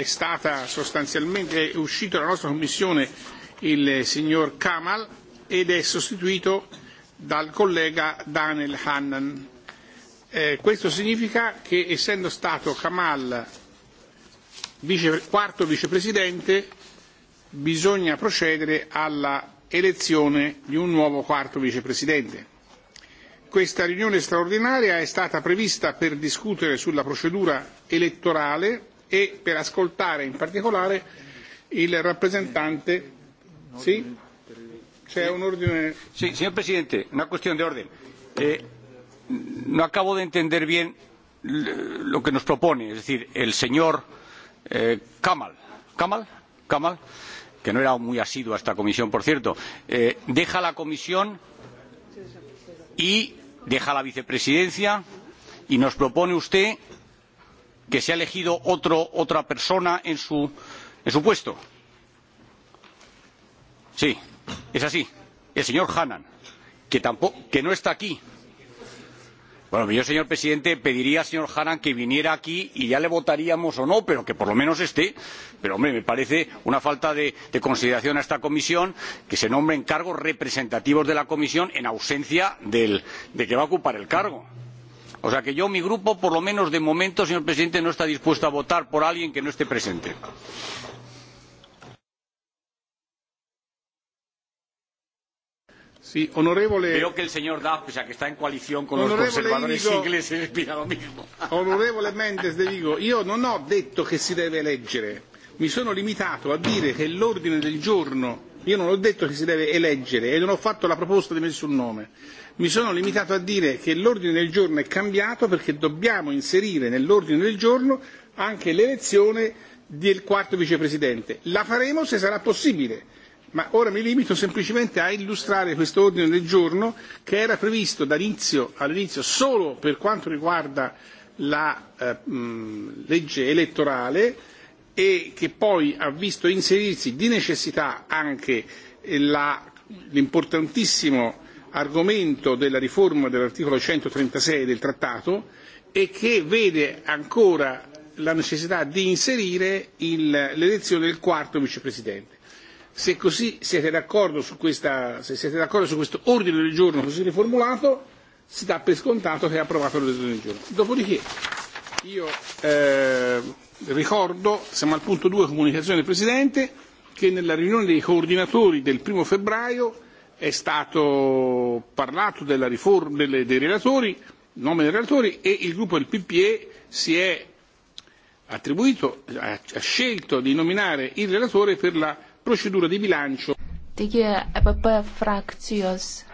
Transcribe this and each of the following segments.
è stata sostanzialmente, è uscito dalla nostra commissione il signor Kamal ed è sostituito dal collega Daniel Hannan. Eh, questo significa che essendo stato Kamal vice, quarto vicepresidente bisogna procedere alla elezione di un nuovo quarto vicepresidente. Questa riunione straordinaria è stata prevista per discutere sulla procedura elettorale e per ascoltare in particolare il rappresentante. Sì? C'è un ordine. Sí, señor presidente, una cuestión de orden. Eh, no acabo de entender bien lo que nos propone, es decir, el señor eh, Kamal, Kamal, Kamal, que no era muy asiduo a esta comisión, por cierto, eh, deja la comisión y deja la vicepresidencia y nos propone usted que se ha elegido otro, otra persona en su, en su puesto? Sí, es así. El señor Hannan, que, tampoco, que no está aquí. Bueno, yo, señor presidente, pediría al señor Hannan que viniera aquí y ya le votaríamos o no, pero que por lo menos esté. Pero, hombre, me parece una falta de, de consideración a esta comisión que se nombren cargos representativos de la comisión en ausencia del, de que va a ocupar el cargo. Mm o sea que yo mi grupo por lo menos de momento señor presidente no está dispuesto a votar por alguien que no esté presente. Sí, honorevole... Veo que el señor Duff, pese a que está en coalición con onorevole los conservadores Vigo, ingleses, pida lo mismo. Onorevole Mendes de Vigo, io non ho detto che si deve eleggere, mi sono limitato a dire che l'ordine del giorno Io non ho detto che si deve eleggere e non ho fatto la proposta di nessun nome. Mi sono limitato a dire che l'ordine del giorno è cambiato perché dobbiamo inserire nell'ordine del giorno anche l'elezione del quarto vicepresidente. La faremo se sarà possibile, ma ora mi limito semplicemente a illustrare questo ordine del giorno che era previsto dall'inizio all'inizio solo per quanto riguarda la eh, mh, legge elettorale e che poi ha visto inserirsi di necessità anche eh, la, l'importantissimo argomento della riforma dell'articolo 136 del trattato e che vede ancora la necessità di inserire il, l'elezione del quarto vicepresidente. Se così siete d'accordo su, questa, se siete d'accordo su questo ordine del giorno così riformulato, si dà per scontato che è approvato l'ordine del giorno. Dopodiché io eh, ricordo, siamo al punto 2, comunicazione del Presidente, che nella riunione dei coordinatori del primo febbraio è stato parlato della riforma, delle, dei relatori, nome dei relatori, e il gruppo del PPE si è attribuito, ha, ha scelto di nominare il relatore per la procedura di bilancio. Taigi EPP frakcijos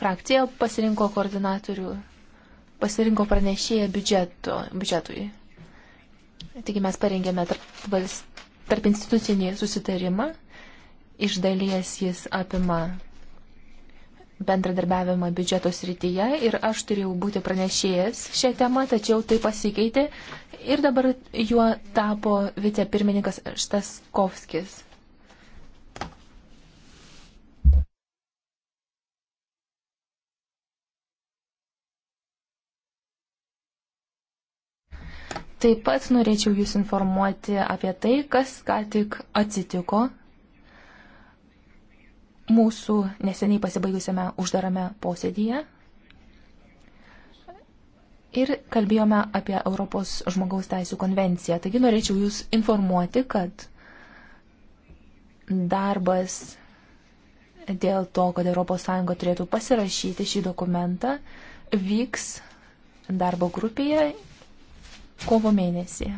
frakcija pasirinko koordinatorių, pasirinko pranešėją biudžeto, biudžetui. Taigi mes parengėme tarp, tarp institucinį susitarimą. Iš dalies jis apima bendradarbiavimą biudžeto srityje ir aš turėjau būti pranešėjęs šią temą, tačiau tai pasikeitė ir dabar juo tapo vicepirmininkas Štaskovskis. Taip pat norėčiau Jūs informuoti apie tai, kas ką tik atsitiko mūsų neseniai pasibaigusiame uždarame posėdyje. Ir kalbėjome apie Europos žmogaus teisų konvenciją. Taigi norėčiau Jūs informuoti, kad darbas dėl to, kad ES turėtų pasirašyti šį dokumentą, vyks darbo grupėje kovo mėnesį.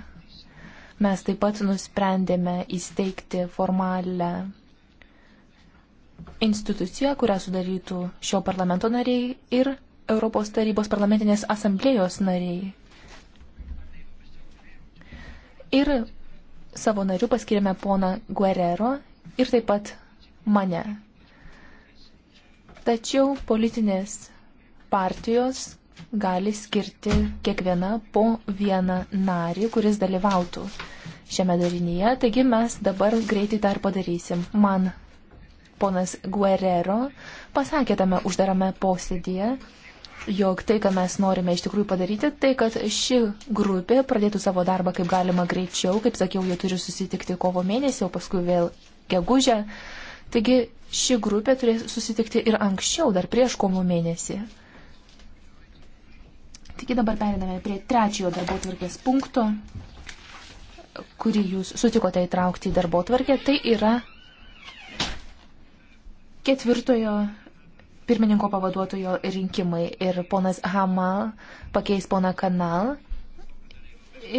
Mes taip pat nusprendėme įsteigti formalę instituciją, kurią sudarytų šio parlamento nariai ir Europos tarybos parlamentinės asamblėjos nariai. Ir savo narių paskiriame poną Guerrero ir taip pat mane. Tačiau politinės partijos gali skirti kiekviena po vieną narį, kuris dalyvautų šiame darinyje. Taigi mes dabar greitai tą ir padarysim. Man ponas Guerrero pasakė tame uždarame posėdėje, jog tai, ką mes norime iš tikrųjų padaryti, tai, kad ši grupė pradėtų savo darbą kaip galima greičiau. Kaip sakiau, jie turi susitikti kovo mėnesį, o paskui vėl gegužę. Taigi ši grupė turės susitikti ir anksčiau, dar prieš kovo mėnesį. Taigi dabar periname prie trečiojo darbo tvarkės punkto, kurį jūs sutikote įtraukti į darbo tvarkę. Tai yra ketvirtojo pirmininko pavaduotojo rinkimai. Ir ponas Hamal pakeis poną Kanal.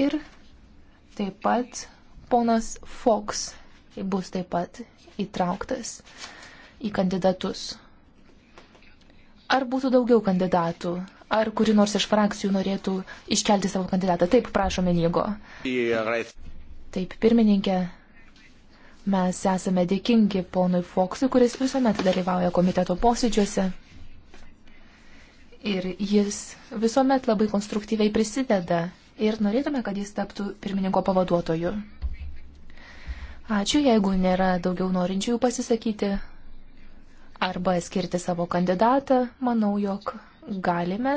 Ir taip pat ponas Fox bus taip pat įtrauktas į kandidatus. Ar būtų daugiau kandidatų? Ar kuri nors iš frakcijų norėtų iškelti savo kandidatą? Taip, prašome Nygo. Taip, pirmininkė, mes esame dėkingi ponui Foksui, kuris visuomet dalyvauja komiteto posėdžiuose. Ir jis visuomet labai konstruktyviai prisideda ir norėtume, kad jis taptų pirmininko pavaduotoju. Ačiū, jeigu nėra daugiau norinčiųjų pasisakyti, arba skirti savo kandidatą, manau, jog galime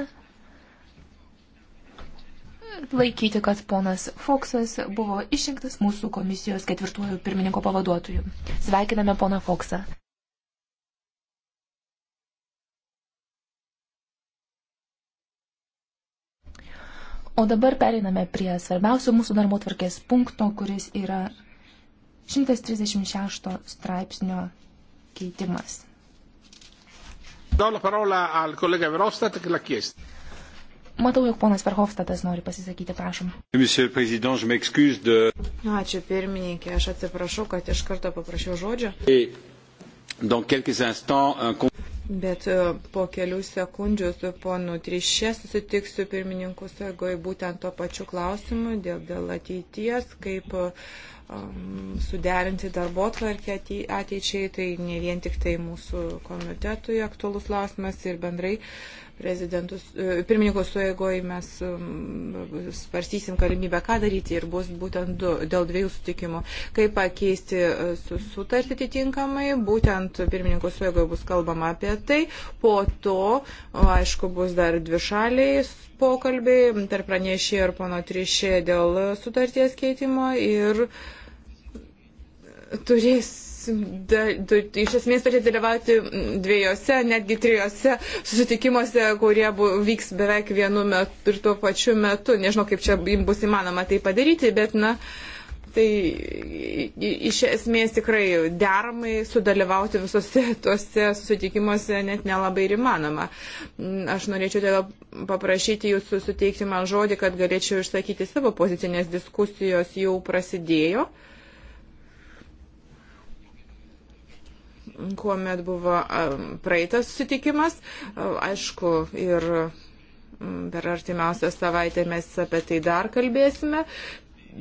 laikyti, kad ponas Foksas buvo išrinktas mūsų komisijos ketvirtuoju pirmininko pavaduotoju. Sveikiname poną Foksą. O dabar pereiname prie svarbiausio mūsų darbo tvarkės punkto, kuris yra 136 straipsnio keitimas. Matau, jog ponas Verhofstadas nori pasisakyti, prašom. Ačiū pirmininkė, aš atsiprašau, kad iš karto paprašiau žodžio. Bet e, po kelių sekundžių su ponu Trišė susitiksiu pirmininku suegoje būtent to pačiu klausimu dėl, dėl ateities, kaip uh, Um, suderinti darbo tvarkę ateičiai, tai ne vien tik tai mūsų komitetui aktualus klausimas ir bendrai e, pirmininkos suėgoje mes um, svarstysim galimybę, ką daryti ir bus būtent du, dėl dviejų sutikimų, kaip pakeisti e, sutartį atitinkamai, būtent pirmininkos suėgoje bus kalbama apie tai, po to, aišku, bus dar dvi šaliai pokalbiai tarp pranešėjo ir pono trišė dėl sutarties keitimo ir uh, turės da, da, iš esmės turės dalyvauti dviejose, netgi trijose susitikimuose, kurie bu, vyks beveik vienu metu ir tuo pačiu metu. Nežinau, kaip čia bus įmanoma tai padaryti, bet, na, tai iš esmės tikrai deramai sudalyvauti visose tuose susitikimuose net nelabai ir įmanoma. Aš norėčiau todėl paprašyti jūsų suteikti man žodį, kad galėčiau išsakyti savo pozicinės diskusijos jau prasidėjo. Uh, kuomet buvo praeitas susitikimas. Aišku, ir per artimiausią savaitę mes apie tai dar kalbėsime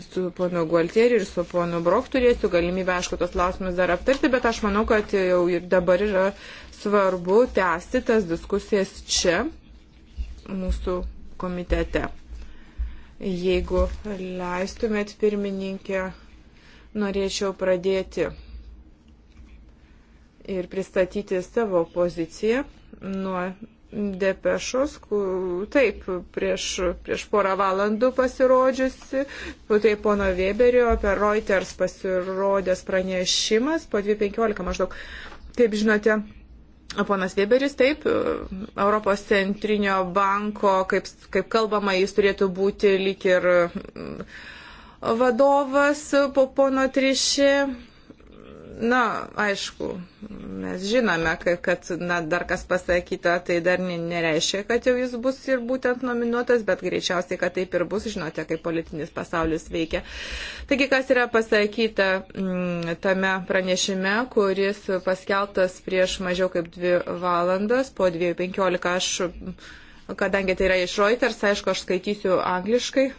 su ponu Gualtieriu ir su ponu Brok turėsiu galimybę, aišku, tos klausimus dar aptarti, bet aš manau, kad jau ir dabar yra svarbu tęsti tas diskusijas čia, mūsų komitete. Jeigu leistumėt pirmininkė, norėčiau pradėti ir pristatyti savo poziciją nuo depešos, taip, prieš, prieš porą valandų pasirodžiusi, tai pono Weberio per Reuters pasirodęs pranešimas po 2.15 maždaug. Kaip žinote, Ponas Weberis, taip, Europos centrinio banko, kaip, kaip kalbama, jis turėtų būti lik ir mm, vadovas po pono Trišė, Na, aišku, mes žinome, kad na, dar kas pasakyta, tai dar nereiškia, kad jau jis bus ir būtent nominuotas, bet greičiausiai, kad taip ir bus, žinote, kaip politinis pasaulis veikia. Taigi, kas yra pasakyta m, mm, tame pranešime, kuris paskeltas prieš mažiau kaip dvi valandas, po 2.15 aš, kadangi tai yra iš Reuters, aišku, aš skaitysiu angliškai,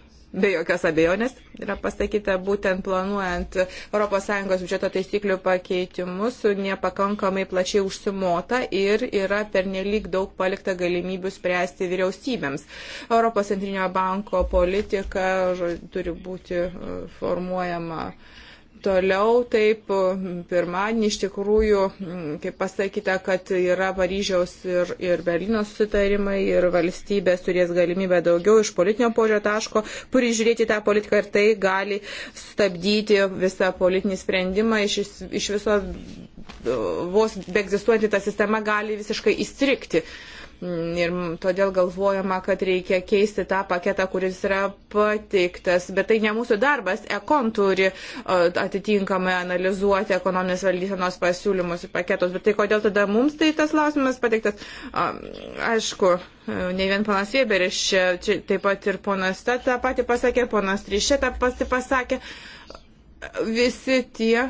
be jokios abejonės yra pasakyta būtent planuojant ES biudžeto taisyklių pakeitimus nepakankamai plačiai užsimota ir yra pernelyg daug palikta galimybių spręsti vyriausybėms. ES banko politika turi būti uh, formuojama Toliau taip, pirmadienį iš tikrųjų, kaip pasakyta, kad yra Paryžiaus ir, ir Berlyno susitarimai ir valstybės turės galimybę daugiau iš politinio požio taško prižiūrėti tą politiką ir tai gali stabdyti visą politinį sprendimą iš, iš viso vos beegzistuojantį tą sistemą gali visiškai įstrikti. Uh, Ir todėl galvojama, kad reikia keisti tą paketą, kuris yra pateiktas. Bet tai ne mūsų darbas. Ekon turi e, atitinkamai analizuoti ekonominės valdysenos pasiūlymus ir paketus. Bet tai kodėl tada mums tai tas lausimas pateiktas? Aišku, e, ne vien panas Weberis, čia taip pat ir ponas Tata patį pasakė, ponas Trišė tą patį pasakė. Visi tie,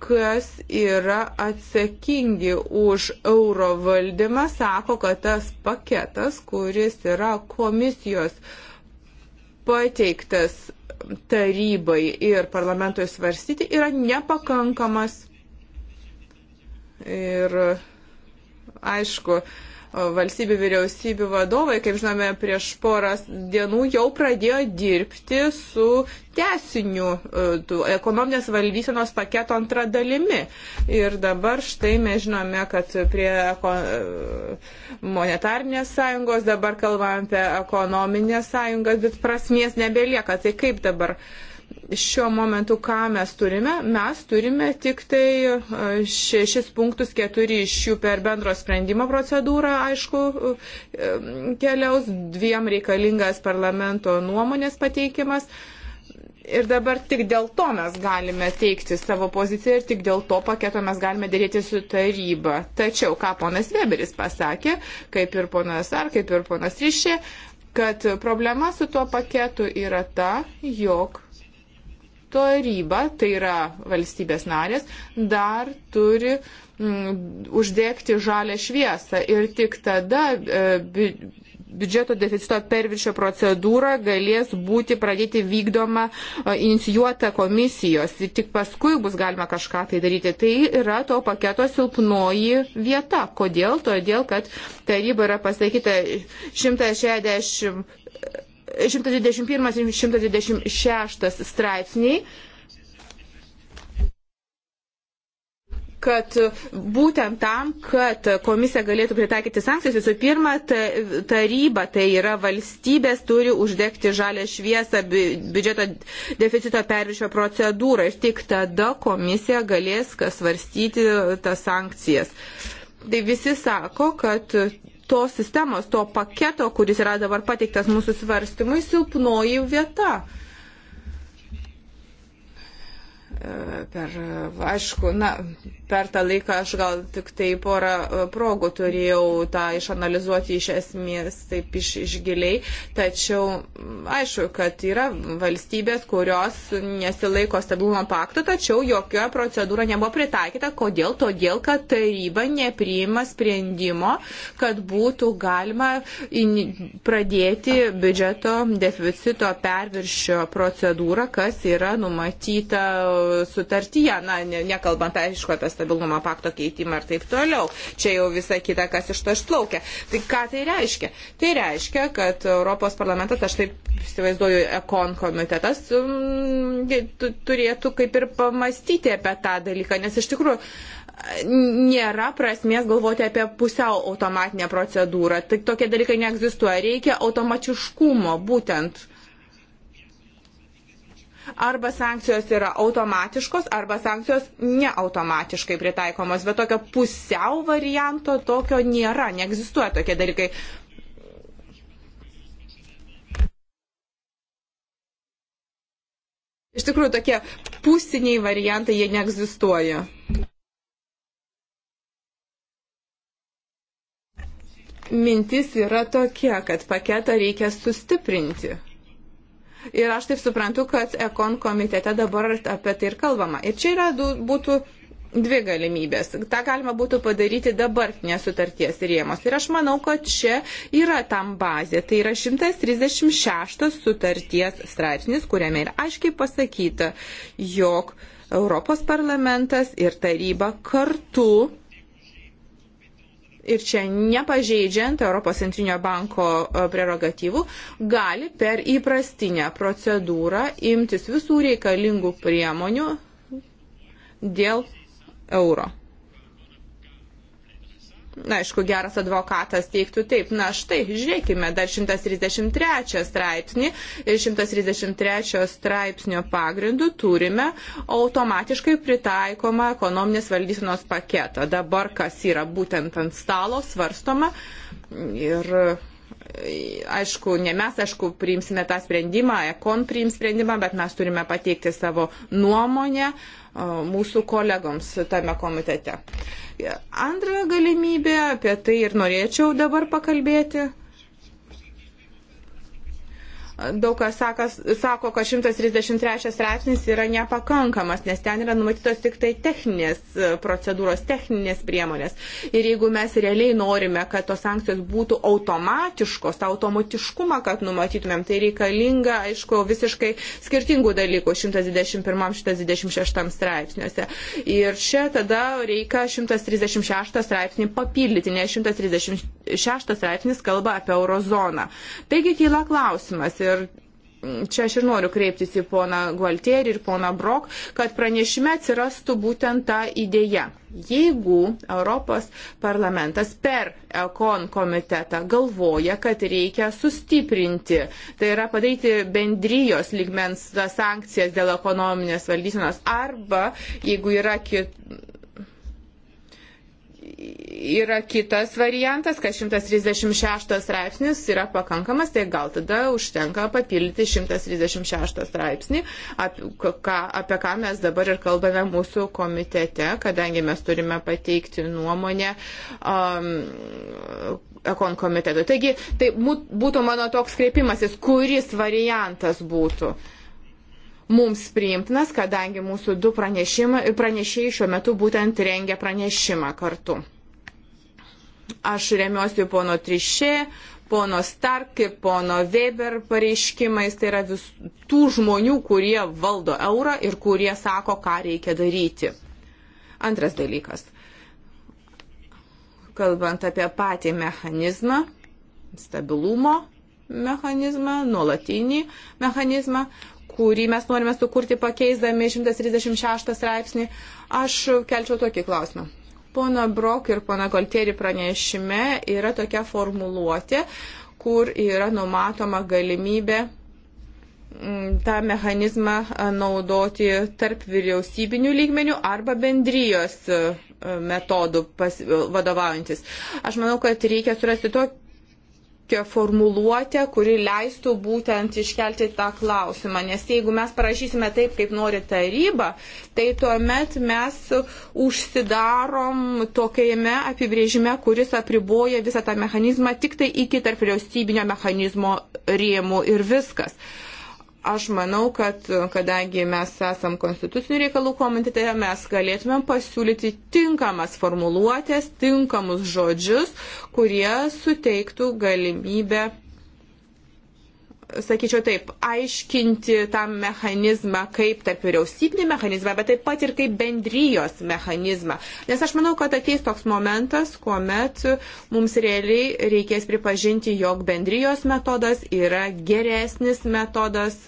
kas yra atsakingi už euro valdymą, sako, kad tas paketas, kuris yra komisijos pateiktas tarybai ir parlamentui svarstyti, yra nepakankamas. Ir aišku, valstybių vyriausybių vadovai, kaip žinome, prieš poras dienų jau pradėjo dirbti su tesiniu e, ekonominės valdysenos paketo antra dalimi. Ir dabar štai mes žinome, kad prie e, monetarnės sąjungos dabar kalbame apie ekonominės sąjungas, bet prasmės nebelieka. Tai kaip dabar? Uh, šiuo momentu, ką mes turime, mes turime tik tai e, šešis punktus, keturi iš jų per bendro sprendimo procedūrą, aišku, e, keliaus, dviem reikalingas parlamento nuomonės pateikimas. Ir dabar tik dėl to mes galime teikti savo poziciją ir tik dėl to paketo mes galime dėrėti su taryba. Tačiau, ką ponas Weberis pasakė, kaip ir ponas Ar, kaip ir ponas Ryšė, kad problema su tuo paketu yra ta, jog taryba, tai yra valstybės narės, dar turi mm, uždegti žalę šviesą ir tik tada e, bi, biudžeto deficito perviršio procedūra galės būti pradėti vykdoma, e, inicijuota komisijos ir tik paskui bus galima kažką tai daryti. Tai yra to paketo silpnoji vieta. Kodėl? Todėl, kad taryba yra pasakyta 160 121 ir 126 straipsniai kad būtent tam, kad komisija galėtų pritaikyti sankcijas, visų pirma, taryba, tai yra valstybės, turi uždegti žalę šviesą biudžeto deficito pervišio procedūrą ir tik tada komisija galės svarstyti tas sankcijas. Tai visi sako, kad tos sistemos, to paketo, kuris yra dabar pateiktas mūsų svarstymui, silpnoji vieta e, per, aišku, na, per tą laiką aš gal tik tai porą e, progų turėjau tą išanalizuoti iš esmės taip iš, iš giliai, tačiau aišku, kad yra valstybės, kurios nesilaiko stabilumo pakto, tačiau jokia procedūra nebuvo pritaikyta. Kodėl? Todėl, kad taryba nepriima sprendimo, kad būtų galima pradėti biudžeto deficito perviršio procedūrą, kas yra numatyta sutartyje. Na, nekalbant, aišku, apie stabilumo pakto keitimą ir taip toliau. Čia jau visa kita, kas iš to išplaukia. Tai ką tai reiškia? Tai reiškia, kad Europos parlamentas, aš taip įsivaizduoju, ekon komitetas um, turėtų kaip ir pamastyti apie tą dalyką, nes iš tikrųjų nėra prasmės galvoti apie pusiau automatinę procedūrą. Tai tokie dalykai neegzistuoja. Reikia automatiškumo būtent arba sankcijos yra automatiškos, arba sankcijos neautomatiškai pritaikomos, bet tokio pusiau varianto tokio nėra, neegzistuoja tokie dalykai. Iš tikrųjų, tokie pusiniai variantai, jie neegzistuoja. Mintis yra tokia, kad paketą reikia sustiprinti. Ir aš taip suprantu, kad Ekon komitete dabar apie tai ir kalbama. Ir čia yra du, būtų dvi galimybės. Ta galima būtų padaryti dabartinės sutarties rėmos. Ir aš manau, kad čia yra tam bazė. Tai yra 136 sutarties straipsnis, kuriame ir aiškiai pasakyta, jog Europos parlamentas ir taryba kartu ir čia nepažeidžiant Europos centrinio banko e, prerogatyvų, gali per įprastinę procedūrą imtis visų reikalingų priemonių dėl euro na, aišku, geras advokatas teiktų taip, na štai, žiūrėkime, dar 133 straipsnį ir 133 straipsnio pagrindų turime automatiškai pritaikomą ekonominės valdysenos paketą. Dabar kas yra būtent ant stalo svarstoma ir aišku, ne mes, aišku, priimsime tą sprendimą, ekon priims sprendimą, bet mes turime pateikti savo nuomonę. Uh, mūsų kolegoms tame komitete. Antra galimybė, apie tai ir norėčiau dabar pakalbėti, daug kas sakas, sako, kad 133 straipsnis yra nepakankamas, nes ten yra numatytos tik tai techninės e, procedūros, techninės priemonės. Ir jeigu mes realiai norime, kad tos sankcijos būtų automatiškos, tą automatiškumą, kad numatytumėm, tai reikalinga, aišku, visiškai skirtingų dalykų 121-126 straipsniuose. Ir čia tada reikia 136 straipsnį papildyti, nes 136 straipsnis kalba apie eurozoną. Taigi kyla klausimas Ir čia aš ir noriu kreiptis į poną Gualtierį ir poną Brok, kad pranešime atsirastų būtent ta idėja. Jeigu Europos parlamentas per Ekon komitetą galvoja, kad reikia sustiprinti, tai yra padaryti bendrijos ligmens sankcijas dėl ekonominės valdysenos, arba jeigu yra kit yra kitas variantas, kad 136 straipsnis yra pakankamas, tai gal tada užtenka papildyti 136 straipsnį, ap, ką, apie ką mes dabar ir kalbame mūsų komitete, kadangi mes turime pateikti nuomonę um, ekon komitetu. Taigi, tai būtų mano toks kreipimasis, kuris variantas būtų. Uh, mums priimtinas, kadangi mūsų du pranešėjai šiuo metu būtent rengia pranešimą kartu. Aš remiuosi pono Trišė, pono Stark ir pono Weber pareiškimais, tai yra vis, tų žmonių, kurie valdo eurą ir kurie sako, ką reikia daryti. Antras dalykas. Kalbant apie patį mechanizmą, stabilumo mechanizmą, nuolatinį mechanizmą, kurį mes norime sukurti pakeisdami 136 straipsnį, aš kelčiau tokį klausimą. Pono Brok ir pono Goltieri pranešime yra tokia formuluotė, kur yra numatoma galimybė mm, tą mechanizmą naudoti tarp vyriausybinių lygmenių arba bendrijos metodų pas, vadovaujantis. Aš manau, kad reikia surasti tokį tokią formuluotę, kuri leistų būtent iškelti tą klausimą. Nes jeigu mes parašysime taip, kaip nori taryba, tai tuomet mes užsidarom tokiame apibrėžime, kuris apriboja visą tą mechanizmą tik tai iki tarp vyriausybinio mechanizmo rėmų ir viskas. Uh, Aš manau, kad kadangi mes esam konstitucinių reikalų komitete, mes galėtumėm pasiūlyti tinkamas formuluotės, tinkamus žodžius, kurie suteiktų galimybę sakyčiau taip, aiškinti tą mechanizmą kaip tarp vyriausybinį mechanizmą, bet taip pat ir kaip bendrijos mechanizmą. Nes aš manau, kad ateis toks momentas, kuomet mums realiai reikės pripažinti, jog bendrijos metodas yra geresnis metodas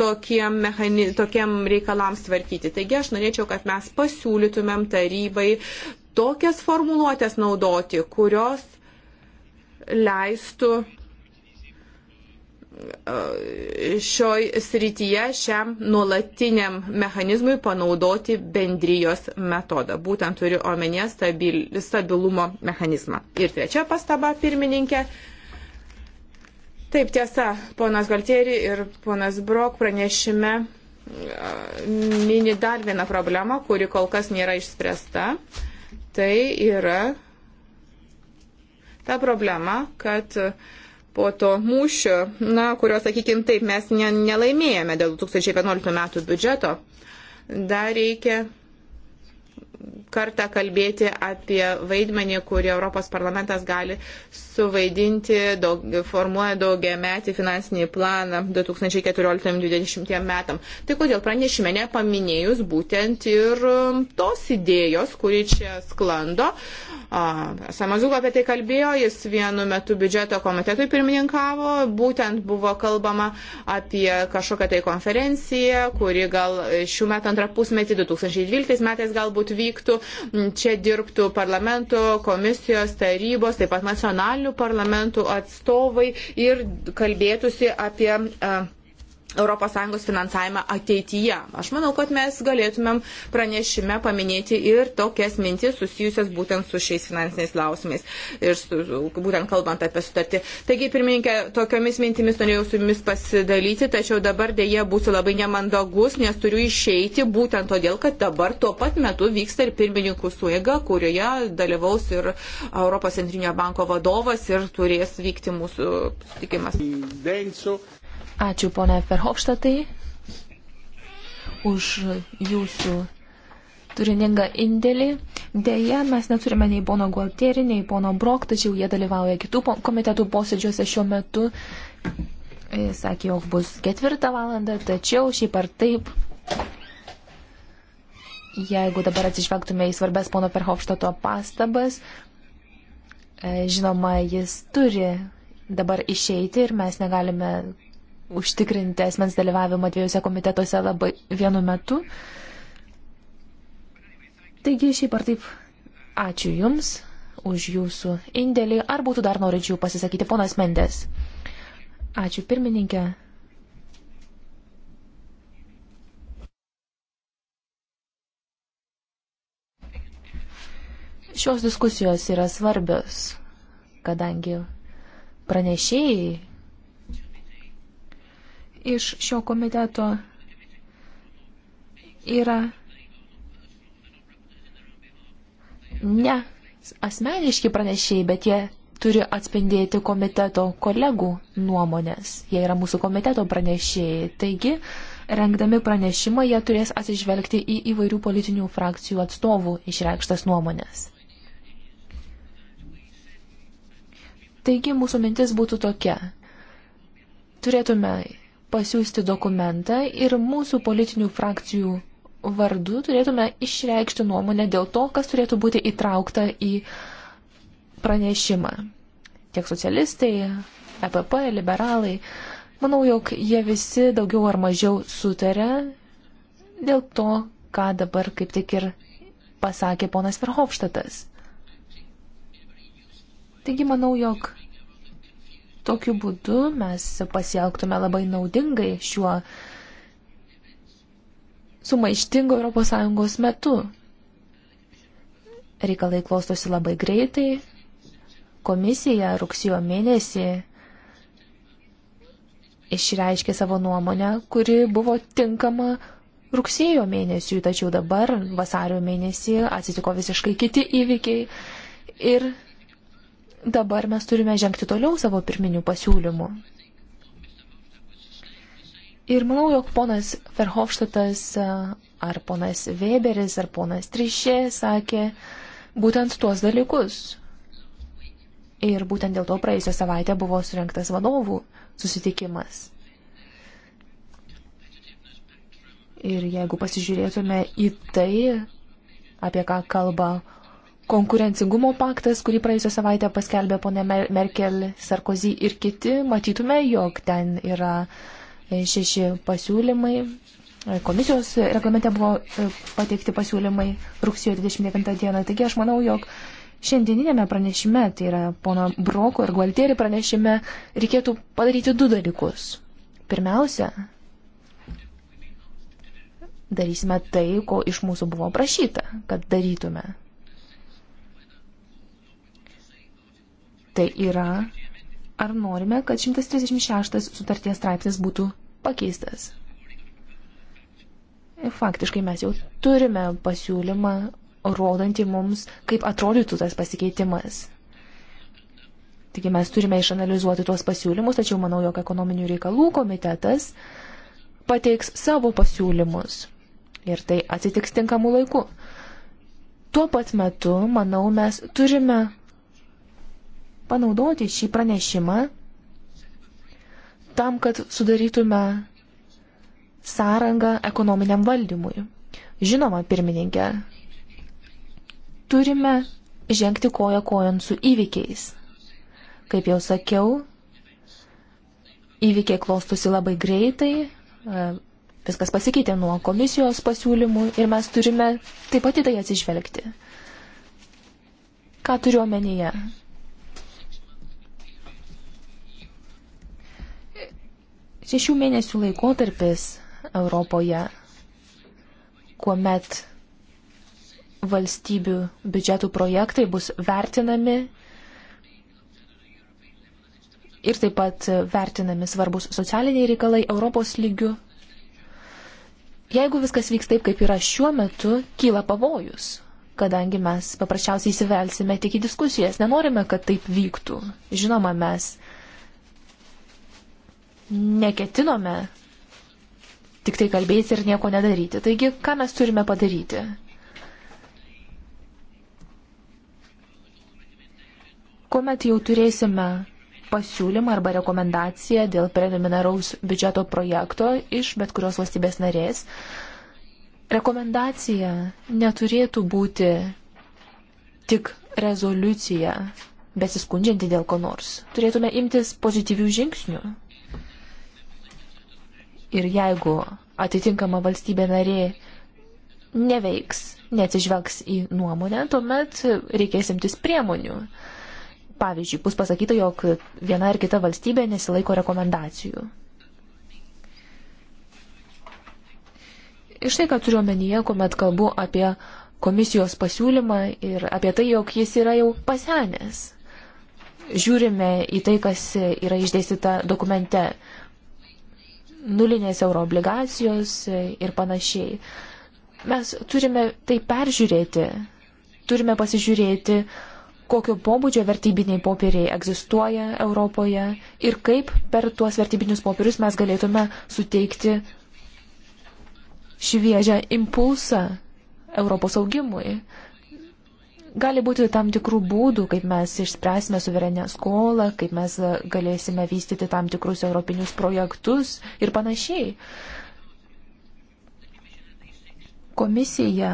tokiem, mechani, tokiem reikalams tvarkyti. Taigi aš norėčiau, kad mes pasiūlytumėm tarybai tokias formuluotės naudoti, kurios leistų šioj srityje šiam nuolatiniam mechanizmui panaudoti bendrijos metodą. Būtent turiu omenyje stabil, stabilumo mechanizmą. Ir trečia pastaba, pirmininkė. Taip tiesa, ponas Galtieri ir ponas Brok pranešime mini dar vieną problemą, kuri kol kas nėra išspręsta. Tai yra ta problema, kad uh, po to mūšio, na, kurio, sakykime, taip mes ne, nelaimėjome dėl 2011 metų biudžeto, dar reikia kartą kalbėti apie vaidmenį, kurį Europos parlamentas gali suvaidinti, daug, formuoja daugia metį finansinį planą 2014-2020 metam. Tai kodėl pranešime nepaminėjus būtent ir tos idėjos, kuri čia sklando, Samazuko apie tai kalbėjo, jis vienu metu biudžeto komitetui pirmininkavo, būtent buvo kalbama apie kažkokią tai konferenciją, kuri gal šių metų antrą pusmetį, 2012 metais galbūt vyktų, čia dirbtų parlamento, komisijos, tarybos, taip pat nacionalinių parlamentų atstovai ir kalbėtųsi apie. Uh, ES finansavimą ateityje. Aš manau, kad mes galėtumėm pranešime paminėti ir tokias mintis susijusias būtent su šiais finansiniais klausimais ir su, būtent kalbant apie sutartį. Taigi, pirmininkė, tokiomis mintimis norėjau su jumis pasidalyti, tačiau dabar dėje būsiu labai nemandagus, nes turiu išeiti būtent todėl, kad dabar tuo pat metu vyksta ir pirmininkų suėga, kurioje dalyvaus ir Europos centrinio banko vadovas ir turės vykti mūsų sutikimas. Ačiū ponia Ferhofštatai už jūsų turiningą indėlį. Deja, mes neturime nei pono Gualtieri, nei pono Brok, tačiau jie dalyvauja kitų komitetų posėdžiuose šiuo metu. Jis e, sakė, jog bus ketvirtą valandą, tačiau šiaip ar taip, jeigu dabar atsižvelgtume į svarbes pono Perhofštato pastabas, e, žinoma, jis turi dabar išeiti ir mes negalime užtikrinti esmens dalyvavimą dviejose komitetuose labai vienu metu. Taigi šiaip ar taip, ačiū Jums už Jūsų indėlį. Ar būtų dar norinčių pasisakyti ponas Mendes? Ačiū pirmininkė. Šios diskusijos yra svarbios, kadangi pranešėjai iš šio komiteto yra ne asmeniški pranešėjai, bet jie turi atspindėti komiteto kolegų nuomonės. Jie yra mūsų komiteto pranešėjai. Taigi, rengdami pranešimą, jie turės atsižvelgti į įvairių politinių frakcijų atstovų išreikštas nuomonės. Taigi, mūsų mintis būtų tokia. Turėtume pasiūsti dokumentą ir mūsų politinių frakcijų vardu turėtume išreikšti nuomonę dėl to, kas turėtų būti įtraukta į pranešimą. Tiek socialistai, EPP, liberalai. Manau, jog jie visi daugiau ar mažiau sutarė dėl to, ką dabar kaip tik ir pasakė ponas Verhofštatas. Taigi manau, jog Tokiu būdu mes pasielgtume labai naudingai šiuo sumaištingo ES metu. Reikalai klostosi labai greitai. Komisija rugsėjo mėnesį išreiškė savo nuomonę, kuri buvo tinkama rugsėjo mėnesiui, tačiau dabar vasario mėnesį atsitiko visiškai kiti įvykiai ir dabar mes turime žengti toliau savo pirminių pasiūlymų. Ir manau, jog ponas Verhofštatas ar ponas Weberis ar ponas Trišė sakė būtent tuos dalykus. Ir būtent dėl to praėjusią savaitę buvo surinktas vadovų susitikimas. Ir jeigu pasižiūrėtume į tai, apie ką kalba konkurencingumo paktas, kurį praėjusią savaitę paskelbė ponė Merkel, Sarkozy ir kiti, matytume, jog ten yra e, šeši pasiūlymai. E, komisijos reglamente buvo e, pateikti pasiūlymai rugsėjo 29 dieną. Taigi aš manau, jog šiandieninėme pranešime, tai yra pono Broko ir Gualtieri pranešime, reikėtų padaryti du dalykus. Pirmiausia, darysime tai, ko iš mūsų buvo prašyta, kad darytume Tai yra, ar norime, kad 136 sutarties straipsnis būtų pakeistas. Faktiškai mes jau turime pasiūlymą, rodantį mums, kaip atrodytų tas pasikeitimas. Taigi mes turime išanalizuoti tuos pasiūlymus, tačiau manau, jog ekonominių reikalų komitetas pateiks savo pasiūlymus. Ir tai atsitiks tinkamu laiku. Tuo pat metu, manau, mes turime panaudoti šį pranešimą tam, kad sudarytume sąrangą ekonominiam valdymui. Žinoma, pirmininkė, turime žengti koją kojon su įvykiais. Kaip jau sakiau, įvykiai klostusi labai greitai, e, viskas pasikeitė nuo komisijos pasiūlymų ir mes turime taip pat į tai atsižvelgti. Ką turiu omenyje? Šešių mėnesių laikotarpis Europoje, kuomet valstybių biudžetų projektai bus vertinami ir taip pat vertinami svarbus socialiniai reikalai Europos lygių. Jeigu viskas vyks taip, kaip yra šiuo metu, kyla pavojus, kadangi mes paprasčiausiai įsivelsime tik į diskusijas. Nenorime, kad taip vyktų. Žinoma, mes neketinome tik tai kalbėti ir nieko nedaryti. Taigi, ką mes turime padaryti? Kuomet jau turėsime pasiūlymą arba rekomendaciją dėl preliminaraus biudžeto projekto iš bet kurios valstybės narės, rekomendacija neturėtų būti tik rezoliucija besiskundžianti dėl ko nors. Turėtume imtis pozityvių žingsnių, Ir jeigu atitinkama valstybė narė neveiks, neatsižvelgs į nuomonę, tuomet reikės imtis priemonių. Pavyzdžiui, bus pasakyta, jog viena ar kita valstybė nesilaiko rekomendacijų. Iš tai, ką turiu omenyje, kuomet kalbu apie komisijos pasiūlymą ir apie tai, jog jis yra jau pasenęs. Žiūrime į tai, kas yra išdėstyta dokumente nulinės euroobligacijos ir panašiai. Mes turime tai peržiūrėti, turime pasižiūrėti, kokio pobūdžio vertybiniai popieriai egzistuoja Europoje ir kaip per tuos vertybinius popierius mes galėtume suteikti šviežią impulsą Europos augimui. Gali būti tam tikrų būdų, kaip mes išspręsime suverenę skolą, kaip mes e, galėsime vystyti tam tikrus europinius projektus ir panašiai. Komisija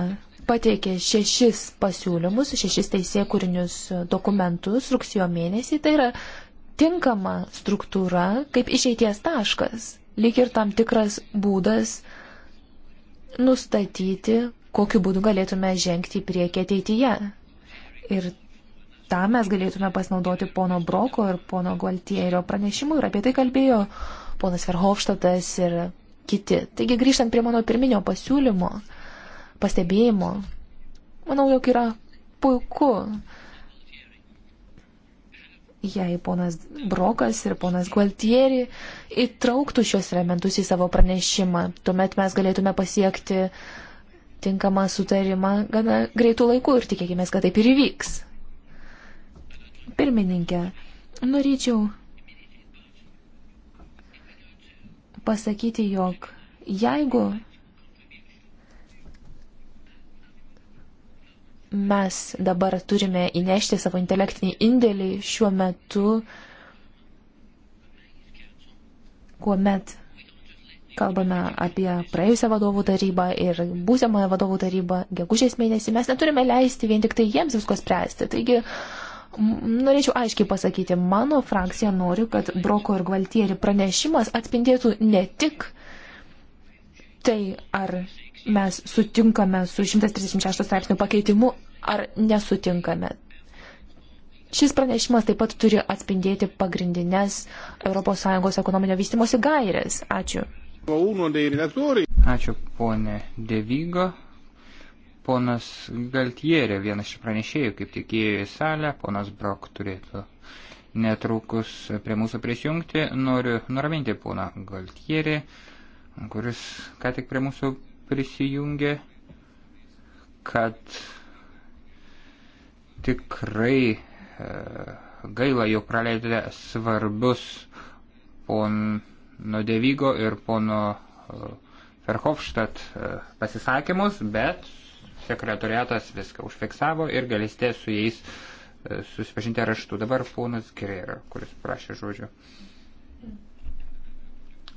pateikė šešis pasiūlymus, šešis teisėkūrinius dokumentus rugsėjo mėnesį. Tai yra tinkama struktūra kaip išeities taškas, lyg ir tam tikras būdas nustatyti, kokiu būdu galėtume žengti į priekį ateityje. Ir tam mes galėtume pasinaudoti pono Broko ir pono Gualtierio pranešimu ir apie tai kalbėjo ponas Verhofštatas ir kiti. Taigi grįžtant prie mano pirminio pasiūlymo, pastebėjimo, manau, jog yra puiku, jei ponas Brokas ir ponas Gualtieri įtrauktų šios elementus į savo pranešimą. Tuomet mes galėtume pasiekti uh, tinkamą sutarimą gana greitų laikų ir tikėkime, kad taip ir įvyks. Pirmininkė, norėčiau pasakyti, jog jeigu mes dabar turime įnešti savo intelektinį indėlį šiuo metu, kuomet kalbame apie praėjusią vadovų tarybą ir būsimą vadovų tarybą gegužės mėnesį, mes neturime leisti vien tik tai jiems visko spręsti. Taigi, Norėčiau aiškiai pasakyti, mano frakcija nori, kad Broko ir Gvaltieri pranešimas atspindėtų ne tik tai, ar mes sutinkame su 136 straipsnių pakeitimu, ar nesutinkame. Šis pranešimas taip pat turi atspindėti pagrindinės ES ekonominio vystimosi gairės. Ačiū. Ačiū ponė Devygo. Ponas Galtierė, vienas iš pranešėjų, kaip tik įėjo į salę, ponas Brok turėtų netrukus prie mūsų prisijungti. Noriu nuraminti poną Galtierį, kuris ką tik prie mūsų prisijungė, kad tikrai e, gaila, jog praleidė svarbius pon Nodevygo ir pono e, Verhofstadt e, pasisakymus, bet sekretoriatas viską užfiksavo ir galėsite su jais e, susipažinti raštu. Dabar ponas Gerėra, kuris prašė žodžio.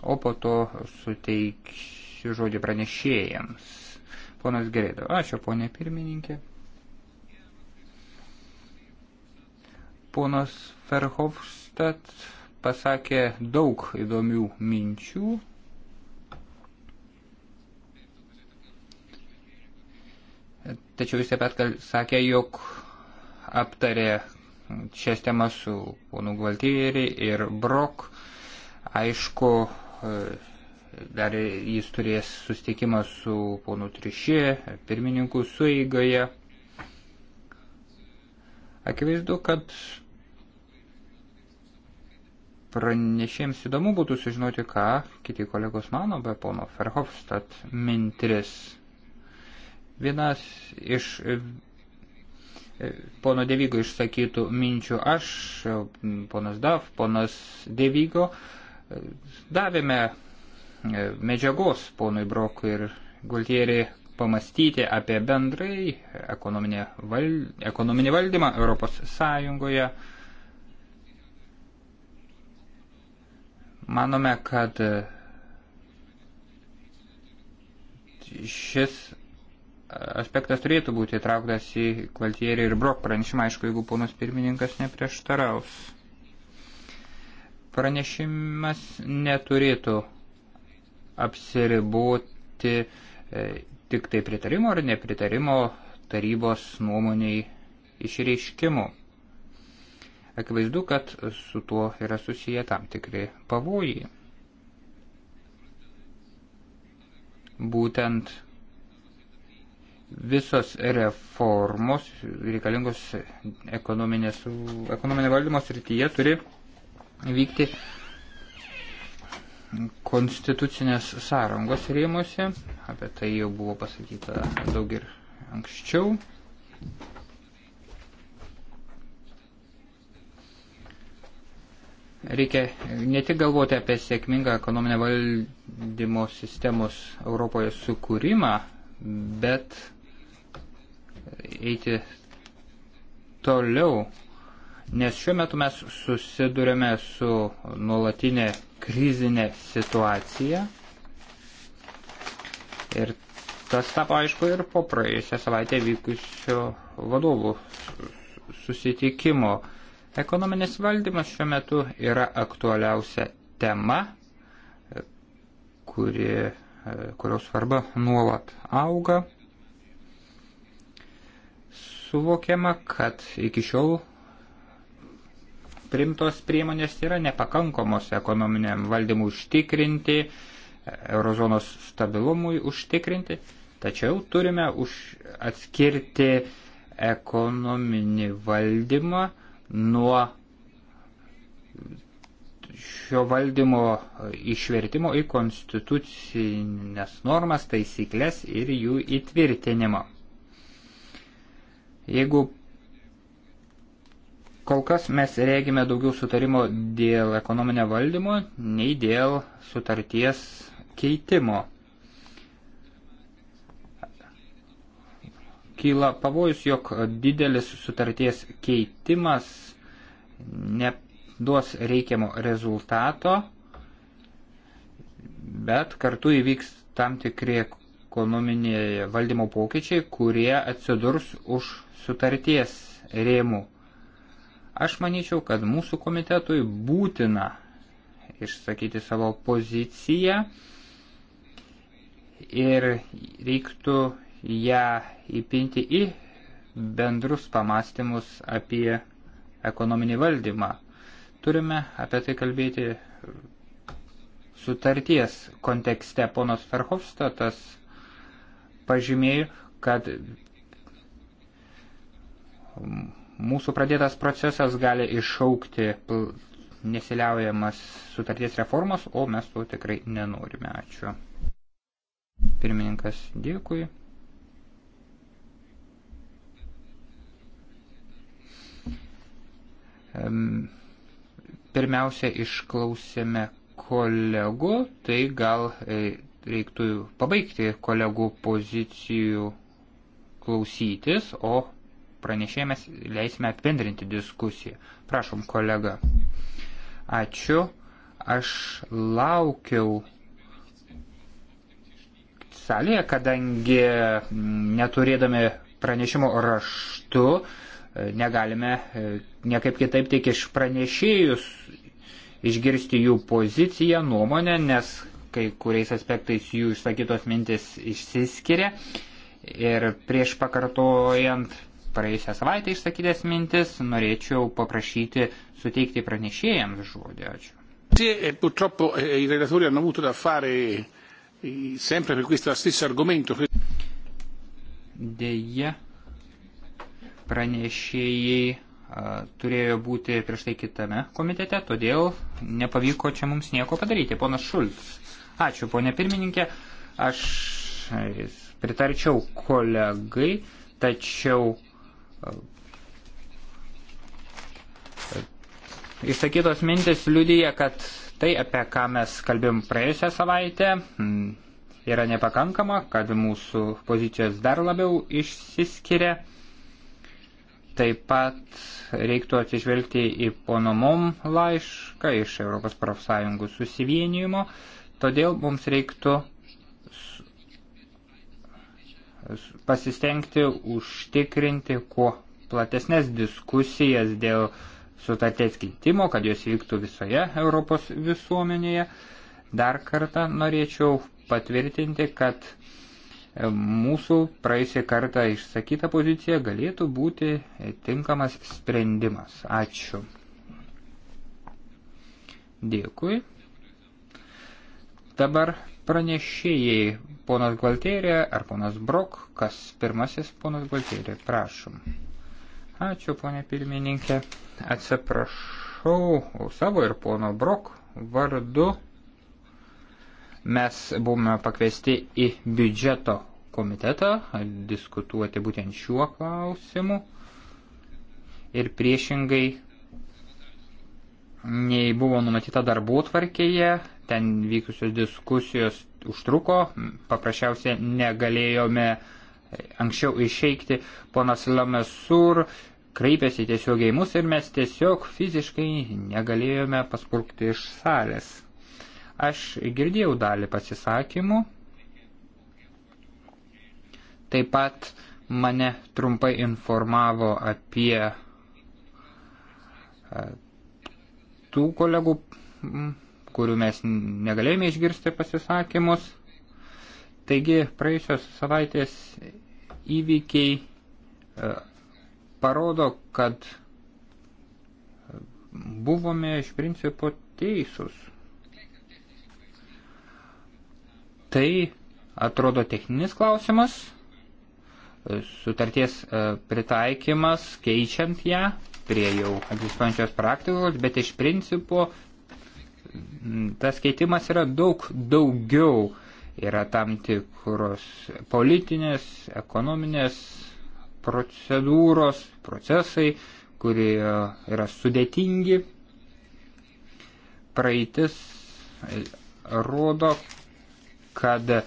O po to suteiksiu žodį pranešėjams. Ponas Gerėda. Ačiū, ponė pirmininkė. Ponas Verhofstadt pasakė daug įdomių minčių. Tačiau vis taip pat sakė, jog aptarė šias temas su ponu Gvaltieri ir Brok. Aišku, e, dar jis turės sustikimą su ponu Trišė, pirmininku sueigoje. Akivaizdu, kad pranešėjams įdomu būtų sužinoti, ką kiti kolegos mano be pono Ferhofstadt mintris. Vienas iš e, e, pono Devygo išsakytų minčių aš, e, ponas Dav, ponas Devygo, davėme medžiagos ponui Brokui ir Gultieriai pamastyti apie bendrai ekonominį, val, ekonominį valdymą Europos Sąjungoje Manome, kad e, šis aspektas turėtų būti įtrauktas į Kvaltierį ir Brok pranešimą, aišku, jeigu ponas pirmininkas neprieštaraus. Pranešimas neturėtų apsiriboti e, tik tai pritarimo ar nepritarimo tarybos nuomoniai išreiškimu. Akivaizdu, kad su tuo yra susiję tam tikri pavojai. Būtent visos reformos reikalingos ekonominio valdymo srityje turi vykti konstitucinės sąrangos rėmose. Apie tai jau buvo pasakyta daug ir anksčiau. Reikia ne tik galvoti apie sėkmingą ekonominę valdymo sistemos Europoje sukūrimą, bet eiti toliau, nes šiuo metu mes susidurėme su nuolatinė krizinė situacija ir tas tapo aišku ir po praėjusią savaitę vykusio vadovų susitikimo. Ekonominis valdymas šiuo metu yra aktualiausia tema, kuri, kurios svarba nuolat auga. Suvokiama, kad iki šiol primtos priemonės yra nepakankamos ekonominiam valdymui užtikrinti, eurozonos stabilumui užtikrinti, tačiau turime už atskirti ekonominį valdymą nuo šio valdymo išvertimo į konstitucinės normas, taisyklės ir jų įtvirtinimo. Jeigu kol kas mes regime daugiau sutarimo dėl ekonominio valdymo, nei dėl sutarties keitimo. kyla pavojus, jog didelis sutarties keitimas neduos reikiamo rezultato, bet kartu įvyks tam tikri ekonominiai valdymo pokyčiai, kurie atsidurs už sutarties rėmų. Aš manyčiau, kad mūsų komitetui būtina išsakyti savo poziciją ir reiktų ją įpinti į bendrus pamastymus apie ekonominį valdymą. Turime apie tai kalbėti sutarties kontekste. Ponas Ferhofstatas pažymėjo, kad mūsų pradėtas procesas gali iššaukti nesiliaujamas sutarties reformas, o mes to tikrai nenorime. Ačiū. Pirmininkas, dėkui. Pirmiausia, išklausėme kolegų, tai gal e, reiktų pabaigti kolegų pozicijų klausytis, o pranešėjimės leisime apendrinti diskusiją. Prašom, kolega. Ačiū. Aš laukiau salėje, kadangi neturėdami pranešimo raštu, negalime e, niekaip kitaip tik iš pranešėjus išgirsti jų poziciją, nuomonę, nes kai kuriais aspektais jų išsakytos mintis išsiskiria. Ir prieš pakartojant praėjusią savaitę išsakytas mintis, norėčiau paprašyti suteikti pranešėjams žodį. Ačiū. E purtroppo e, i relatori hanno avuto da fare sempre per questo stesso argomento. Deja, pranešėjai turėjo būti prieš tai kitame komitete, todėl nepavyko čia mums nieko padaryti. Ponas Šultas. Ačiū, ponė pirmininkė. Aš pritarčiau kolegai, tačiau išsakytos mintis liudyja, kad tai, apie ką mes kalbėjom praėjusią savaitę, yra nepakankama, kad mūsų pozicijos dar labiau išsiskiria. Taip pat reiktų atsižvelgti į ponomom laišką iš Europos profsąjungų susivienijimo, todėl mums reiktų pasistengti užtikrinti kuo platesnės diskusijas dėl sutarties keitimo, kad jos vyktų visoje Europos visuomenėje. Dar kartą norėčiau patvirtinti, kad mūsų praeisį kartą išsakyta pozicija galėtų būti tinkamas sprendimas. Ačiū. Dėkui. Dabar pranešėjai ponas Gualterė ar ponas Brok, kas pirmasis ponas Gualterė, prašom. Ačiū, ponė pirmininkė. Atsiprašau savo ir pono Brok vardu Mes buvome pakviesti į biudžeto komitetą diskutuoti būtent šiuo klausimu ir priešingai nei buvo numatyta darbų tvarkėje, ten vykusios diskusijos užtruko, paprasčiausiai negalėjome anksčiau išeikti. Ponas Lamesur kreipėsi tiesiogiai mus ir mes tiesiog fiziškai negalėjome paspurkti iš salės. Aš girdėjau dalį pasisakymų. Taip pat mane trumpai informavo apie e, tų kolegų, kurių mes negalėjome išgirsti pasisakymus. Taigi praėjusios savaitės įvykiai e, parodo, kad buvome iš principo teisūs. Tai atrodo techninis klausimas, sutarties e, pritaikymas, keičiant ją prie jau egzistuojančios praktikos, bet iš principo tas keitimas yra daug daugiau. Yra tam tikros politinės, ekonominės procedūros, procesai, kurie yra sudėtingi. Praeitis e, rodo, kad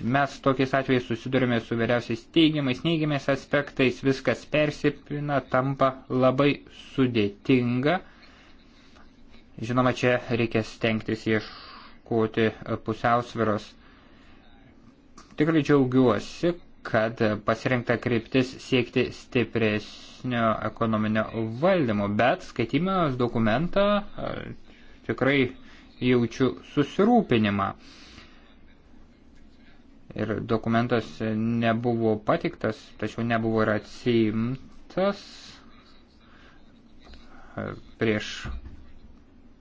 mes tokiais atvejais susidurime su vyriausiais teigiamais, neigiamais aspektais, viskas persipina, tampa labai sudėtinga. Žinoma, čia reikia stengtis ieškoti pusiausviros. Tikrai džiaugiuosi, kad pasirinkta kryptis siekti stipresnio ekonominio valdymo, bet skaitymas dokumentą e, tikrai jaučiu susirūpinimą. Ir dokumentas nebuvo patiktas, tačiau nebuvo ir atsiimtas e, prieš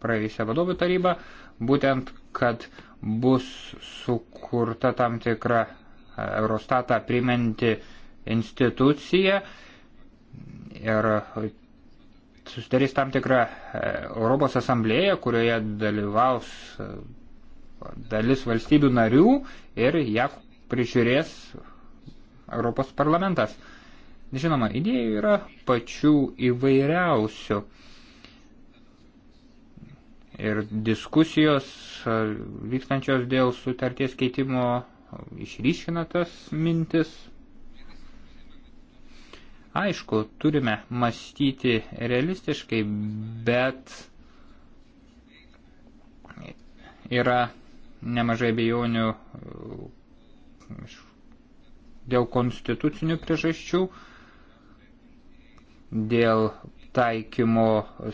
praėjusią vadovų tarybą, būtent, kad bus sukurta tam tikra e, Eurostatą priminti institucija ir susidarys tam tikra e, Europos asamblėja, kurioje dalyvaus e, dalis valstybių narių ir ją prižiūrės Europos parlamentas. Žinoma, idėjų yra pačių įvairiausių. Ir diskusijos e, vykstančios dėl sutarties keitimo išryškina tas mintis, Aišku, turime mąstyti realistiškai, bet yra nemažai bejonių uh, dėl konstitucinių priežasčių, dėl taikymo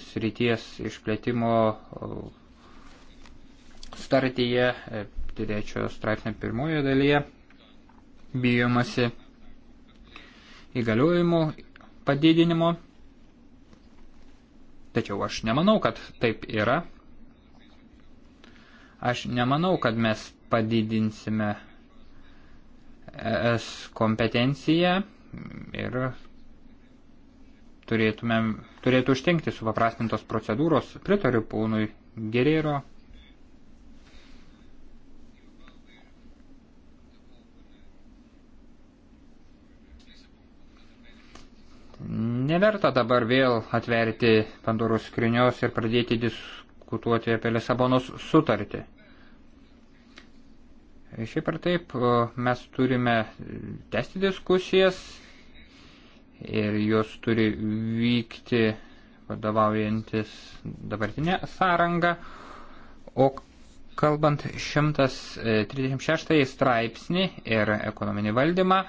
srities išplėtimo uh, startyje, uh, trečiojo straipsnio pirmojo dalyje, bijomasi įgaliojimų padidinimo. Tačiau aš nemanau, kad taip yra. Aš nemanau, kad mes padidinsime ES kompetenciją ir turėtumėm, turėtų užtenkti supaprastintos procedūros. Pritariu ponui Gerėro Neverta dabar vėl atverti Pandoros skrinios ir pradėti diskutuoti apie Lisabonos sutartį. Šiaip ar taip, mes turime tęsti diskusijas ir jos turi vykti vadovaujantis dabartinė sąranga. O kalbant 136 e, straipsnį ir ekonominį valdymą,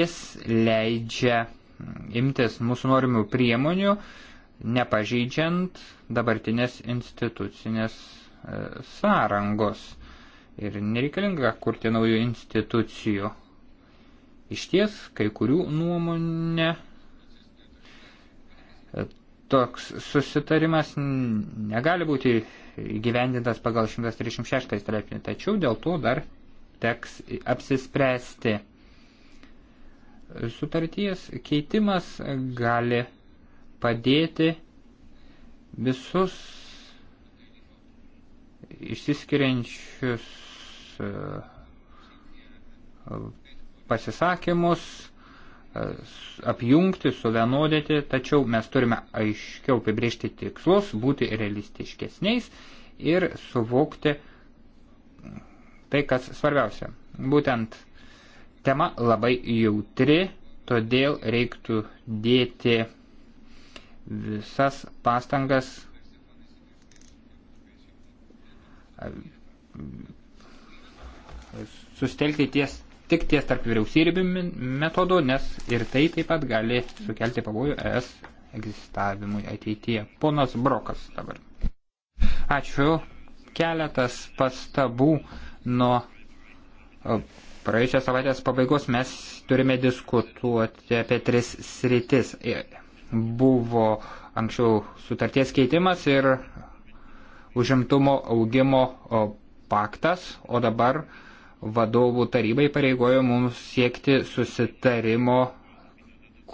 jis leidžia imtis mūsų norimų priemonių, nepažeidžiant dabartinės institucinės e, sąrangos. Ir nereikalinga kurti naujų institucijų. Iš ties, kai kurių nuomonė, e, toks susitarimas negali būti įgyvendintas pagal 136 straipsnį, tačiau dėl to dar teks apsispręsti. Sutarties keitimas gali padėti visus išsiskiriančius e, pasisakymus e, apjungti, suvienodėti, tačiau mes turime aiškiau apibriežti tikslus, būti realistiškesniais ir suvokti tai, kas svarbiausia. Būtent Tema labai jautri, todėl reiktų dėti visas pastangas sustelkti ties, tik ties tarp vyriausybių metodų, nes ir tai taip pat gali sukelti pavojų ES egzistavimui ateityje. Ponas Brokas dabar. Ačiū. Keletas pastabų nuo praėjusios savaitės pabaigos mes turime diskutuoti apie tris sritis. Buvo anksčiau sutarties keitimas ir užimtumo augimo paktas, o dabar vadovų tarybai pareigojo mums siekti susitarimo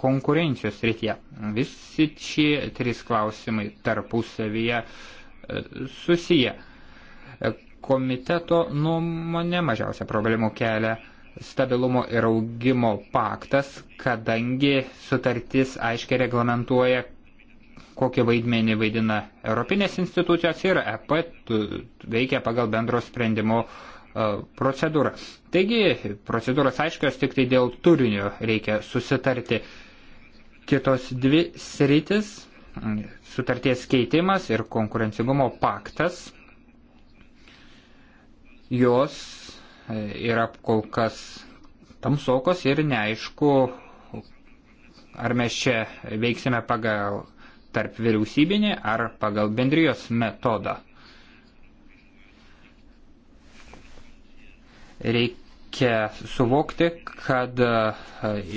konkurencijos srityje. Visi šie trys klausimai tarpusavyje e, susiję komiteto nuomonė mažiausia problemų kelia stabilumo ir augimo paktas, kadangi sutartis aiškiai reglamentuoja, kokį vaidmenį vaidina Europinės institucijos ir EP veikia pagal bendro sprendimo e, procedūrą. Taigi, procedūros aiškios, tik tai dėl turinio reikia susitarti. Kitos dvi sritis - sutarties keitimas ir konkurencingumo paktas jos e, yra kol kas tamsokos ir neaišku, ar mes čia veiksime pagal tarp vyriausybinį ar pagal bendrijos metodą. Reikia suvokti, kad e,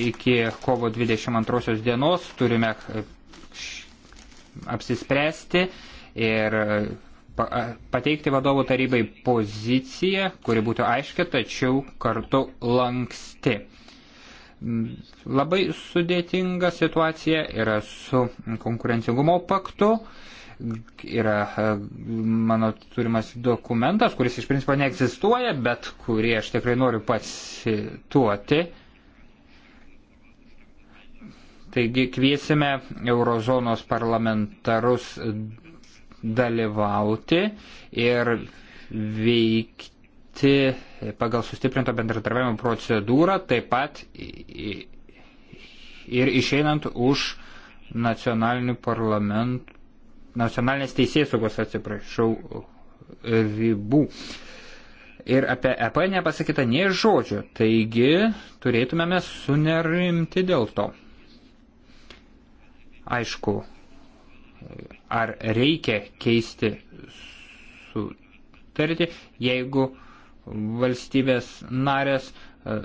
iki kovo 22 dienos turime apsispręsti ir pateikti vadovų tarybai poziciją, kuri būtų aiškia, tačiau kartu lanksti. Mm, labai sudėtinga situacija yra su konkurencingumo paktu. Yra mano turimas dokumentas, kuris iš principo neegzistuoja, bet kurį aš tikrai noriu pasituoti. Taigi kviesime eurozonos parlamentarus dalyvauti ir veikti pagal sustiprinto bendradarbiavimo procedūrą, taip pat ir išeinant už nacionalinių parlamentų, nacionalinės teisėsaugos, atsiprašau, ribų. Ir apie EP nepasakyta nie žodžio, taigi turėtumėme sunerimti dėl to. Aišku, ar reikia keisti sutartį, jeigu valstybės narės e,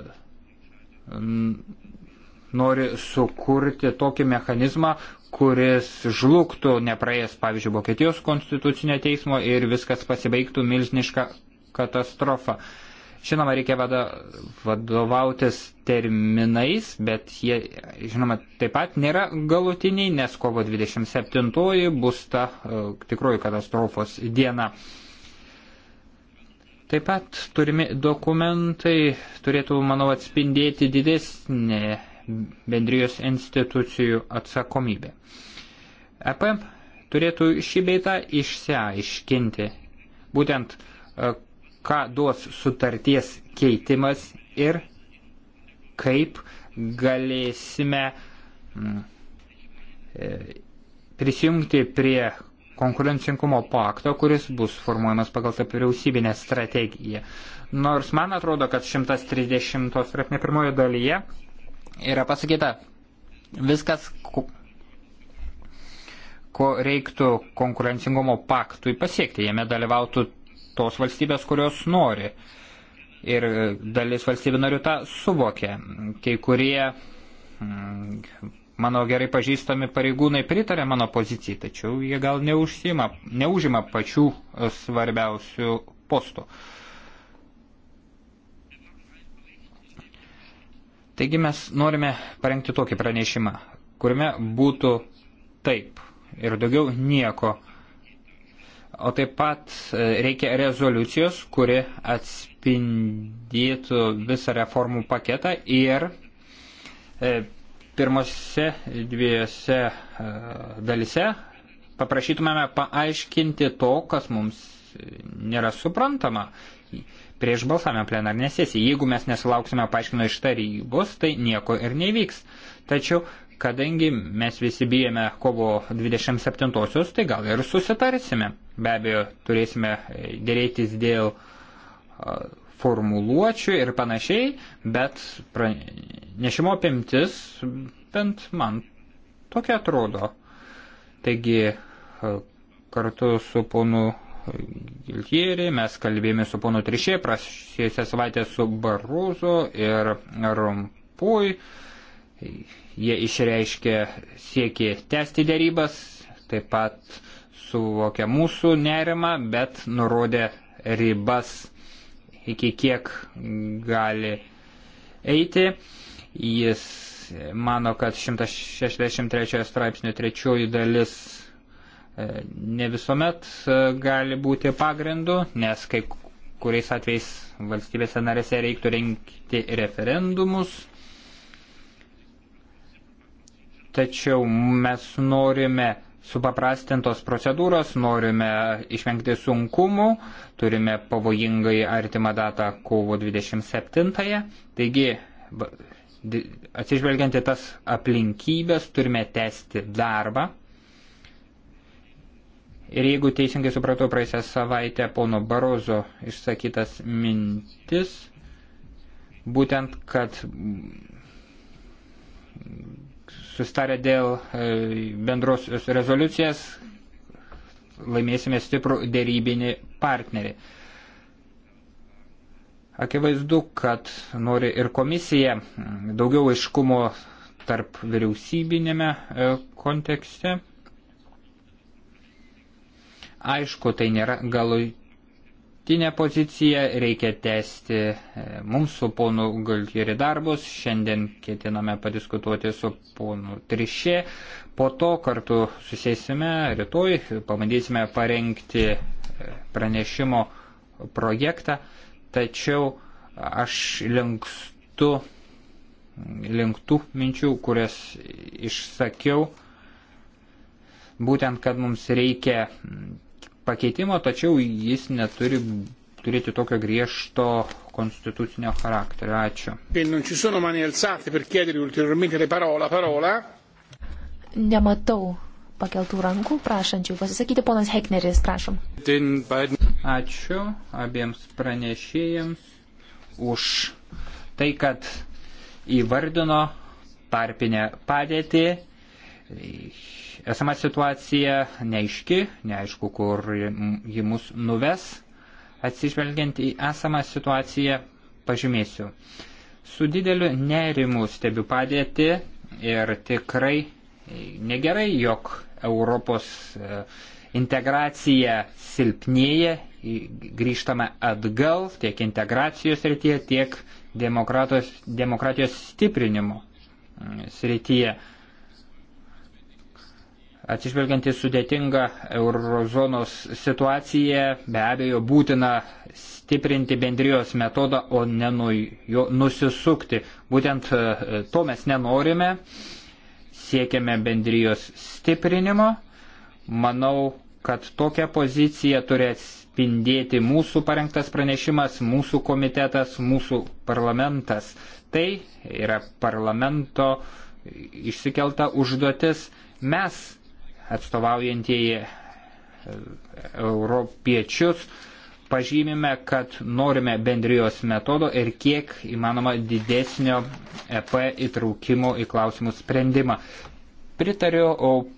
nori sukurti tokį mechanizmą, kuris žlugtų nepraėjęs, pavyzdžiui, Vokietijos konstitucinio teismo ir viskas pasibaigtų milžinišką katastrofą. Uh, Žinoma, reikia vada, vadovautis terminais, bet jie, žinoma, taip pat nėra galutiniai, nes kovo 27 bus ta e, tikroji katastrofos diena. Taip pat turimi dokumentai turėtų, manau, atspindėti didesnį bendrijos institucijų atsakomybę. EP turėtų šį beitą išsiaiškinti. Būtent e, ką duos sutarties keitimas ir kaip galėsime mm, e, prisijungti prie konkurencingumo pakto, kuris bus formuojamas pagal tą vyriausybinę strategiją. Nors man atrodo, kad 130 straipsnio pirmojo dalyje yra pasakyta viskas, ko reiktų konkurencingumo paktui pasiekti. Jame dalyvautų tos valstybės, kurios nori. Ir dalis valstybių narių tą suvokia. Kai kurie mm, mano gerai pažįstami pareigūnai pritarė mano pozicijai, tačiau jie gal neužsima, neužima pačių svarbiausių postų. Taigi mes norime parengti tokį pranešimą, kuriame būtų taip ir daugiau nieko. O taip pat e, reikia rezoliucijos, kuri atspindėtų visą reformų paketą ir e, pirmose dviejose e, dalise paprašytumėme paaiškinti to, kas mums nėra suprantama prieš balsavimą plenarnę sesiją. Jeigu mes nesulauksime paaiškino iš tarybos, tai nieko ir nevyks. Tačiau, kadangi mes visi bijome kovo 27-osios, tai gal ir susitarsime. Be abejo, turėsime dėrėtis dėl formuluočių ir panašiai, bet nešimo apimtis bent man tokia atrodo. Taigi kartu su ponu Giltieri mes kalbėjome su ponu Trišė, prašėjusią savaitę su Baruzo ir Rumpui. Jie išreiškė siekį tęsti dėrybas, taip pat suvokė mūsų nerimą, bet nurodė ribas, iki kiek gali eiti. Jis mano, kad 163 straipsnio trečioji dalis e, ne visuomet e, gali būti pagrindu, nes kai kuriais atvejais valstybėse narėse reiktų rinkti referendumus. Tačiau mes norime supaprastintos procedūros, norime išvengti sunkumų, turime pavojingai artimą datą kovo 27-ąją. Taigi, atsižvelgianti tas aplinkybės, turime tęsti darbą. Ir jeigu teisingai supratau praeisę savaitę pono Barozo išsakytas mintis, būtent, kad sustarę dėl e, bendros rezoliucijas, laimėsime stiprų dėrybinį partnerį. Akivaizdu, kad nori ir komisija daugiau aiškumo tarp vyriausybinėme e, kontekste. Aišku, tai nėra galui dabartinę poziciją, reikia tęsti e, mums su ponu Galtieri darbus. Šiandien ketiname padiskutuoti su ponu Trišė. Po to kartu susėsime rytoj, pabandysime parengti e, pranešimo projektą, tačiau aš linkstu linktų minčių, kurias išsakiau, būtent, kad mums reikia pakeitimo, tačiau jis neturi turėti tokio griežto konstitucinio charakterio. Ačiū. Nematau pakeltų rankų, prašančių pasisakyti. Ponas Hekneris, prašom. Ačiū abiems pranešėjams už tai, kad įvardino tarpinę padėtį Esama situacija neaiški, neaišku, kur ji mus nuves. Atsižvelgiant į esamą situaciją, pažymėsiu. Su dideliu nerimu stebiu padėti ir tikrai negerai, jog Europos e, integracija silpnėja, grįžtame atgal tiek integracijos srityje, tiek demokratijos, demokratijos stiprinimo e, srityje. Atsižvelgiant į sudėtingą eurozonos situaciją, be abejo būtina stiprinti bendrijos metodą, o ne nuo jo nusisukti. Būtent e, to mes nenorime, siekiame bendrijos stiprinimo. Manau, kad tokią poziciją turi atspindėti mūsų parengtas pranešimas, mūsų komitetas, mūsų parlamentas. Tai yra parlamento išsikelta užduotis. Mes atstovaujantieji e, europiečius, pažymime, kad norime bendrijos metodo ir kiek įmanoma didesnio EP įtraukimo į klausimų sprendimą. Pritariu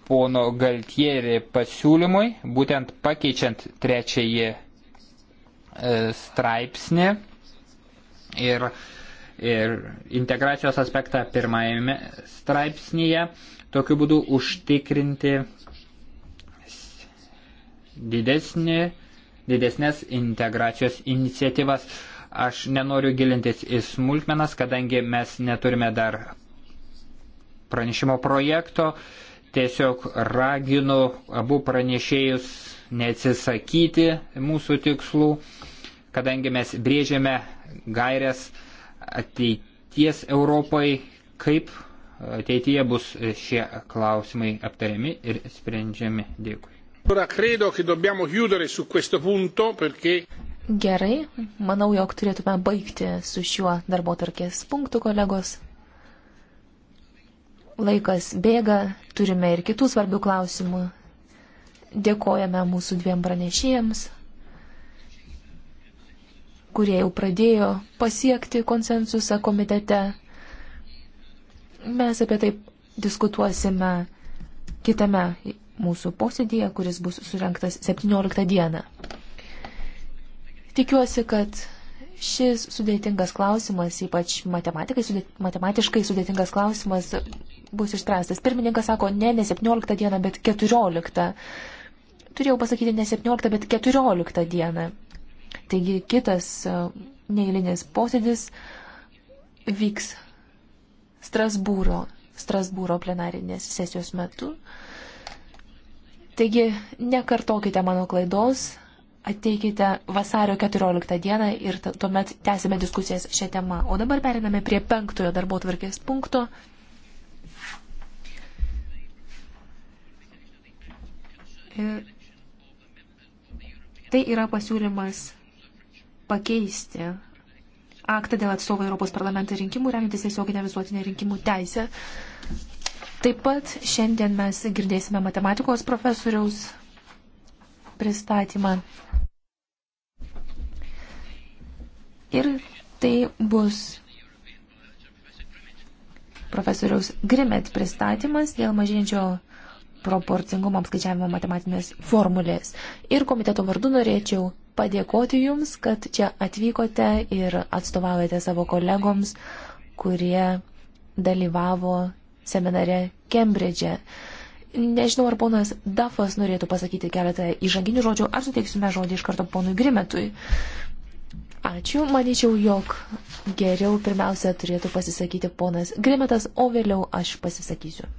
pono Galtierį pasiūlymui, būtent pakeičiant trečiąjį e, straipsnį ir, ir integracijos aspektą pirmajame straipsnėje tokiu būdu užtikrinti didesnį, didesnės integracijos iniciatyvas. Aš nenoriu gilintis į smulkmenas, kadangi mes neturime dar pranešimo projekto. Tiesiog raginu abu pranešėjus neatsisakyti mūsų tikslų, kadangi mes brėžiame gairias ateities Europai, kaip ateityje bus šie klausimai aptariami ir sprendžiami. Dėkui. Gerai, manau, jog turėtume baigti su šiuo darbo tarkės punktu, kolegos. Laikas bėga, turime ir kitų svarbių klausimų. Dėkojame mūsų dviem pranešėjams, kurie jau pradėjo pasiekti konsensusą komitete Mes apie tai diskutuosime kitame mūsų posėdėje, kuris bus surinktas 17 dieną. Tikiuosi, kad šis sudėtingas klausimas, ypač sudėt, matematiškai sudėtingas klausimas, bus išspręstas. Pirmininkas sako, ne, ne 17 dieną, bet 14. Turėjau pasakyti ne 17, bet 14 dieną. Taigi kitas neįlinis posėdis vyks Strasbūro, Strasbūro plenarinės sesijos metu. Taigi nekartokite mano klaidos, ateikite vasario 14 dieną ir tuomet tęsime diskusijas šią temą. O dabar periname prie penktojo darbo tvarkės punkto. Ir tai yra pasiūlymas pakeisti aktą dėl atstovo Europos parlamentą rinkimų, remintis tiesioginę visuotinę rinkimų teisę. Taip pat šiandien mes girdėsime matematikos profesoriaus pristatymą. Ir tai bus profesoriaus Grimet pristatymas dėl mažinčio proporcingumo apskaičiavimo matematinės formulės. Ir komiteto vardu norėčiau padėkoti Jums, kad čia atvykote ir atstovaujate savo kolegoms, kurie dalyvavo seminare Kembridžė. Nežinau, ar ponas Dafas norėtų pasakyti keletą įžanginių žodžių, ar suteiksime žodį iš karto ponui Grimetui. Ačiū, manyčiau, jog geriau pirmiausia turėtų pasisakyti ponas Grimetas, o vėliau aš pasisakysiu.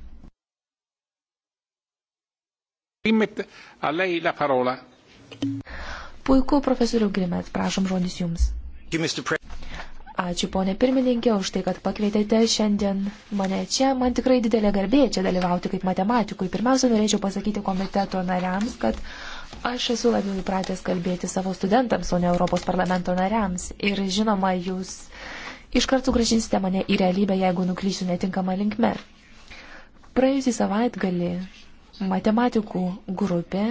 Grimet, a lei la parola. Puiku, profesoriu Grimet, prašom žodis jums. Ačiū, ponė pirmininkė, už tai, kad pakvietėte šiandien mane čia. Man tikrai didelė garbė čia dalyvauti kaip matematikui. Pirmiausia, norėčiau pasakyti komiteto nariams, kad aš esu labiau įpratęs kalbėti savo studentams, o ne Europos parlamento nariams. Ir žinoma, jūs iškart sugražinsite mane į realybę, jeigu nuklysiu netinkamą linkme. Praėjusį savaitgalį matematikų grupė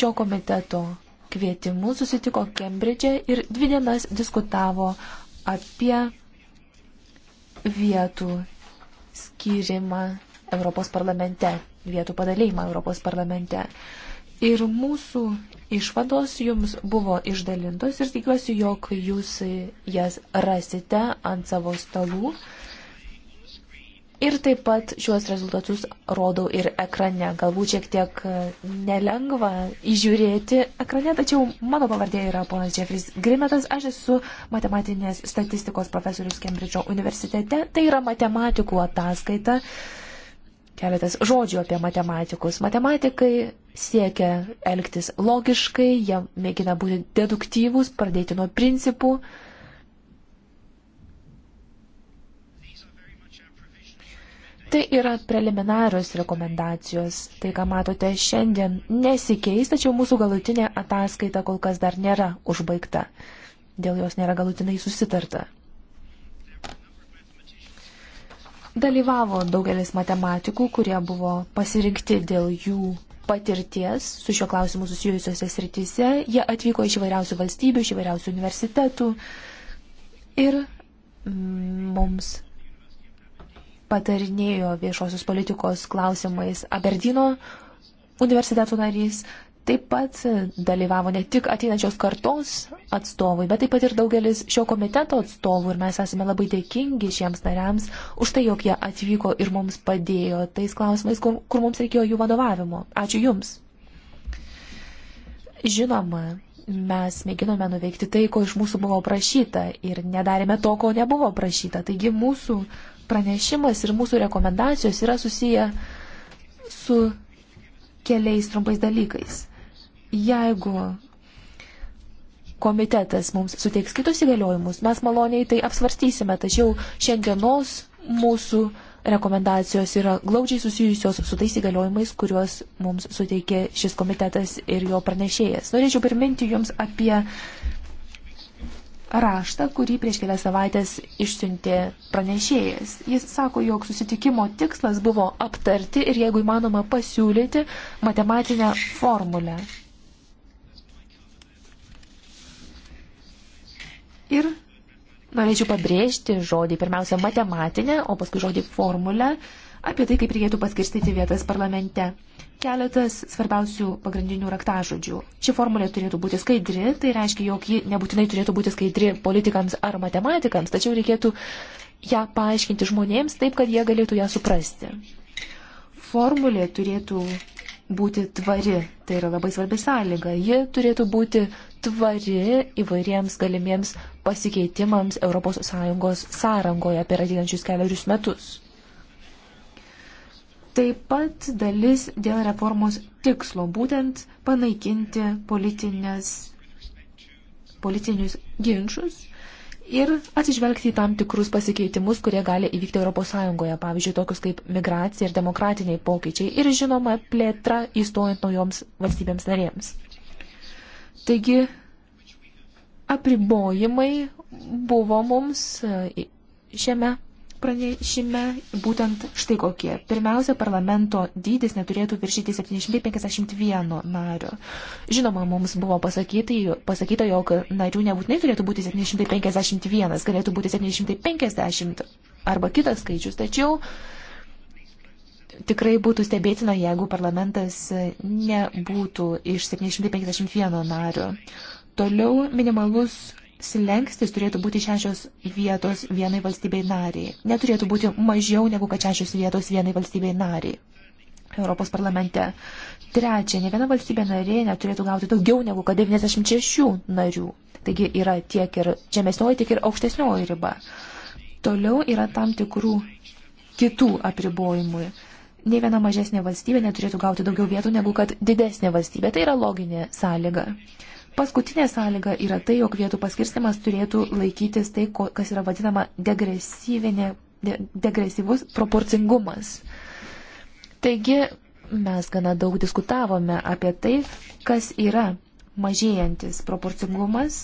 šio komiteto kvietimu susitiko Kembridžė ir dvi dienas diskutavo apie vietų skirimą Europos parlamente, vietų padalėjimą Europos parlamente. Ir mūsų išvados jums buvo išdalintos ir tikiuosi, jog jūs jas rasite ant savo stalų. Ir taip pat šiuos rezultatus rodau ir ekrane. Galbūt šiek tiek e, nelengva įžiūrėti ekrane, tačiau mano pavardė yra ponas Jeffris Grimetas. Aš esu matematinės statistikos profesorius Kembridžo universitete. Tai yra matematikų ataskaita. Keletas žodžių apie matematikus. Matematikai siekia elgtis logiškai, jie mėgina būti deduktyvūs, pradėti nuo principų. Tai yra preliminarios rekomendacijos. Tai, ką matote šiandien, nesikeis, tačiau mūsų galutinė ataskaita kol kas dar nėra užbaigta. Dėl jos nėra galutinai susitarta. Dalyvavo daugelis matematikų, kurie buvo pasirinkti dėl jų patirties su šio klausimu susijusiuose srityse. Jie atvyko iš įvairiausių valstybių, iš įvairiausių universitetų. Ir mm, mums patarinėjo viešosios politikos klausimais Aberdino universiteto narys. Taip pat dalyvavo ne tik ateinančios kartos atstovai, bet taip pat ir daugelis šio komiteto atstovų ir mes esame labai dėkingi šiems nariams už tai, jog jie atvyko ir mums padėjo tais klausimais, kur, kur mums reikėjo jų vadovavimo. Ačiū Jums. Žinoma, mes mėginome nuveikti tai, ko iš mūsų buvo prašyta ir nedarėme to, ko nebuvo prašyta. Taigi mūsų pranešimas ir mūsų rekomendacijos yra susiję su keliais trumpais dalykais. Jeigu komitetas mums suteiks kitus įgaliojimus, mes maloniai tai apsvarstysime, tačiau šiandienos mūsų rekomendacijos yra glaudžiai susijusios su tais įgaliojimais, kuriuos mums suteikė šis komitetas ir jo pranešėjas. Norėčiau priminti Jums apie raštą, kurį prieš kelias savaitės išsiuntė pranešėjas. Jis sako, jog susitikimo tikslas buvo aptarti ir jeigu įmanoma pasiūlyti matematinę formulę. Ir norėčiau pabrėžti žodį, pirmiausia, matematinę, o paskui žodį formulę, apie tai, kaip reikėtų paskirstyti vietas parlamente keletas svarbiausių pagrindinių raktažodžių. Ši formulė turėtų būti skaidri, tai reiškia, jog ji nebūtinai turėtų būti skaidri politikams ar matematikams, tačiau reikėtų ją paaiškinti žmonėms taip, kad jie galėtų ją suprasti. Formulė turėtų būti tvari, tai yra labai svarbi sąlyga. Ji turėtų būti tvari įvairiems galimiems pasikeitimams ES sąrangoje per ateinančius keliarius metus. Taip pat dalis dėl reformos tikslo - būtent panaikinti politinius ginčius ir atsižvelgti į tam tikrus pasikeitimus, kurie gali įvykti ES, pavyzdžiui, tokius kaip migracija ir demokratiniai pokyčiai ir, žinoma, plėtra įstojant naujoms valstybėms narėms. Taigi, apribojimai buvo mums e, šiame pranešime būtent štai kokie. Pirmiausia, parlamento dydis neturėtų viršyti 751 nario. Žinoma, mums buvo pasakyta, pasakyta jog narių nebūtinai turėtų būti 751, galėtų būti 750 arba kitas skaičius, tačiau tikrai būtų stebėtina, jeigu parlamentas nebūtų iš 751 nario. Toliau minimalus slengstis turėtų būti šešios vietos vienai valstybei nariai. Neturėtų būti mažiau negu kad šešios vietos vienai valstybei nariai. Europos parlamente. Trečia, ne viena valstybė narė neturėtų gauti daugiau negu kad 96 narių. Taigi yra tiek ir žemesnioji, tiek ir aukštesnioji riba. Toliau yra tam tikrų kitų apribojimų. Ne viena mažesnė valstybė neturėtų gauti daugiau vietų negu kad didesnė valstybė. Tai yra loginė sąlyga. Paskutinė sąlyga yra tai, jog vietų paskirstimas turėtų laikytis tai, kas yra vadinama degresyvinė, de, degresyvus proporcingumas. Taigi mes gana daug diskutavome apie tai, kas yra mažėjantis proporcingumas.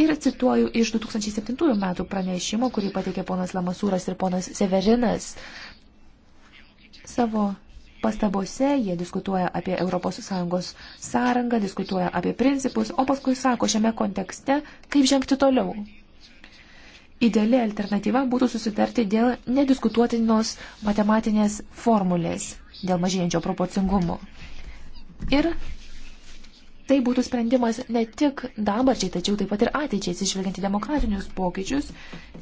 Ir cituoju iš 2007 metų pranešimo, kurį pateikė ponas Lamasūras ir ponas Severinas savo pastabose, jie diskutuoja apie ES sąrangą, diskutuoja apie principus, o paskui sako šiame kontekste, kaip žengti toliau. Ideali alternatyva būtų susitarti dėl nediskutuotinos matematinės formulės, dėl mažėjančio proporcingumo. Ir tai būtų sprendimas ne tik dabarčiai, tačiau taip pat ir ateičiai, atsižvelgiant į demokratinius pokyčius,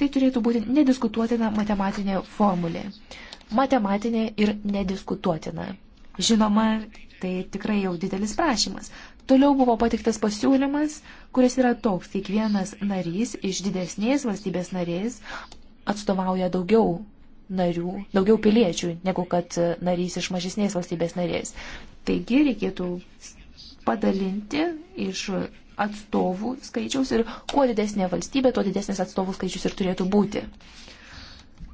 tai turėtų būti nediskutuotina matematinė formulė matematinė ir nediskutuotina. Žinoma, tai tikrai jau didelis prašymas. Toliau buvo patiktas pasiūlymas, kuris yra toks, kiekvienas narys iš didesnės valstybės narės atstovauja daugiau narių, daugiau piliečių, negu kad narys iš mažesnės valstybės narės. Taigi reikėtų padalinti iš atstovų skaičiaus ir kuo didesnė valstybė, tuo didesnis atstovų skaičius ir turėtų būti.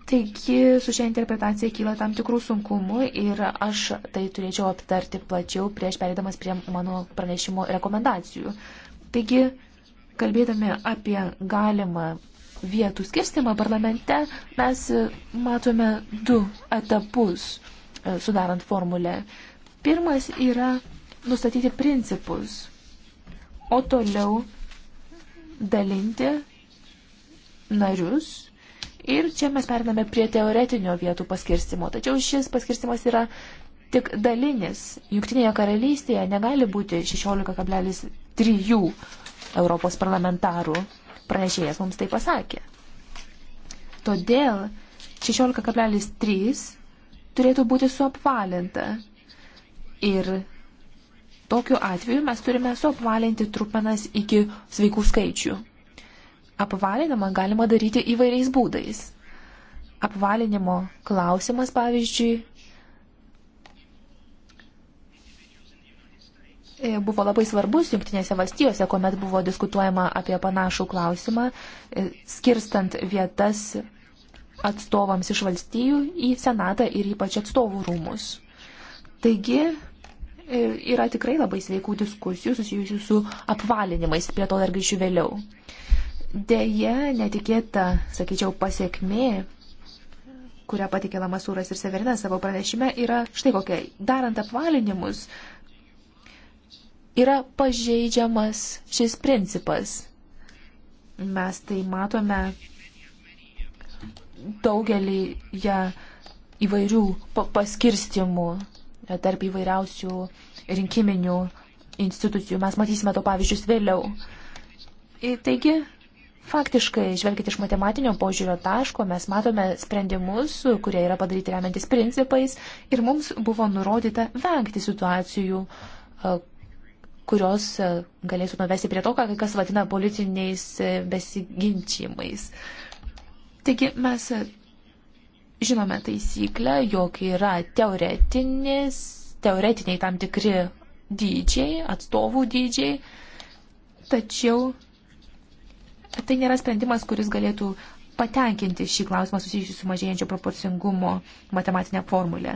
Taigi su šia interpretacija kyla tam tikrų sunkumų ir aš tai turėčiau aptarti plačiau prieš perėdamas prie mano pranešimo rekomendacijų. Taigi, kalbėdami apie galimą vietų skirstimą parlamente, mes matome du etapus e, sudarant formulę. Pirmas yra nustatyti principus, o toliau dalinti narius Ir čia mes periname prie teoretinio vietų paskirstimo. Tačiau šis paskirstimas yra tik dalinis. Jungtinėje karalystėje negali būti 16,3 Europos parlamentarų. Pranešėjas mums tai pasakė. Todėl 16,3 turėtų būti suapvalinta. Ir tokiu atveju mes turime suapvalinti trupmenas iki sveikų skaičių apvalinimą galima daryti įvairiais būdais. Apvalinimo klausimas, pavyzdžiui, e, buvo labai svarbus Junktinėse valstijose, kuomet buvo diskutuojama apie panašų klausimą, e, skirstant vietas atstovams iš valstijų į Senatą ir ypač atstovų rūmus. Taigi e, yra tikrai labai sveikų diskusijų susijusių su apvalinimais, prie to dar grįšiu vėliau. Deja, netikėta, sakyčiau, pasiekmė, kurią patikė Lamasūras ir Severinas savo pranešime, yra štai kokia. Darant apvalinimus, yra pažeidžiamas šis principas. Mes tai matome daugelį ją įvairių paskirstimų tarp įvairiausių rinkiminių institucijų. Mes matysime to pavyzdžius vėliau. Taigi, Faktiškai, žvelgiant iš matematinio požiūrio taško, mes matome sprendimus, kurie yra padaryti remiantis principais ir mums buvo nurodyta vengti situacijų, kurios galėtų nuvesti prie to, ką kai kas vadina politiniais besiginčymais. Taigi mes žinome taisyklę, jog yra teoretinis, teoretiniai tam tikri dydžiai, atstovų dydžiai, tačiau Tai nėra sprendimas, kuris galėtų patenkinti šį klausimą susijusiu su mažėjančio proporcingumo matematinė formulė.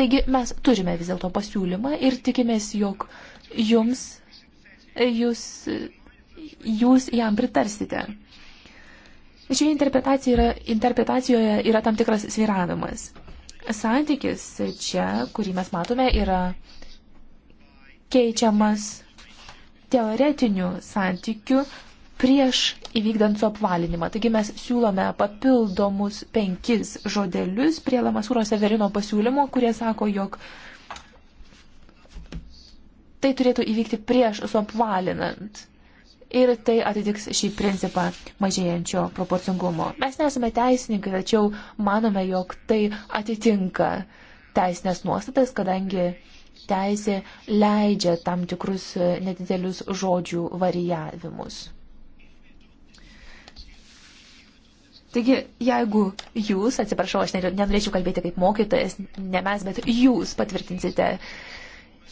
Taigi mes turime vis dėlto pasiūlymą ir tikimės, jog jums, jūs, jūs jam pritarsite. Šioje interpretacijoje yra, interpretacijoje yra tam tikras sviravimas. Santykis čia, kurį mes matome, yra keičiamas teoretinių santykių prieš įvykdant suapvalinimą. Taigi mes siūlome papildomus penkis žodelius prie Lamasūro Severino pasiūlymo, kurie sako, jog tai turėtų įvykti prieš suapvalinant. Ir tai atitiks šį principą mažėjančio proporcingumo. Mes nesame teisininkai, tačiau manome, jog tai atitinka teisinės nuostatas, kadangi teisė leidžia tam tikrus nedidelius žodžių varijavimus. Taigi, jeigu jūs, atsiprašau, aš nenorėčiau kalbėti kaip mokytojas, ne mes, bet jūs patvirtinsite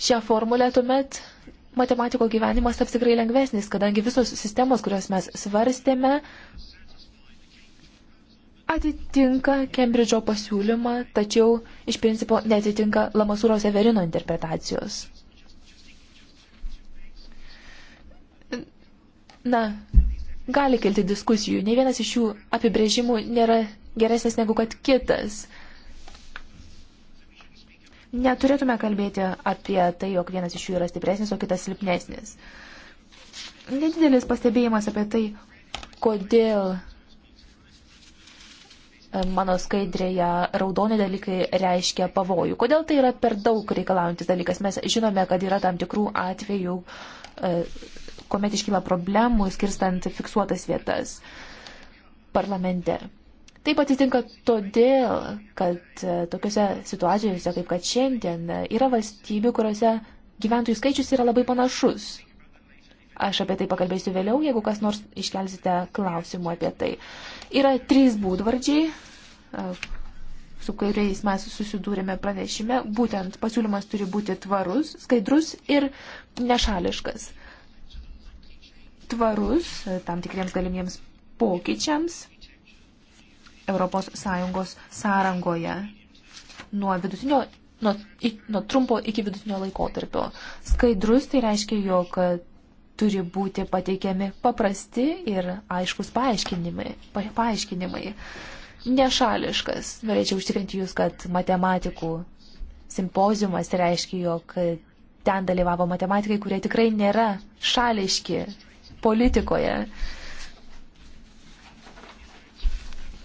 šią formulę, tuomet matematiko gyvenimas taps tikrai lengvesnis, kadangi visos sistemos, kurios mes svarstėme, atitinka Kembridžo pasiūlymą, tačiau iš principo netitinka Lamasūro Severino interpretacijos. Na, gali kilti diskusijų. Ne vienas iš jų apibrėžimų nėra geresnis negu kad kitas. Neturėtume kalbėti apie tai, jog vienas iš jų yra stipresnis, o kitas silpnesnis. Nedidelis pastebėjimas apie tai, kodėl E, mano skaidrėje raudoni dalykai reiškia pavojų. Kodėl tai yra per daug reikalaujantis dalykas? Mes žinome, kad yra tam tikrų atvejų, e, kuomet iškyla problemų, skirstant fiksuotas vietas parlamente. Taip atsitinka todėl, kad e, tokiuose situacijose, kaip kad šiandien, yra valstybių, kuriuose gyventojų skaičius yra labai panašus. Aš apie tai pakalbėsiu vėliau, jeigu kas nors iškelsite klausimų apie tai. Uh, Yra trys būdvardžiai, e, su kuriais mes susidūrėme pranešime. Būtent pasiūlymas turi būti tvarus, skaidrus ir nešališkas. Tvarus e, tam tikriems galimiems pokyčiams ES sąrangoje nuo vidutinio nuo, nuo trumpo iki vidutinio laikotarpio. Skaidrus tai reiškia, jog turi būti pateikiami paprasti ir aiškus paaiškinimai. Pa, paaiškinimai. Nešališkas. Norėčiau užtikrinti Jūs, kad matematikų simpozijumas reiškia, jog ten dalyvavo matematikai, kurie tikrai nėra šališki politikoje.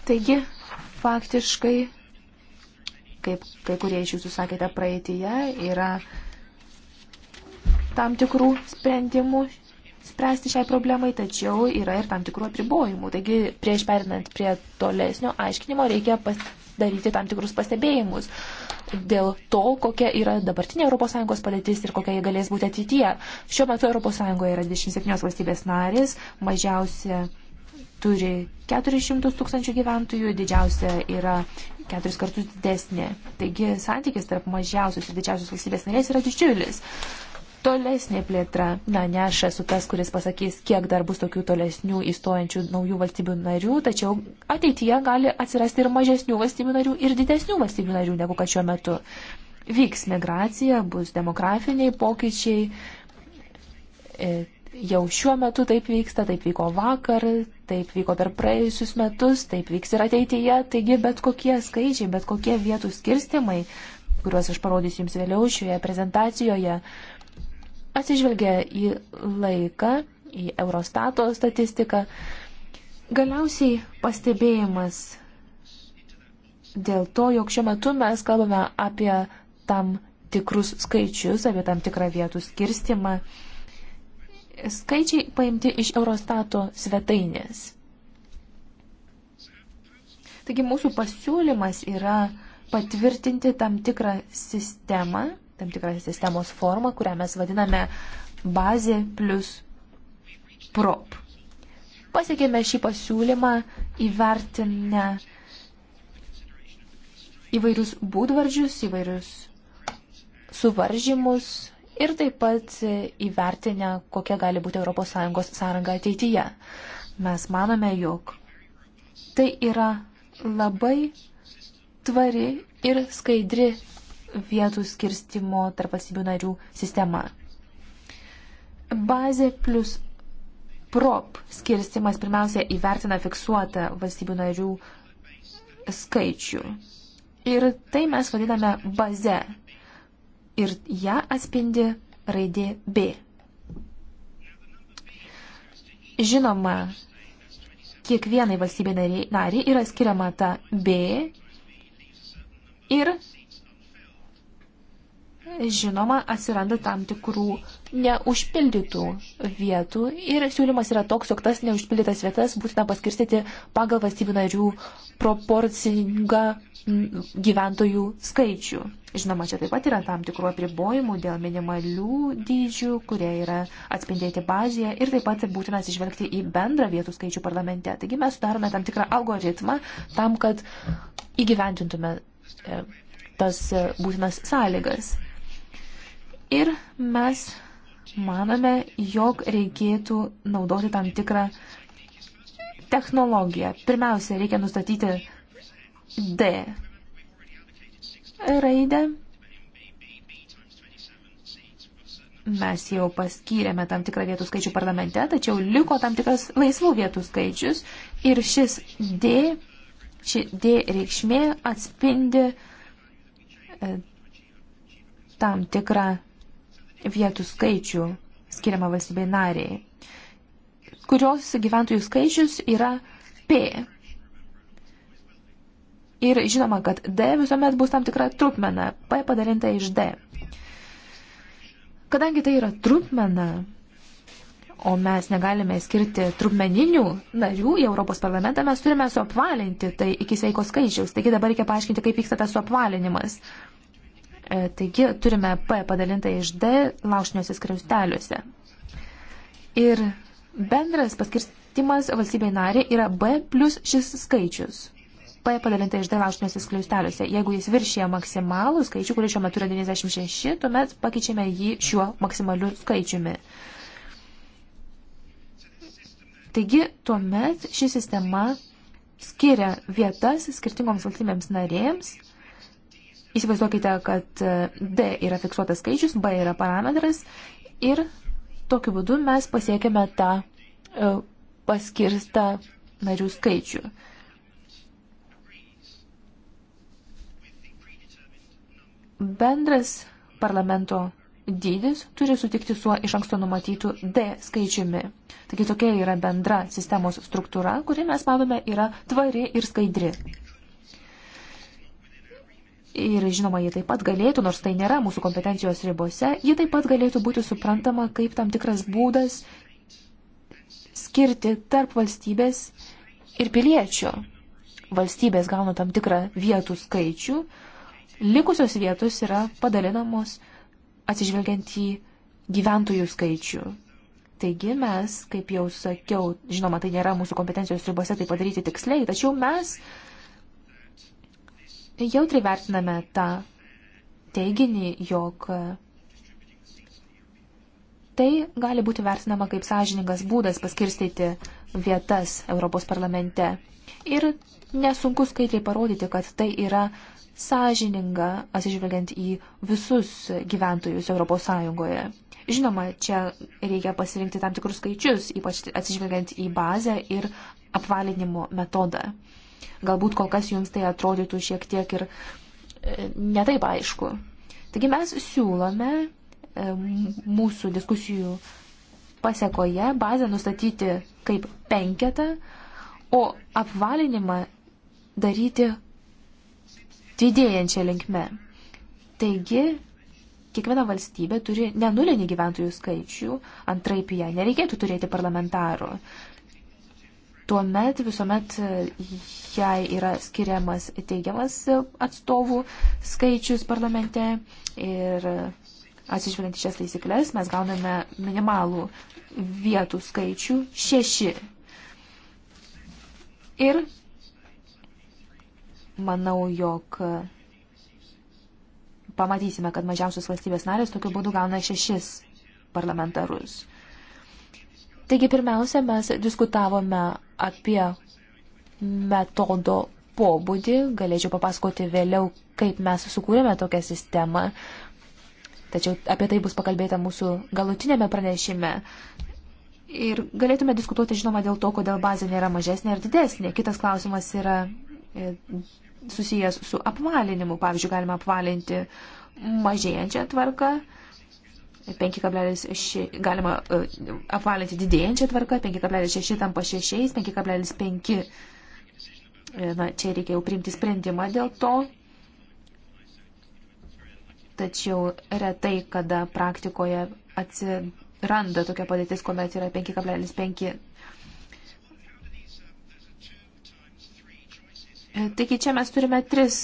Taigi, faktiškai, kaip kai kurie iš jūsų sakėte praeitįje, yra tam tikrų sprendimų spręsti šiai problemai, tačiau yra ir tam tikrų apribojimų. Taigi, prieš perinant prie tolesnio aiškinimo, reikia daryti tam tikrus pastebėjimus dėl to, kokia yra dabartinė ES padėtis ir kokia jie galės būti ateityje. Šiuo metu ES yra 27 valstybės narės, mažiausia turi 400 tūkstančių gyventojų, didžiausia yra keturis kartus didesnė. Taigi santykis tarp mažiausios ir didžiausios valstybės narės yra didžiulis. Tolesnė plėtra, na, ne aš esu tas, kuris pasakys, kiek dar bus tokių tolesnių įstojančių naujų valstybių narių, tačiau ateityje gali atsirasti ir mažesnių valstybių narių, ir didesnių valstybių narių, negu kad šiuo metu. Vyks migracija, bus demografiniai pokyčiai. E, jau šiuo metu taip vyksta, taip vyko vakar, taip vyko per praėjusius metus, taip vyks ir ateityje. Taigi bet kokie skaičiai, bet kokie vietų skirstimai, kuriuos aš parodysiu jums vėliau šioje prezentacijoje, atsižvelgia į laiką, į Eurostato statistiką. Galiausiai pastebėjimas dėl to, jog šiuo metu mes kalbame apie tam tikrus skaičius, apie tam tikrą vietų skirstimą. Skaičiai paimti iš Eurostato svetainės. Taigi mūsų pasiūlymas yra patvirtinti tam tikrą sistemą tam tikrą sistemos formą, kurią mes vadiname bazė plus prop. Pasiekėme šį pasiūlymą įvertinę įvairius būdvardžius, įvairius suvaržymus ir taip pat įvertinę, kokia gali būti ES sąranga ateityje. Mes manome, jog tai yra labai tvari ir skaidri vietų skirstimo tarp valstybių narių sistema. Bazė plus prop skirstimas pirmiausia įvertina fiksuotą valstybių narių skaičių. Ir tai mes vadiname baze. Ir ją atspindi raidė B. Žinoma, kiekvienai valstybė nariai yra skiriama ta B ir žinoma, atsiranda tam tikrų neužpildytų vietų ir siūlymas yra toks, jog tas neužpildytas vietas būtina paskirstyti pagal valstybių narių proporcingą gyventojų skaičių. Žinoma, čia taip pat yra tam tikrų apribojimų dėl minimalių dydžių, kurie yra atspindėti bazėje ir taip pat būtina atsižvelgti į bendrą vietų skaičių parlamente. Taigi mes sudarome tam tikrą algoritmą tam, kad įgyventintume e, tas e, būtinas sąlygas. Ir mes manome, jog reikėtų naudoti tam tikrą technologiją. Pirmiausia, reikia nustatyti D raidę. Mes jau paskyrėme tam tikrą vietų skaičių parlamente, tačiau liko tam tikras laisvų vietų skaičius ir šis D, ši D reikšmė atspindi e, tam tikrą vietų skaičių skiriama valstybei nariai, kurios gyventojų skaičius yra P. Ir žinoma, kad D visuomet bus tam tikra trupmena, P padalinta iš D. Kadangi tai yra trupmena, o mes negalime skirti trupmeninių narių į Europos parlamentą, mes turime suapvalinti tai iki sveiko skaičiaus. Taigi dabar reikia paaiškinti, kaip vyksta tas suapvalinimas. E, taigi turime P padalintą iš D laušniuose skliausteliuose. Ir bendras paskirstimas valstybei narė yra B plus šis skaičius. P padalinta iš D laušniuose skliausteliuose. Jeigu jis viršyje maksimalų skaičių, kuris šiuo metu yra 96, tuomet pakeičiame jį šiuo maksimaliu skaičiumi. Taigi tuomet ši sistema skiria vietas skirtingoms valstybėms narėms Įsivaizduokite, kad e, D yra fiksuotas skaičius, B yra parametras ir tokiu būdu mes pasiekėme tą e, paskirstą narių skaičių. Bendras parlamento dydis turi sutikti su iš anksto numatytų D skaičiumi. Taigi tokia yra bendra sistemos struktūra, kuri mes matome yra tvari ir skaidri. Ir žinoma, ji taip pat galėtų, nors tai nėra mūsų kompetencijos ribose, ji taip pat galėtų būti suprantama kaip tam tikras būdas skirti tarp valstybės ir piliečių. Valstybės gauna tam tikrą vietų skaičių, likusios vietos yra padalinamos atsižvelgiant į gyventojų skaičių. Taigi mes, kaip jau sakiau, žinoma, tai nėra mūsų kompetencijos ribose tai padaryti tiksliai, tačiau mes jautri vertiname tą teiginį, jog tai gali būti vertinama kaip sąžiningas būdas paskirstyti vietas Europos parlamente. Ir nesunku skaidriai parodyti, kad tai yra sąžininga, atsižvelgiant į visus gyventojus Europos Sąjungoje. Žinoma, čia reikia pasirinkti tam tikrus skaičius, ypač atsižvelgiant į bazę ir apvalinimo metodą. Galbūt kol kas jums tai atrodytų šiek tiek ir e, netaip aišku. Taigi mes siūlome e, mūsų diskusijų pasiekoje bazę nustatyti kaip penketą, o apvalinimą daryti didėjančią linkme. Taigi, kiekviena valstybė turi nenulinį gyventojų skaičių, antraip ją nereikėtų turėti parlamentarų tuomet visuomet e, jai yra skiriamas teigiamas e, atstovų skaičius parlamente ir e, atsižvelgiant į šias taisyklės mes gauname minimalų vietų skaičių šeši. Ir manau, jog pamatysime, kad mažiausios valstybės narės tokiu būdu gauna šešis parlamentarus. Taigi pirmiausia, mes diskutavome apie metodo pobūdį, galėčiau papasakoti vėliau, kaip mes sukūrėme tokią sistemą, tačiau apie tai bus pakalbėta mūsų galutinėme pranešime. Ir galėtume diskutuoti, žinoma, dėl to, kodėl bazė nėra mažesnė ar didesnė. Kitas klausimas yra e, susijęs su apvalinimu. Pavyzdžiui, galima apvalinti mažėjančią tvarką 5,6 galima e, apvalinti didėjančią tvarką, 5,6 tampa 6, 5,5. E, na, čia reikia jau priimti sprendimą dėl to. Tačiau retai, kada praktikoje atsiranda tokia padėtis, kuomet yra 5,5. E, taigi čia mes turime tris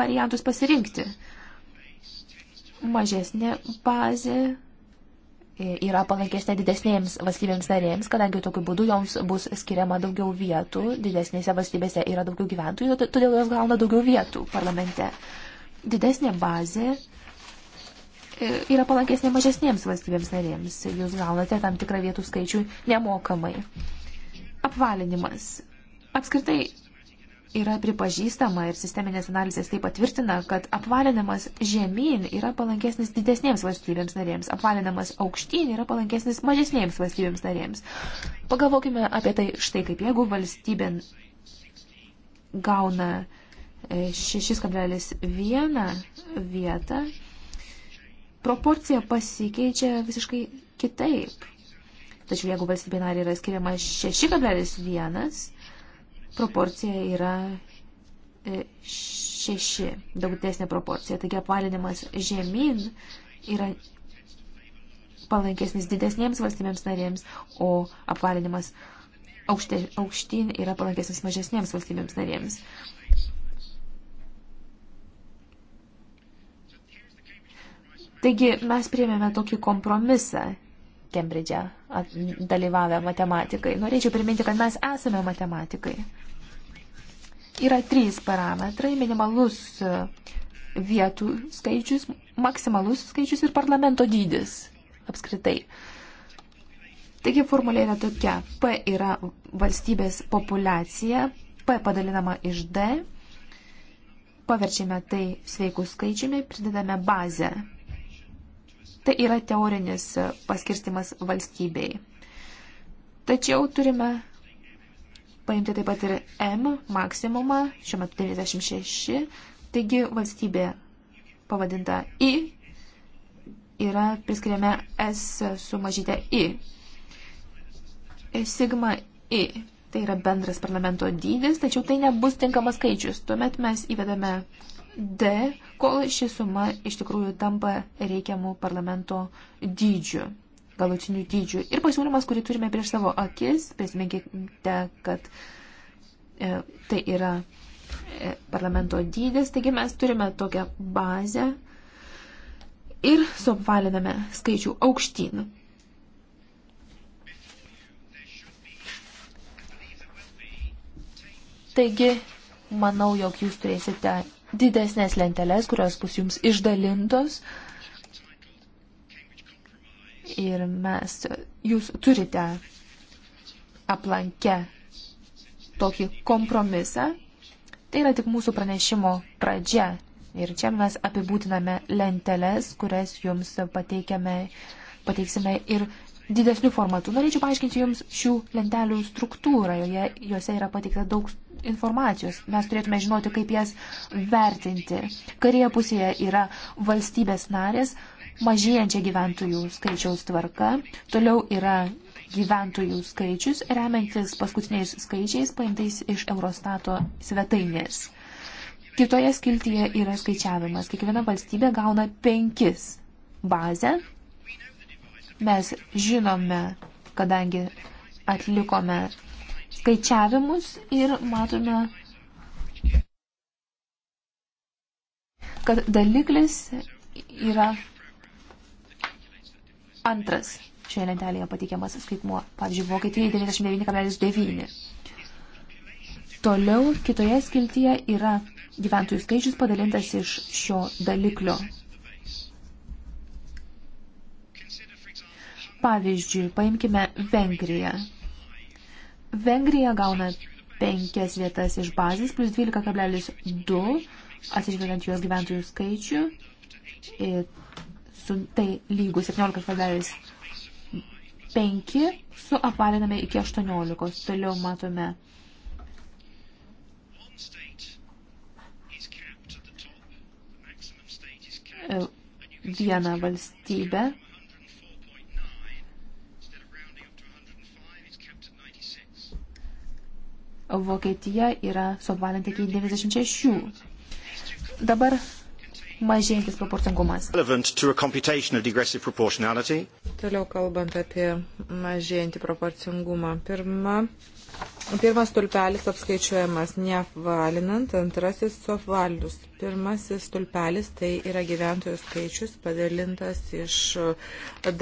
variantus pasirinkti mažesnė bazė e, yra palankesnė didesnėms valstybėms narėms, kadangi tokiu būdu joms bus skiriama daugiau vietų, didesnėse valstybėse yra daugiau gyventojų, todėl jos gauna daugiau vietų parlamente. Didesnė bazė e, yra palankesnė mažesnėms valstybėms narėms, jūs gaunate tam tikrą vietų skaičių nemokamai. Apvalinimas. Apskritai, yra pripažįstama ir sisteminės analizės tai patvirtina, kad apvalinimas žemyn yra palankesnis didesnėms valstybėms narėms, apvalinimas aukštyn yra palankesnis mažesnėms valstybėms narėms. Pagalvokime apie tai štai kaip, jeigu valstybė gauna 6,1 e, vietą, proporcija pasikeičia visiškai kitaip. Tačiau jeigu valstybė narė yra skiriama 6,1, proporcija yra e, šeši, daug didesnė proporcija. Taigi apvalinimas žemyn yra palankesnis didesniems valstybėms narėms, o apvalinimas aukšte, aukštyn yra palankesnis mažesniems valstybėms narėms. Taigi mes priėmėme tokį kompromisą Kembridžė dalyvavę matematikai. Norėčiau priminti, kad mes esame matematikai. Yra trys parametrai - minimalus e, vietų skaičius, maksimalus skaičius ir parlamento dydis apskritai. Taigi formulė yra tokia. P yra valstybės populacija, P padalinama iš D, paverčiame tai sveikų skaičiumi, pridedame bazę Tai yra teorinis paskirstimas valstybei. Tačiau turime paimti taip pat ir M maksimumą, šiuo metu 96, taigi valstybė pavadinta I yra priskiriame S sumažytę I. Sigma I. Tai yra bendras parlamento dydis, tačiau tai nebus tinkamas skaičius. Tuomet mes įvedame D, kol ši suma iš tikrųjų tampa reikiamų parlamento dydžių, galutinių dydžių. Ir pasiūlymas, kurį turime prieš savo akis, prisiminkite, kad e, tai yra e, parlamento dydis, taigi mes turime tokią bazę ir suapvaliname skaičių aukštyn. Taigi, manau, jog jūs turėsite didesnės lenteles, kurios bus jums išdalintos. Ir mes, jūs turite aplankę tokį kompromisą. Tai yra tik mūsų pranešimo pradžia. Ir čia mes apibūtiname lenteles, kurias jums pateikiame, pateiksime ir didesnių formatų. Norėčiau paaiškinti jums šių lentelių struktūrą. Joje, jose yra pateikta daug informacijos. Mes turėtume žinoti, kaip jas vertinti. Karėje pusėje yra valstybės narės, mažėjančia gyventojų skaičiaus tvarka. Toliau yra gyventojų skaičius, remiantis paskutiniais skaičiais paimtais iš Eurostato svetainės. Kitoje skiltyje yra skaičiavimas. Kiekviena valstybė gauna penkis bazę. Mes žinome, kadangi atlikome skaičiavimus ir matome, kad daliklis yra antras šioje lentelėje patikiamas skaitmuo. Pavyzdžiui, Vokietijai 99,9. Toliau kitoje skiltyje yra gyventojų skaičius padalintas iš šio daliklio. Pavyzdžiui, paimkime Vengriją. Vengrija gauna 5 vietas iš bazės plus 12,2 atsižvelgiant jos gyventojų skaičių. Ir su, tai lygų 17,5 su apvaliname iki 18. Toliau matome. Vieną valstybę Vokietija yra suapvalinta iki 96. Dabar mažėjantis proporcingumas. Toliau kalbant apie mažėjantį proporcingumą. Pirma, pirmas stulpelis apskaičiuojamas neapvalinant, antrasis suapvalinus. Pirmasis stulpelis tai yra gyventojų skaičius padalintas iš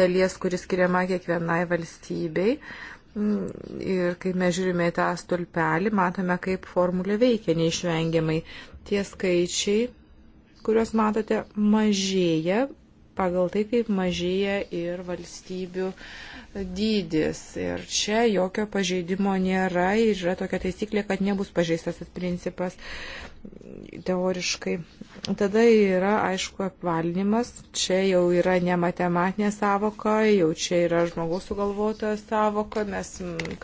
dalies, kuris skiriama kiekvienai valstybei. Ir kai mes žiūrime į tą stulpelį, matome, kaip formulė veikia neišvengiamai. Tie skaičiai, kuriuos matote, mažėja pagal tai, kaip mažėja ir valstybių dydis. Ir čia jokio pažeidimo nėra ir yra tokia taisyklė, kad nebus pažeistas tas principas teoriškai. Tada yra, aišku, apvalinimas. Čia jau yra ne matematinė savoka, jau čia yra žmogaus sugalvota savoka, mes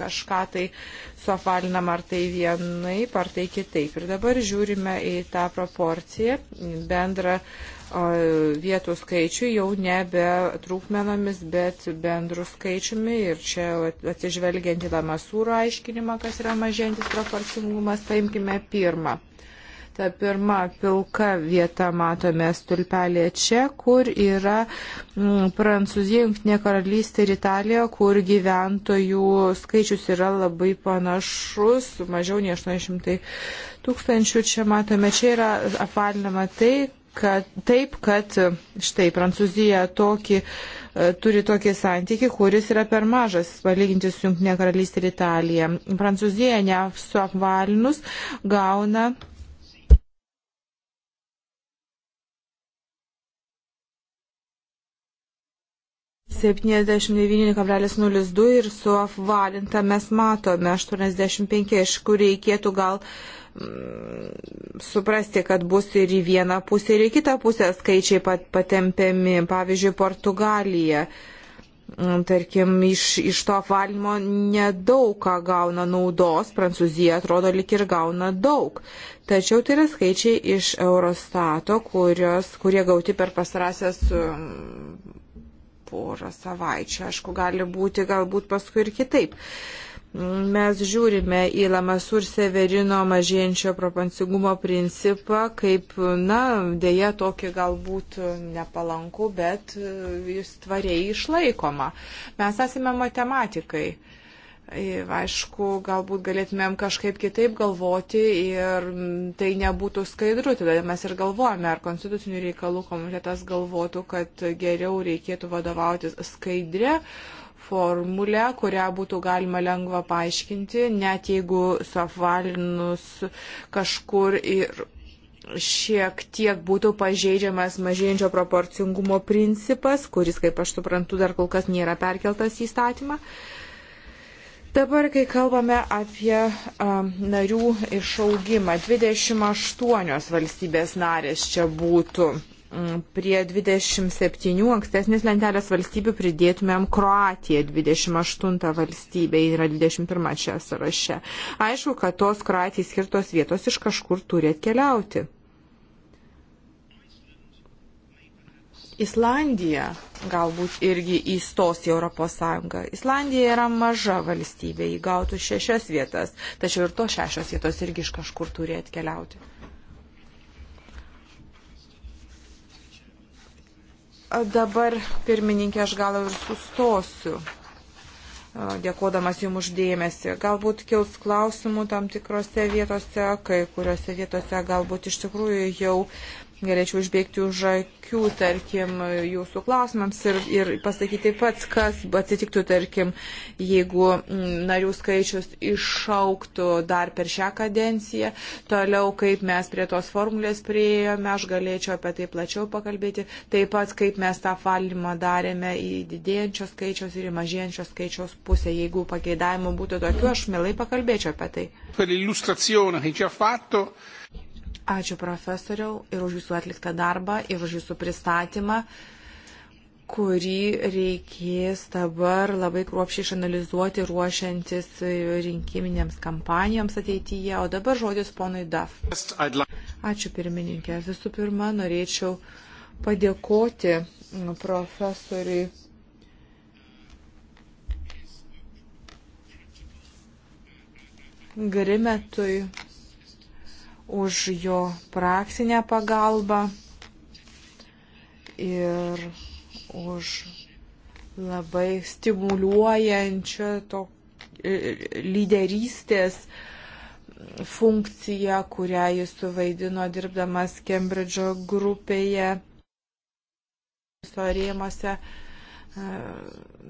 kažką tai suapvalinam ar tai vienaip, ar tai kitaip. Ir dabar žiūrime į tą proporciją, bendrą vietų skaičių jau nebe trūkmenomis, bet bendrų skaičiumi ir čia atsižvelgiant į tą masūro aiškinimą, kas yra mažėjantis proporcingumas, paimkime pirmą. Ta pirma pilka vieta matome stulpelė čia, kur yra m, mm, Prancūzija, Junktinė karalystė ir Italija, kur gyventojų skaičius yra labai panašus, mažiau nei 800 tūkstančių. Čia matome, čia yra apvalinama tai, kad taip, kad štai Prancūzija tokį, e, turi tokį santykį, kuris yra per mažas, palyginti su Junktinė karalystė ir Italija. Prancūzija nesuapvalinus gauna 79,02 ir suapvalintą mes matome 85, iš kur reikėtų gal mm, suprasti, kad bus ir į vieną pusę, ir į kitą pusę skaičiai pat, patempiami. Pavyzdžiui, Portugalija, mm, tarkim, iš, iš to apvalymo nedaug ką gauna naudos, Prancūzija atrodo lik ir gauna daug. Tačiau tai yra skaičiai iš Eurostato, kurios, kurie gauti per pastarąsias mm, porą savaičių. Aišku, gali būti galbūt paskui ir kitaip. Mes žiūrime į Lamasur Severino mažėjančio propansigumo principą kaip, na, dėja tokį galbūt nepalankų, bet jis tvariai išlaikoma. Mes esame matematikai Aišku, galbūt galėtumėm kažkaip kitaip galvoti ir tai nebūtų skaidru. Tada mes ir galvojame, ar konstitucinių reikalų komitetas galvotų, kad geriau reikėtų vadovautis skaidrė formulę, kurią būtų galima lengva paaiškinti, net jeigu suapvalinus kažkur ir šiek tiek būtų pažeidžiamas mažėjančio proporcingumo principas, kuris, kaip aš suprantu, dar kol kas nėra perkeltas į statymą. Uh, Dabar, kai kalbame apie um, narių išaugimą, 28 valstybės narės čia būtų. Mm, prie 27 ankstesnės lentelės valstybių pridėtumėm Kroatiją, 28 valstybė yra 21 čia sąraše. Aišku, kad tos Kroatijai skirtos vietos iš kažkur turi atkeliauti. Islandija galbūt irgi įstos į Europos Sąjungą. Islandija yra maža valstybė, jį gautų šešias vietas, tačiau ir to šešios vietos irgi iš kažkur turi atkeliauti. Dabar, pirmininkė, aš gal ir sustosiu, dėkodamas jums uždėmesi. Galbūt kils klausimų tam tikrose vietose, kai kuriuose vietose galbūt iš tikrųjų jau uh, galėčiau užbėgti už akių, tarkim, jūsų klausimams ir, ir pasakyti pats, kas atsitiktų, tarkim, jeigu mm, narių skaičius išauktų dar per šią kadenciją. Toliau, kaip mes prie tos formulės prieėjome, aš galėčiau apie tai plačiau pakalbėti. Taip pat, kaip mes tą valdymą darėme į didėjančios skaičios ir į mažėjančios skaičios pusę. Jeigu pageidavimų būtų tokių, aš mielai pakalbėčiau apie tai. Per Ačiū profesoriau ir už jūsų atliktą darbą, ir už jūsų pristatymą kurį reikės dabar labai kruopšiai išanalizuoti ruošiantis rinkiminėms kampanijoms ateityje. O dabar žodis ponui Daf. Ačiū pirmininkė. Visų pirma, norėčiau padėkoti profesoriui. Grimetui už jo praktinę pagalbą ir už labai stimuliuojančią to e, e, lyderystės funkciją, kurią jis suvaidino dirbdamas Kembridžo grupėje rėmose. E,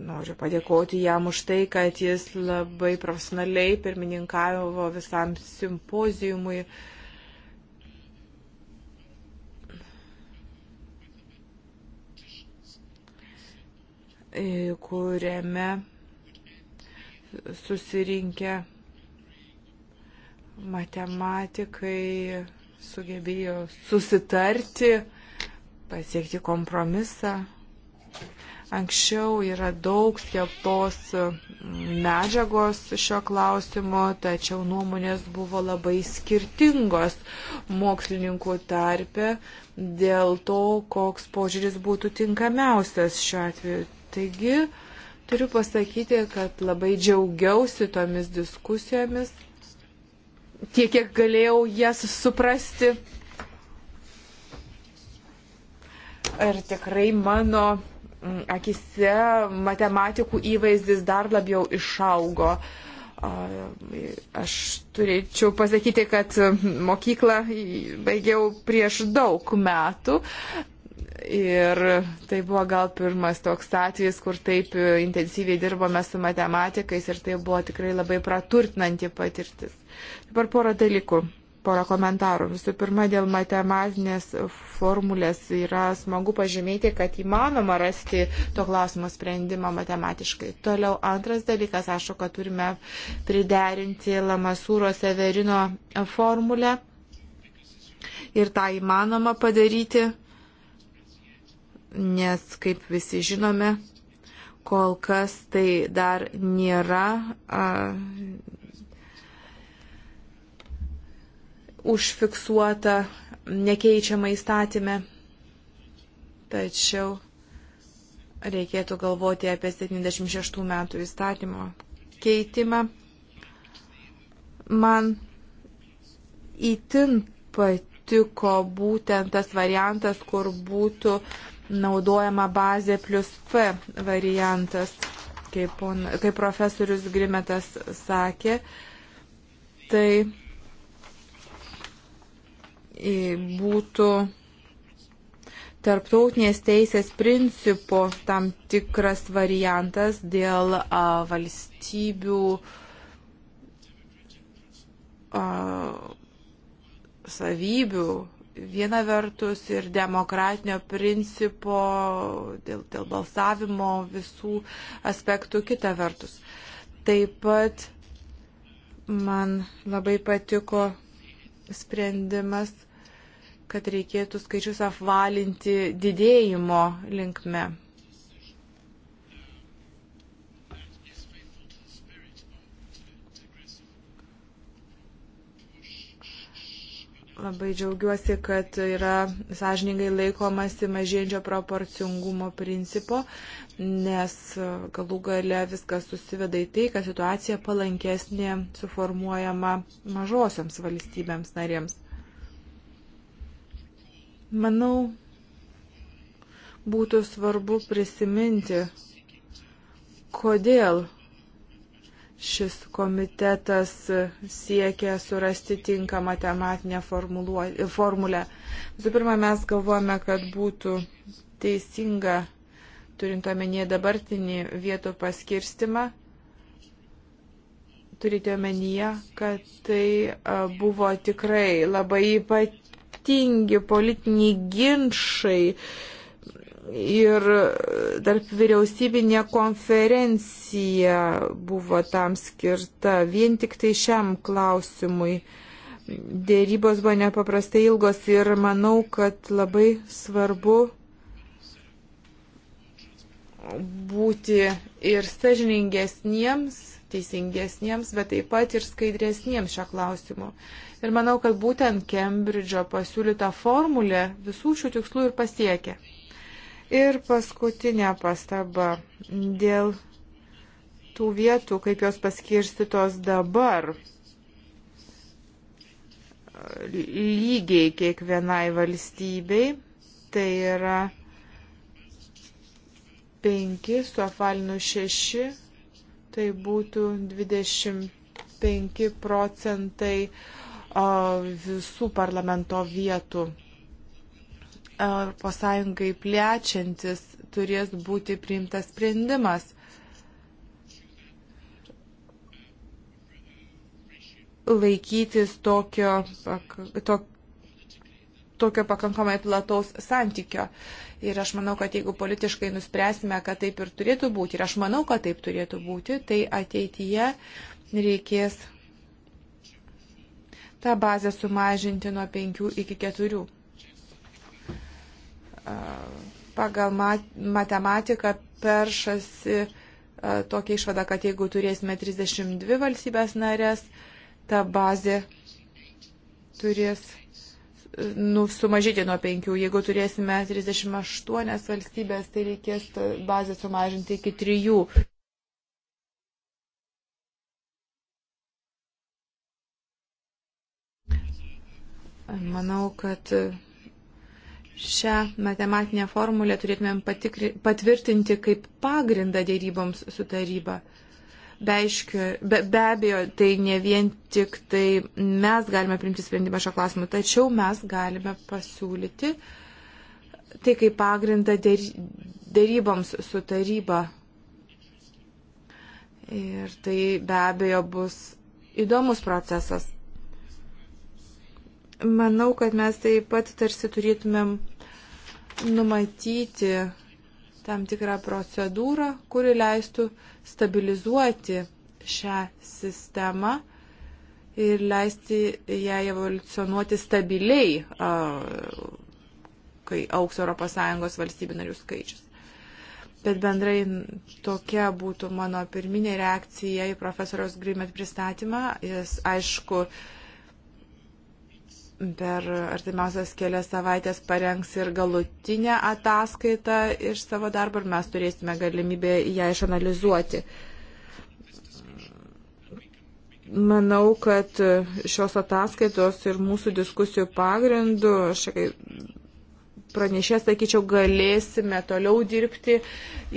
noriu padėkoti jam už tai, kad jis labai profesionaliai pirmininkavo visam simpozijumui. Uh, E, kuriame susirinkę matematikai sugebėjo susitarti, pasiekti kompromisą. Anksčiau yra daug skelbtos medžiagos šio klausimo, tačiau nuomonės buvo labai skirtingos mokslininkų tarpe dėl to, koks požiūris būtų tinkamiausias šiuo atveju Taigi, turiu pasakyti, kad labai džiaugiausi tomis diskusijomis, tiek kiek galėjau jas suprasti. Ir tikrai mano mm, akise matematikų įvaizdis dar labiau išaugo. Aš turėčiau pasakyti, kad mokyklą baigiau prieš daug metų, Ir tai buvo gal pirmas toks atvejis, kur taip intensyviai dirbome su matematikais ir tai buvo tikrai labai praturtinanti patirtis. Dabar porą dalykų porą komentarų. Visų pirma, dėl matematinės formulės yra smagu pažymėti, kad įmanoma rasti to klausimo sprendimą matematiškai. Toliau antras dalykas, ašku, kad turime priderinti Lamasūro Severino formulę ir tą įmanoma padaryti nes, kaip visi žinome, kol kas tai dar nėra a, užfiksuota nekeičiama įstatymė. Tačiau reikėtų galvoti apie 76 metų įstatymo keitimą. Man įtin patiko būtent tas variantas, kur būtų uh, naudojama bazė plus P variantas, kaip, on, kaip profesorius Grimetas sakė. Tai būtų tarptautinės teisės principo tam tikras variantas dėl a, valstybių a, savybių, viena vertus ir demokratinio principo dėl, dėl balsavimo visų aspektų kita vertus. Taip pat man labai patiko sprendimas, kad reikėtų skaičius apvalinti didėjimo linkme. Labai džiaugiuosi, kad yra sąžiningai laikomasi mažėjančio proporcingumo principo, nes galų gale viskas susiveda į tai, kad situacija palankesnė suformuojama mažosiams valstybėms narėms. Manau, būtų svarbu prisiminti, kodėl Šis komitetas siekia surasti tinkamą tematinę formulę. Visų pirma, mes galvojame, kad būtų teisinga, turint omenyje dabartinį vietų paskirstimą, turite omenyje, kad tai buvo tikrai labai ypatingi politiniai ginčiai Ir tarp vyriausybinė konferencija buvo tam skirta vien tik tai šiam klausimui. Dėrybos buvo nepaprastai ilgos ir manau, kad labai svarbu būti ir sažiningesniems, teisingesniems, bet taip pat ir skaidresniems šio klausimu. Ir manau, kad būtent Kembridžo pasiūlyta formulė visų šių tikslų ir pasiekia. Ir paskutinė pastaba dėl tų vietų, kaip jos paskirstytos dabar lygiai kiekvienai valstybei. Tai yra 5 su apvalinu 6, tai būtų 25 procentai visų parlamento vietų. ES plečiantis turės būti priimtas sprendimas. Laikytis tokio, to, tokio pakankamai plataus santykio. Ir aš manau, kad jeigu politiškai nuspręsime, kad taip ir turėtų būti, ir aš manau, kad taip turėtų būti, tai ateityje reikės tą bazę sumažinti nuo 5 iki 4 pagal matematiką peršasi e, tokia išvada, kad jeigu turėsime 32 valstybės narės, ta bazė turės nu, sumažyti nuo 5. Jeigu turėsime 38 valstybės, tai reikės bazę sumažinti iki 3. Manau, kad šią matematinę formulę turėtumėm patikri, patvirtinti kaip pagrindą dėryboms su taryba. Be, aiškio, be, be abejo, tai ne vien tik tai mes galime priimti sprendimą šio klausimu, tačiau mes galime pasiūlyti tai kaip pagrindą dėryboms su taryba. Ir tai be abejo bus įdomus procesas manau, kad mes taip pat tarsi turėtumėm numatyti tam tikrą procedūrą, kuri leistų stabilizuoti šią sistemą ir leisti ją evoliucionuoti stabiliai, kai auks ES valstybių narių skaičius. Bet bendrai tokia būtų mano pirminė reakcija į profesoriaus Grimet pristatymą. Jis, aišku, uh, per artimiausias kelias savaitės parengs ir galutinę ataskaitą iš savo darbo ir mes turėsime galimybę ją išanalizuoti. Manau, kad šios ataskaitos ir mūsų diskusijų pagrindų, šakai, pranešės, sakyčiau, galėsime toliau dirbti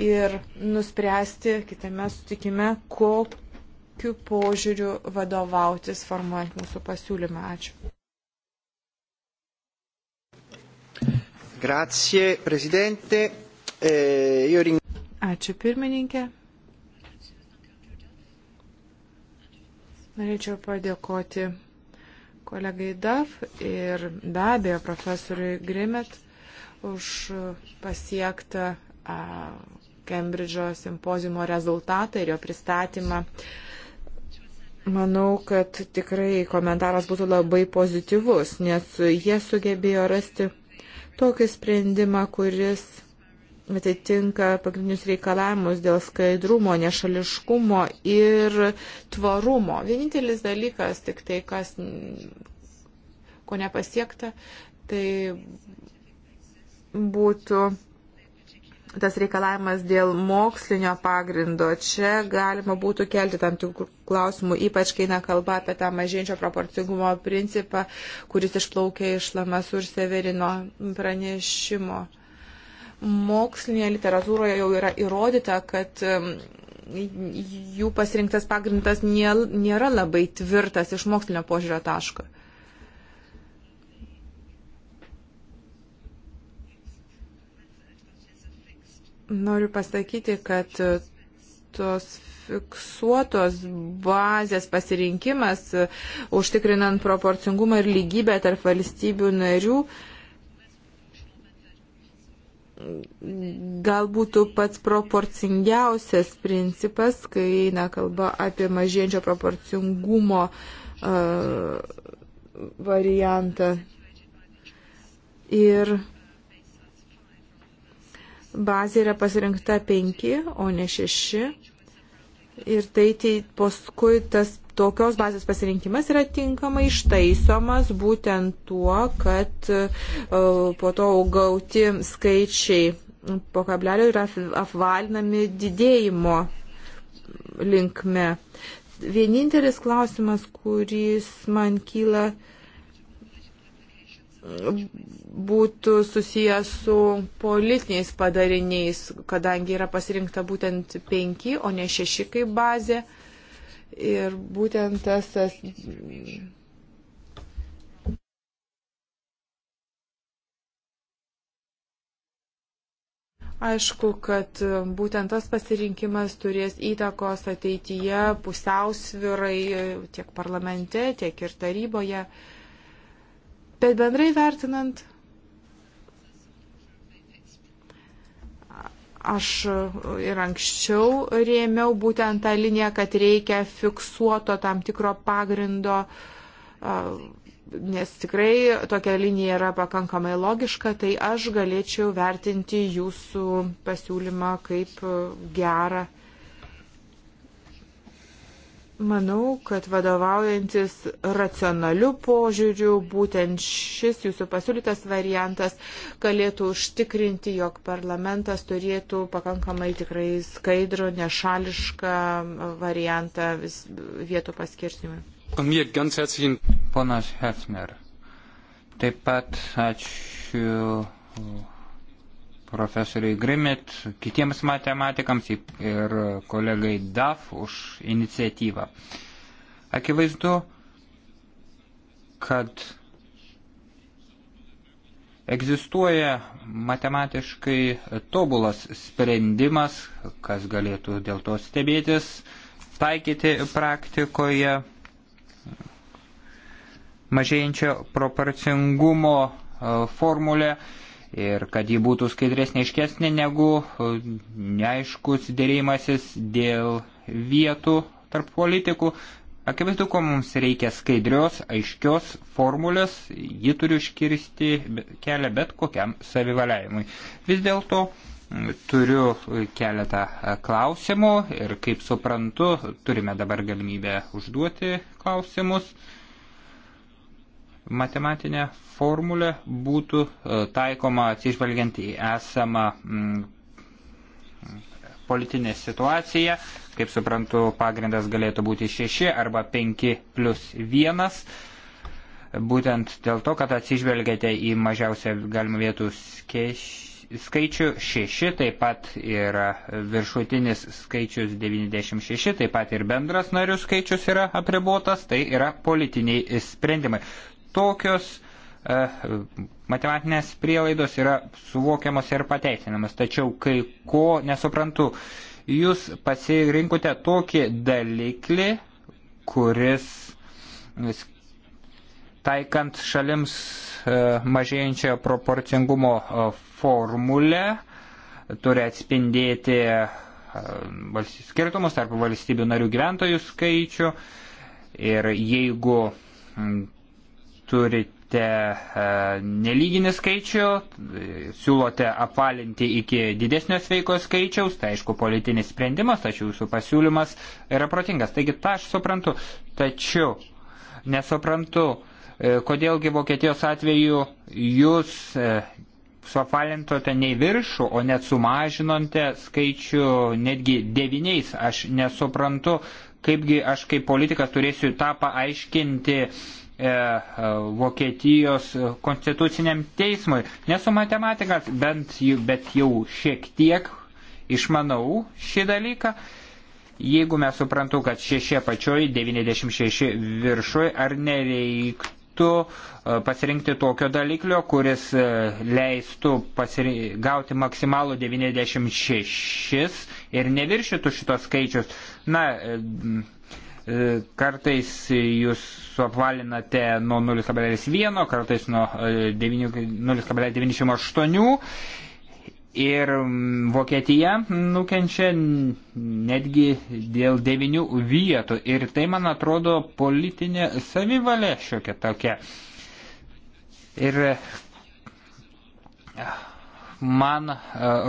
ir nuspręsti kitame sutikime, kokiu požiūriu vadovautis formuojant mūsų pasiūlymą. Ačiū. Grazie, prezidente. E, eh, io ring... Ačiū pirmininkė. Norėčiau padėkoti kolegai DAF ir be abejo profesoriui Grimet už pasiektą Kembridžo simpozimo rezultatą ir jo pristatymą. Manau, kad tikrai komentaras būtų labai pozityvus, nes jie sugebėjo rasti tokį sprendimą, kuris atitinka pagrindinius reikalavimus dėl skaidrumo, nešališkumo ir tvarumo. Vienintelis dalykas, tik tai, kas, ko nepasiekta, tai būtų tas reikalavimas dėl mokslinio pagrindo, čia galima būtų kelti tam tikrų klausimų, ypač kai eina kalba apie tą mažėjančio proporcingumo principą, kuris išplaukia iš Lamasur Severino pranešimo. Mokslinėje literatūroje jau yra įrodyta, kad um, jų pasirinktas pagrindas nėra labai tvirtas iš mokslinio požiūrio taško. Noriu pasakyti, kad e, tos fiksuotos bazės pasirinkimas, e, užtikrinant proporcingumą ir lygybę tarp valstybių narių, gal būtų pats proporcingiausias principas, kai eina kalba apie mažėjančio proporcingumo uh, variantą. Ir bazė yra pasirinkta 5, o ne 6. Ir tai, tai paskui tas tokios bazės pasirinkimas yra tinkamai ištaisomas būtent tuo, kad e, po to gauti skaičiai po kablelio yra apvalinami didėjimo linkme. Vienintelis klausimas, kuris man kyla, būtų susijęs su politiniais padariniais, kadangi yra pasirinkta būtent penki, o ne šeši kaip bazė. Ir būtent tas. tas Aišku, kad būtent tas pasirinkimas turės įtakos ateityje pusiausvirai tiek parlamente, tiek ir taryboje. Uh, Bet bendrai vertinant, aš ir anksčiau rėmiau būtent tą liniją, kad reikia fiksuoto tam tikro pagrindo, nes tikrai tokia linija yra pakankamai logiška, tai aš galėčiau vertinti jūsų pasiūlymą kaip gerą Manau, kad vadovaujantis racionaliu požiūriu, būtent šis jūsų pasiūlytas variantas galėtų užtikrinti, jog parlamentas turėtų pakankamai tikrai skaidro, nešališką variantą vietų paskirstimui. Ponas Hefner, taip pat ačiū profesoriui Grimit, kitiems matematikams ir kolegai DAF už iniciatyvą. Akivaizdu, kad egzistuoja matematiškai tobulas sprendimas, kas galėtų dėl to stebėtis, taikyti praktikoje mažėjančio proporcingumo e, formulę ir kad ji būtų skaidresnė iškesnė negu e, neaiškus dėrėjimasis dėl vietų tarp politikų. Akivaizdu, ko mums reikia skaidrios, aiškios formulės, ji turi užkirsti kelią bet kokiam savivaliavimui. Vis dėlto turiu keletą e, klausimų ir kaip suprantu, turime dabar galimybę užduoti klausimus. Uh, matematinė formulė būtų e, taikoma atsižvelgiant į esamą mm, politinė situacija. Kaip suprantu, pagrindas galėtų būti 6 arba 5 plus 1. Būtent dėl to, kad atsižvelgėte į mažiausią galimą vietų skaičių 6, taip pat yra viršutinis skaičius 96, taip pat ir bendras narių skaičius yra apribotas, tai yra politiniai sprendimai tokios e, matematinės prielaidos yra suvokiamos ir pateisinamas. Tačiau kai ko nesuprantu, jūs pasirinkote tokį daliklį, kuris taikant šalims e, mažėjančią proporcingumo e, formulę turi atspindėti skirtumus tarp valstybių narių gyventojų skaičių ir jeigu turite e, nelyginį skaičių, e, siūlote apvalinti iki didesnio sveiko skaičiaus, tai aišku politinis sprendimas, tačiau jūsų pasiūlymas yra protingas. Taigi tą aš suprantu, tačiau nesuprantu, e, kodėlgi Vokietijos atveju jūs suapvalintote ne į viršų, o net sumažinote skaičių netgi devyniais. Aš nesuprantu, kaipgi aš kaip politikas turėsiu tą paaiškinti E, e, Vokietijos konstituciniam teismui. Nesu matematikas, bent, bet jau šiek tiek išmanau šį dalyką. Jeigu mes suprantu, kad 6 apačioj, 96 viršui, ar nereiktų e, pasirinkti tokio dalyklio, kuris leistų pasirink, gauti maksimalų 96 ir neviršytų šitos skaičius. Na, E, kartais jūs suapvalinate nuo 0,1, kartais nuo 0,98 e, ir Vokietija nukenčia netgi dėl devinių vietų. Ir tai, man atrodo, politinė savivalė šiokia tokia. Ir e, man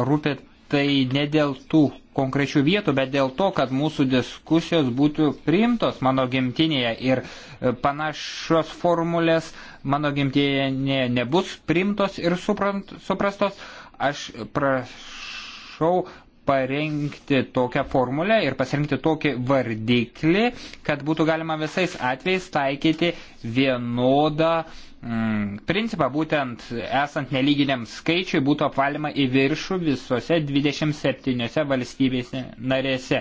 rūpėt tai ne dėl tų konkrečių vietų, bet dėl to, kad mūsų diskusijos būtų priimtos mano gimtinėje ir e, panašios formulės mano gimtinėje ne, nebus priimtos ir suprant, suprastos. Aš prašau parengti tokią formulę ir pasirinkti tokį vardiklį, kad būtų galima visais atvejais taikyti vienodą uh, Mm, principą būtent esant nelyginiam skaičiui būtų apvalima į viršų visose 27 valstybėse narėse.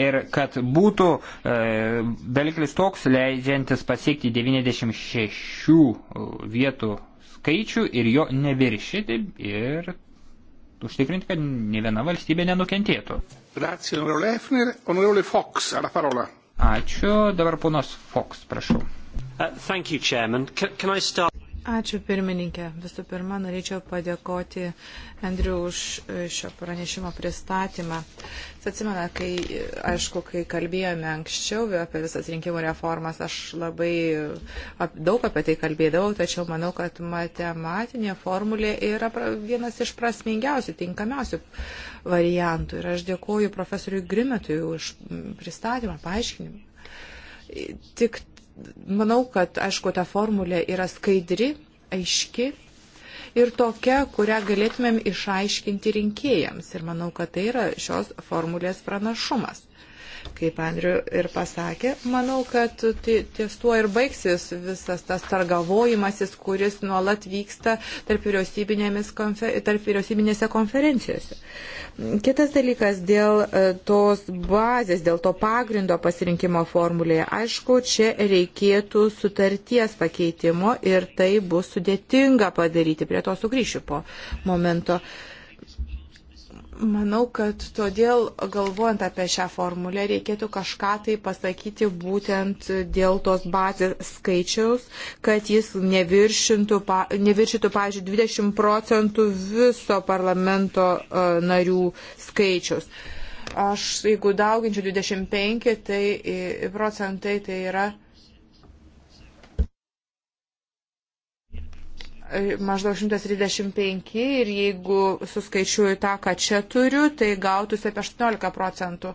Ir kad būtų e, daliklis toks leidžiantis pasiekti 96 e, vietų skaičių ir jo neviršyti ir užtikrinti, kad ne viena valstybė nenukentėtų. Grazie, onorevole Efner. Onorevole Fox, alla parola. Ačiū. Dabar ponas Fox, prašau. Uh, you, can, can start... Ačiū pirmininkė. Visų pirma, norėčiau padėkoti Andriu už e, šio pranešimo pristatymą. Jūs atsimena, kai, aišku, kai kalbėjome anksčiau apie visas rinkimų reformas, aš labai ap, daug apie tai kalbėdavau, tačiau manau, kad matematinė formulė yra vienas iš prasmingiausių, tinkamiausių variantų. Ir aš dėkoju profesoriui Grimetui už pristatymą, paaiškinimą tik manau, kad, aišku, ta formulė yra skaidri, aiški ir tokia, kurią galėtumėm išaiškinti rinkėjams. Ir manau, kad tai yra šios formulės pranašumas. Kaip Andriu ir pasakė, manau, kad ties tuo ir baigsis visas tas targavojimasis, kuris nuolat vyksta tarp, konfer tarp vyriausybinėse konferencijose. Kitas dalykas dėl e, tos bazės, dėl to pagrindo pasirinkimo formulėje. Aišku, čia reikėtų sutarties pakeitimo ir tai bus sudėtinga padaryti. Prie to sugrįšiu po momento. Uh, Manau, kad todėl, galvojant apie šią formulę, reikėtų kažką tai pasakyti būtent dėl tos bazės skaičiaus, kad jis neviršintų, neviršytų, pavyzdžiui, 20 procentų viso parlamento e, narių skaičiaus. Aš, jeigu dauginčiau 25 tai, e, procentai, tai yra maždaug 135 ir jeigu suskaičiuoju tą, ką čia turiu, tai gautųsi apie 18 procentų.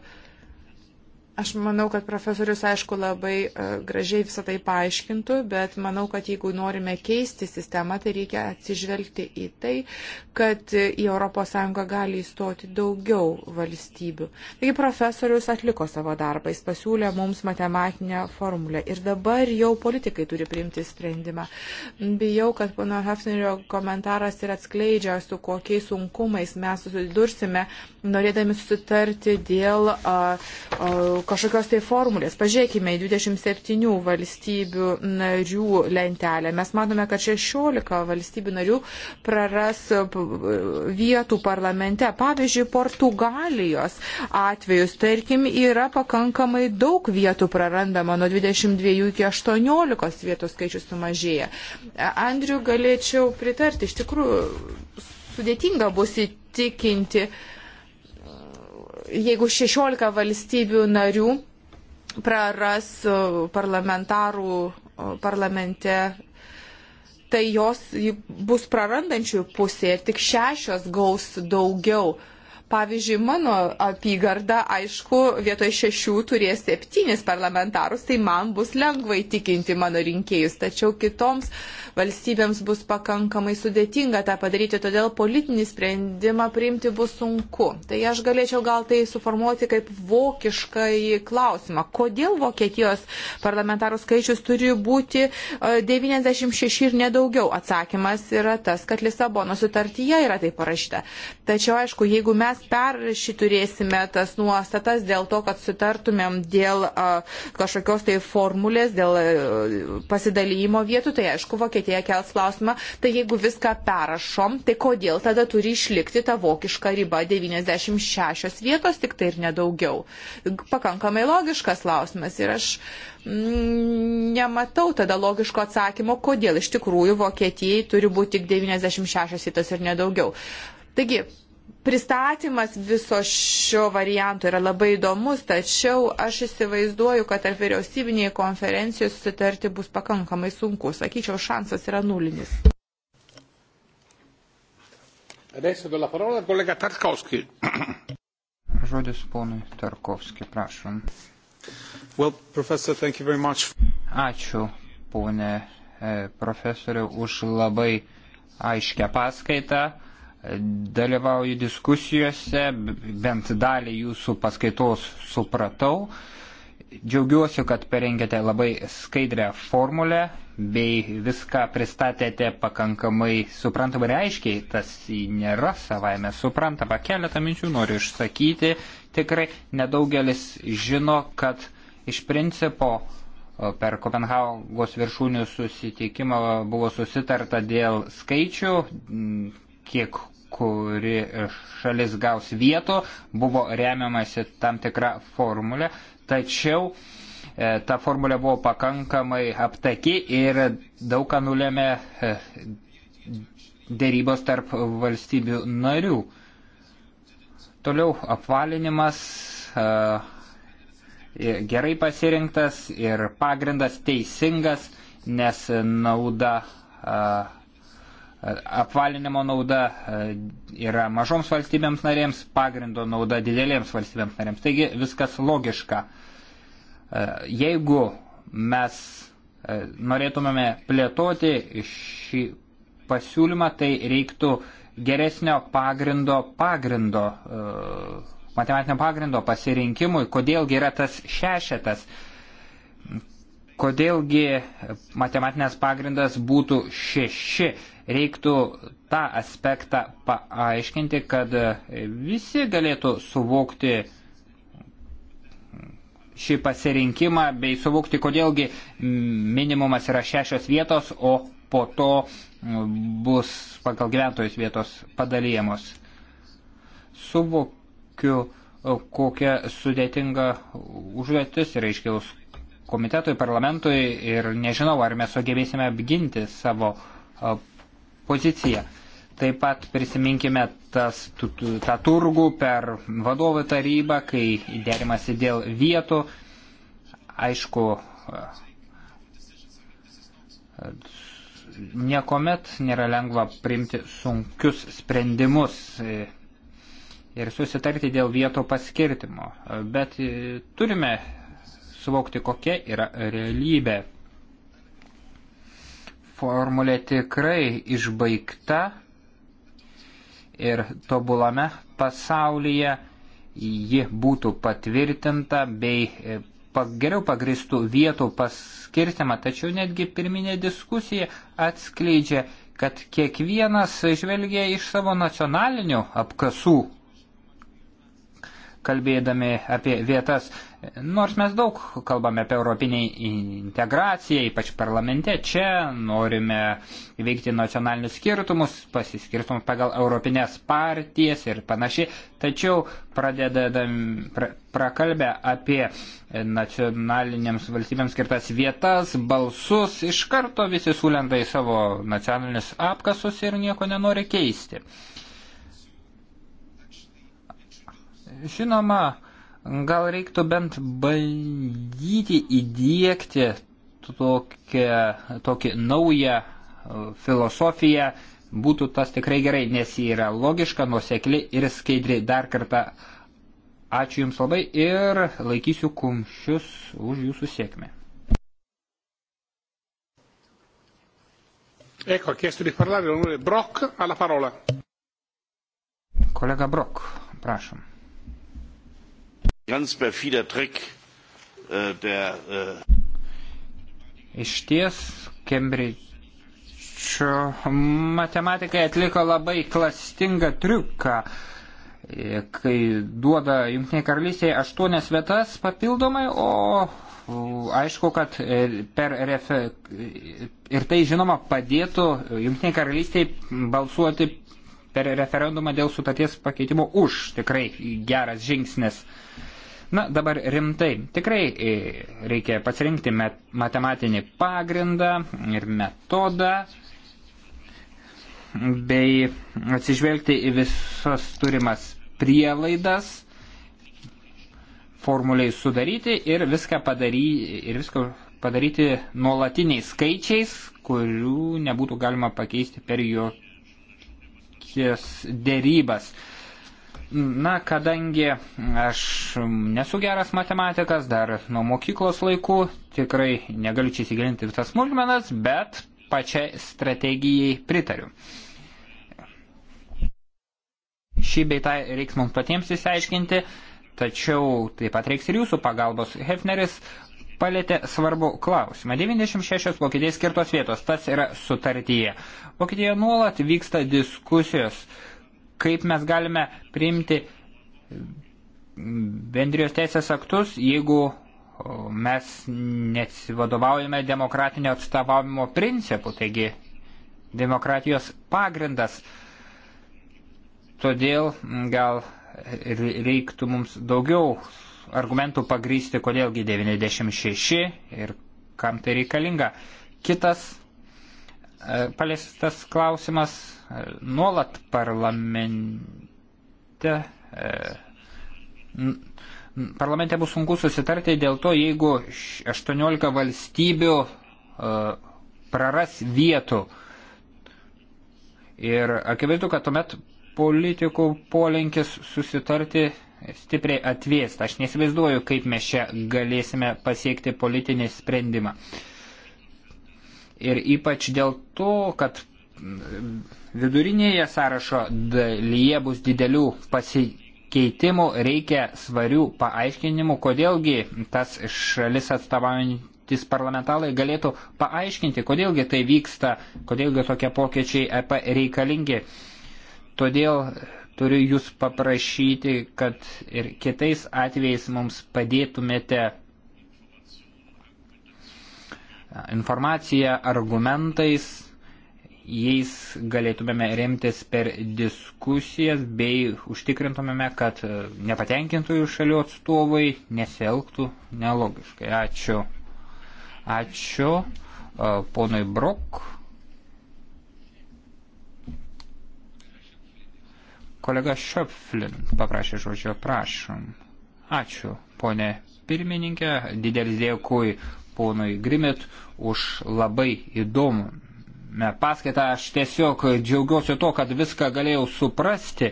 Aš manau, kad profesorius, aišku, labai e, gražiai visą tai paaiškintų, bet manau, kad jeigu norime keisti sistemą, tai reikia atsižvelgti į tai, kad į ES gali įstoti daugiau valstybių. Taigi profesorius atliko savo darbą, jis pasiūlė mums matematinę formulę ir dabar jau politikai turi priimti sprendimą. Bijau, kad pono Hefnerio komentaras ir atskleidžia, su kokiais sunkumais mes susidursime, norėdami susitarti dėl. Uh, uh, kažkokios tai formulės. Pažiūrėkime į 27 valstybių narių lentelę. Mes matome, kad 16 valstybių narių praras vietų parlamente. Pavyzdžiui, Portugalijos atvejus, tarkim, yra pakankamai daug vietų prarandama, nuo 22 iki 18 vietų skaičius sumažėja. Andriu, galėčiau pritarti, iš tikrųjų sudėtinga bus įtikinti uh, jeigu 16 valstybių narių praras e, parlamentarų e, parlamente, tai jos bus prarandančių pusė ir tik šešios gaus daugiau. Uh, Pavyzdžiui, mano apygarda, aišku, vietoj šešių turės septynis parlamentarus, tai man bus lengva įtikinti mano rinkėjus, tačiau kitoms valstybėms bus pakankamai sudėtinga tą padaryti, todėl politinį sprendimą priimti bus sunku. Tai aš galėčiau gal tai suformuoti kaip vokišką į klausimą. Kodėl Vokietijos parlamentarų skaičius turi būti 96 e, ir nedaugiau? Atsakymas yra tas, kad Lisabono sutartyje yra tai parašyta. Tačiau, aišku, jeigu mes peršiturėsime tas nuostatas dėl to, kad sutartumėm dėl a, kažkokios tai formulės, dėl a, pasidalymo vietų, tai aišku, Vokietija kels klausimą, tai jeigu viską perrašom, tai kodėl tada turi išlikti ta vokiška riba 96 vietos tik tai ir nedaugiau. Pakankamai logiškas klausimas ir aš mm, nematau tada logiško atsakymo, kodėl iš tikrųjų Vokietijai turi būti tik 96 vietos ir nedaugiau. Taigi, pristatymas viso šio varianto yra labai įdomus, tačiau aš įsivaizduoju, kad tarp vyriausybinėje konferencijoje susitarti bus pakankamai sunku. Sakyčiau, šansas yra nulinis. Žodis ponui Tarkovski, prašom. Well, professor, thank you very much. Ačiū, ponė e, profesoriu, už labai aiškę paskaitą dalyvauju diskusijose, bent dalį jūsų paskaitos supratau. Džiaugiuosi, kad perengėte labai skaidrę formulę bei viską pristatėte pakankamai suprantamai ir aiškiai, tas nėra savaime suprantama. Keletą minčių noriu išsakyti. Tikrai nedaugelis žino, kad iš principo per Kopenhagos viršūnių susitikimą buvo susitarta dėl skaičių, kiek kuri šalis gaus vieto, buvo remiamasi tam tikrą formulę, tačiau e, ta formulė buvo pakankamai aptaki ir daug ką nulėmė e, dėrybos tarp valstybių narių. Toliau apvalinimas e, gerai pasirinktas ir pagrindas teisingas, nes nauda E, apvalinimo nauda e, yra mažoms valstybėms narėms, pagrindo nauda didelėms valstybėms narėms. Taigi viskas logiška. E, jeigu mes norėtumėme plėtoti šį pasiūlymą, tai reiktų geresnio pagrindo pagrindo, matematinio pagrindo pasirinkimui, kodėlgi yra tas šešetas, kodėlgi matematinės pagrindas būtų šeši reiktų tą aspektą paaiškinti, kad visi galėtų suvokti šį pasirinkimą bei suvokti, kodėlgi minimumas yra šešios vietos, o po to bus pagal gyventojus vietos padalyjamos. Suvokiu, kokia sudėtinga užduotis yra iškilus komitetui, parlamentui ir nežinau, ar mes sugebėsime apginti savo poziciją. Taip pat prisiminkime tas, t, t, tą turgų per vadovų tarybą, kai derimasi dėl vietų. Aišku, niekuomet nėra lengva priimti sunkius sprendimus ir susitarti dėl vietų paskirtimo, bet turime suvokti, kokia yra realybė formulė tikrai išbaigta ir tobulame pasaulyje ji būtų patvirtinta bei e, geriau pagristų vietų paskirstimą, tačiau netgi pirminė diskusija atskleidžia, kad kiekvienas žvelgia iš savo nacionalinių apkasų kalbėdami apie vietas. Nors mes daug kalbame apie europinį integraciją, ypač parlamente, čia norime veikti nacionalinius skirtumus, pasiskirtumus pagal europinės partijas ir panašiai, tačiau pradedam pra, prakalbę apie nacionalinėms valstybėms skirtas vietas, balsus, iš karto visi sulenda į savo nacionalinius apkasus ir nieko nenori keisti. Žinoma, gal reiktų bent bandyti įdėkti tokią, tokį naują e, filosofiją, būtų tas tikrai gerai, nes ji yra logiška, nusekli ir skaidri. Dar kartą ačiū Jums labai ir laikysiu kumščius už Jūsų sėkmę. Ecco, ha chiesto di parlare l'onorevole Brock, alla parola. Collega Brock, praszam. Ganz perfider Trick äh, der. Äh, Iš ties, Kembridžo matematikai atliko labai klastingą triuką, kai duoda Junktinė karalystė aštuonias vietas papildomai, o aišku, kad e, per refe... ir tai žinoma padėtų Junktiniai karalystiai balsuoti per referendumą dėl sutarties pakeitimo už tikrai geras žingsnis. Na, dabar rimtai. Tikrai e, reikia pasirinkti matematinį pagrindą ir metodą bei atsižvelgti į visas turimas prielaidas formuliai sudaryti ir viską, padary, ir viską padaryti nuolatiniais skaičiais, kurių nebūtų galima pakeisti per jokias dėrybas. Na, kadangi aš nesu geras matematikas, dar nuo mokyklos laikų tikrai negaliu čia įsigilinti visas smulkmenas, bet pačiai strategijai pritariu. Šį beitą reiks mums patiems įsiaiškinti, tačiau taip pat reiks ir jūsų pagalbos. Hefneris palėtė svarbu klausimą. 96 Vokietijai skirtos vietos, tas yra sutartyje. Vokietijoje nuolat vyksta diskusijos kaip mes galime priimti bendrijos teisės aktus, jeigu mes nesivadovaujame demokratinio atstovavimo principų, taigi demokratijos pagrindas. Todėl gal reiktų mums daugiau argumentų pagrysti, kodėlgi 96 ir kam tai reikalinga. Kitas paliestas klausimas e, nuolat parlamente. E, parlamente bus sunku susitarti dėl to, jeigu 18 valstybių e, praras vietų. Ir akivaizdu, kad tuomet politikų polinkis susitarti stipriai atvėsta. Aš nesivaizduoju, kaip mes čia galėsime pasiekti politinį sprendimą. Uh, ir ypač dėl to, kad vidurinėje sąrašo dalyje bus didelių pasikeitimų, reikia svarių paaiškinimų, kodėlgi tas šalis atstovaujantis parlamentarai galėtų paaiškinti, kodėlgi tai vyksta, kodėlgi tokie pokėčiai EP reikalingi. Todėl turiu jūs paprašyti, kad ir kitais atvejais mums padėtumėte informacija, argumentais, jais galėtumėme remtis per diskusijas bei užtikrintumėme, kad nepatenkintųjų šalių atstovai nesielgtų nelogiškai. Ačiū. Ačiū ponui Brok. Kolega Šöpflin paprašė žodžio, prašom. Ačiū, ponė pirmininkė, didelis dėkui ponui Grimit už labai įdomų paskaitą. Aš tiesiog džiaugiuosi to, kad viską galėjau suprasti.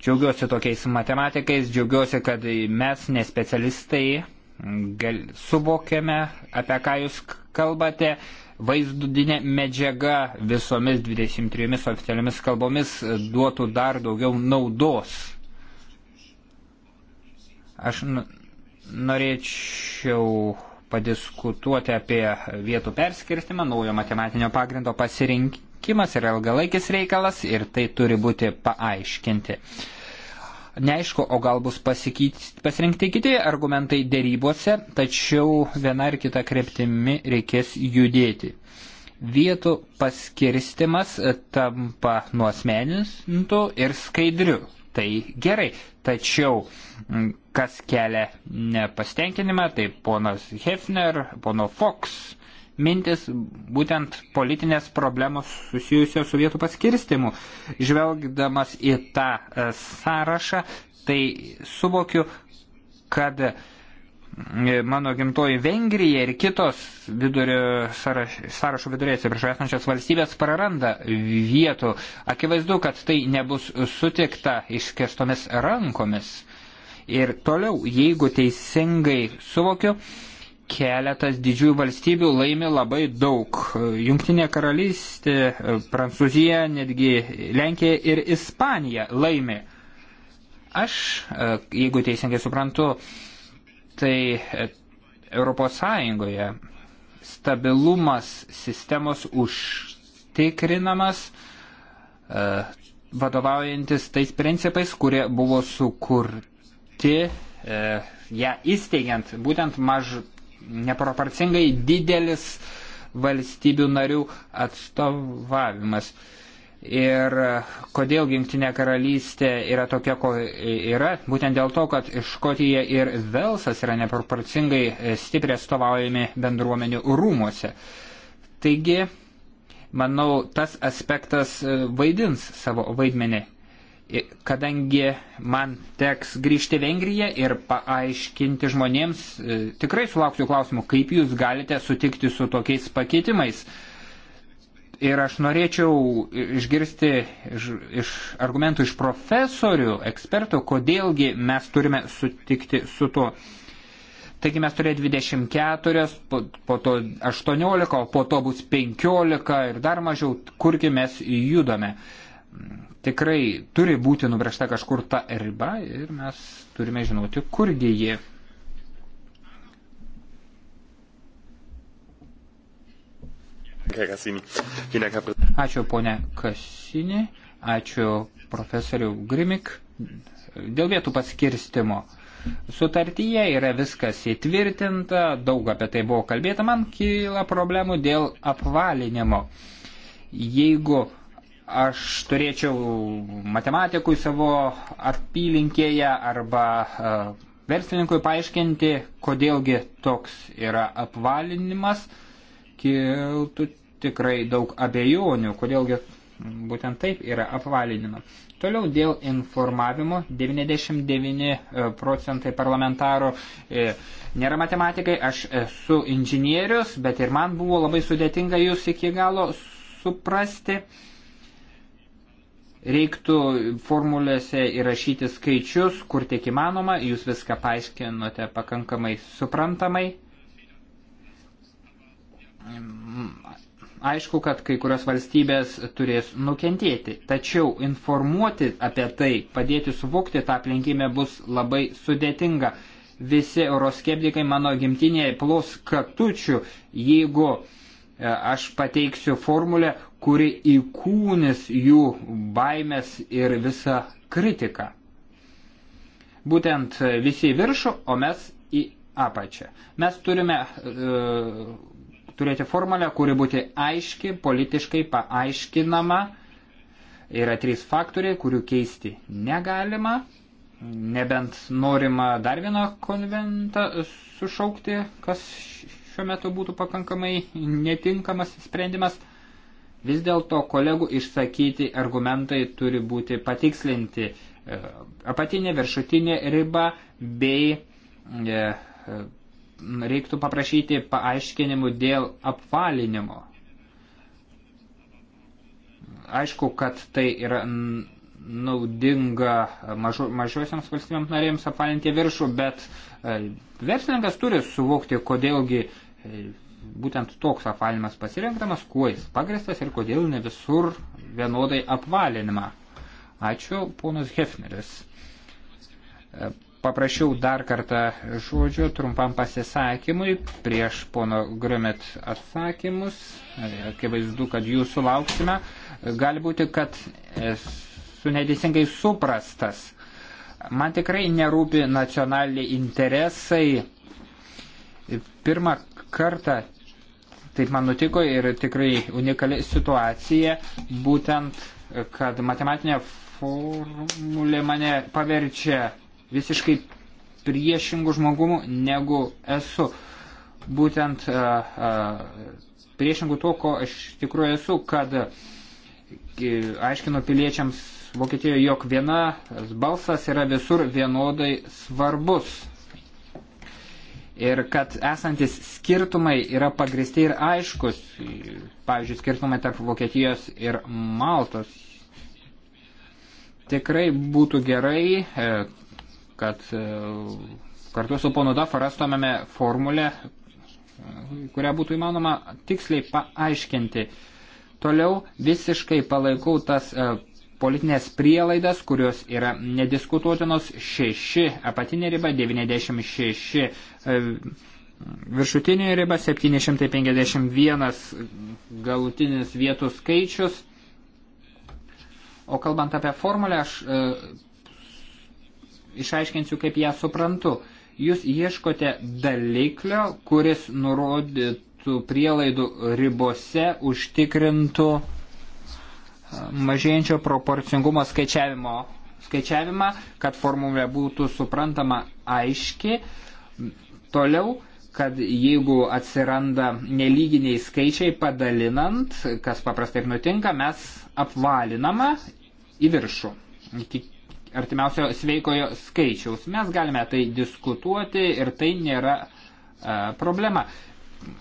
Džiaugiuosi tokiais matematikais, džiaugiuosi, kad mes, nespecialistai, gal, suvokiame, apie ką jūs kalbate. Vaizdudinė medžiaga visomis 23 oficialiomis kalbomis duotų dar daugiau naudos. Aš Norėčiau padiskutuoti apie vietų perskirstimą, naujo matematinio pagrindo pasirinkimas yra ilgalaikis reikalas ir tai turi būti paaiškinti. Neaišku, o gal bus pasirinkti kiti argumentai dėrybose, tačiau viena ar kita kreptimi reikės judėti. Vietų paskirstimas tampa nuosmenintu ir skaidriu. Tai gerai, tačiau kas kelia nepastenkinimą, tai ponas Hefner, pono Fox mintis būtent politinės problemos susijusios su vietų paskirstimu. Žvelgdamas į tą e, sąrašą, tai suvokiu, kad e, mano gimtoji Vengrija ir kitos vidurio sąraš, sąrašo vidurėje atsiprašau esančios valstybės praranda vietų. Akivaizdu, kad tai nebus sutikta iškestomis rankomis. Ir toliau, jeigu teisingai suvokiu, keletas didžiųjų valstybių laimi labai daug. Junktinė karalystė, Prancūzija, netgi Lenkija ir Ispanija laimi. Aš, jeigu teisingai suprantu, tai e, Europos Sąjungoje stabilumas sistemos užtikrinamas e, vadovaujantis tais principais, kurie buvo sukurti pati, e, ją įsteigiant, būtent maž neproporcingai didelis valstybių narių atstovavimas. Ir e, kodėl Gimtinė karalystė yra tokia, ko yra, būtent dėl to, kad Škotija ir Velsas yra neproporcingai e, stipriai atstovaujami bendruomenių rūmose. Taigi, manau, tas aspektas e, vaidins savo vaidmenį kadangi man teks grįžti Vengriją ir paaiškinti žmonėms, e, tikrai sulauksiu klausimų, kaip jūs galite sutikti su tokiais pakeitimais. Ir aš norėčiau išgirsti iš, iš argumentų iš profesorių, ekspertų, kodėlgi mes turime sutikti su tuo. Taigi mes turėjome 24, po, po to 18, po to bus 15 ir dar mažiau, kurgi mes judame. Uh, tikrai turi būti nubrėžta kažkur ta riba ir mes turime žinoti, kurgi ji. Ačiū ponė Kasinė, ačiū profesoriu Grimik. Dėl vietų paskirstimo. Sutartyje yra viskas įtvirtinta, daug apie tai buvo kalbėta, man kyla problemų dėl apvalinimo. Jeigu aš turėčiau matematikui savo apylinkėje arba e, verslininkui paaiškinti, kodėlgi toks yra apvalinimas, kiltų tikrai daug abejonių, kodėlgi būtent taip yra apvalinima. Toliau dėl informavimo 99 e, procentai parlamentarų e, nėra matematikai, aš esu inžinierius, bet ir man buvo labai sudėtinga jūs iki galo suprasti. Uh, reiktų formulėse įrašyti skaičius, kur tiek įmanoma, jūs viską paaiškinote pakankamai suprantamai. Aišku, kad kai kurios valstybės turės nukentėti, tačiau informuoti apie tai, padėti suvokti tą aplinkybę bus labai sudėtinga. Visi euroskeptikai mano gimtinėje plos katučių, jeigu e, aš pateiksiu formulę, kuri įkūnis jų baimės ir visą kritiką. Būtent visi į viršų, o mes į apačią. Mes turime e, turėti formulę, kuri būti aiški, politiškai paaiškinama. Yra trys faktoriai, kurių keisti negalima, nebent norima dar vieną konventą sušaukti, kas šiuo metu būtų pakankamai netinkamas sprendimas. Vis dėlto kolegų išsakyti argumentai turi būti patikslinti e, apatinė, viršutinė riba bei e, e, reiktų paprašyti paaiškinimų dėl apvalinimo. Aišku, kad tai yra naudinga mažu, mažiosiams valstybėms narėms apvalinti viršų, bet verslininkas turi suvokti, kodėlgi būtent toks apvalinimas pasirenkamas, kuo jis pagristas ir kodėl ne visur vienodai apvalinimą. Ačiū, ponas Hefneris. E, paprašiau dar kartą žodžio trumpam pasisakymui prieš pono Grumet atsakymus. E, akivaizdu, kad jų sulauksime. E, gali būti, kad esu neteisingai suprastas. Man tikrai nerūpi nacionaliniai interesai. Pirmą kartą Taip man nutiko ir tikrai unikali situacija, būtent, kad matematinė formulė mane paverčia visiškai priešingų žmogumų, negu esu. Būtent priešingų to, ko aš tikrai esu, kad e, aiškino piliečiams Vokietijoje, jog vienas balsas yra visur vienodai svarbus ir kad esantis skirtumai yra pagristi ir aiškus. Pavyzdžiui, skirtumai tarp Vokietijos ir Maltos. Tikrai būtų gerai, e, kad e, kartu su ponu Dafa rastumėme formulę, e, kurią būtų įmanoma tiksliai paaiškinti. Toliau visiškai palaikau tas politinės prielaidas, kurios yra nediskutuotinos, 6 apatinė riba, 96 e, viršutinė riba, 751 galutinis vietų skaičius. O kalbant apie formulę, aš e, išaiškinsiu, kaip ją suprantu. Jūs ieškote daliklio, kuris nurodytų prielaidų ribose užtikrintų e, mažėjančio proporcingumo skaičiavimo skaičiavimą, kad formulė būtų suprantama aiški. Toliau, kad jeigu atsiranda nelyginiai skaičiai padalinant, kas paprastai ir nutinka, mes apvalinama į viršų iki artimiausio sveikojo skaičiaus. Mes galime tai diskutuoti ir tai nėra e, problema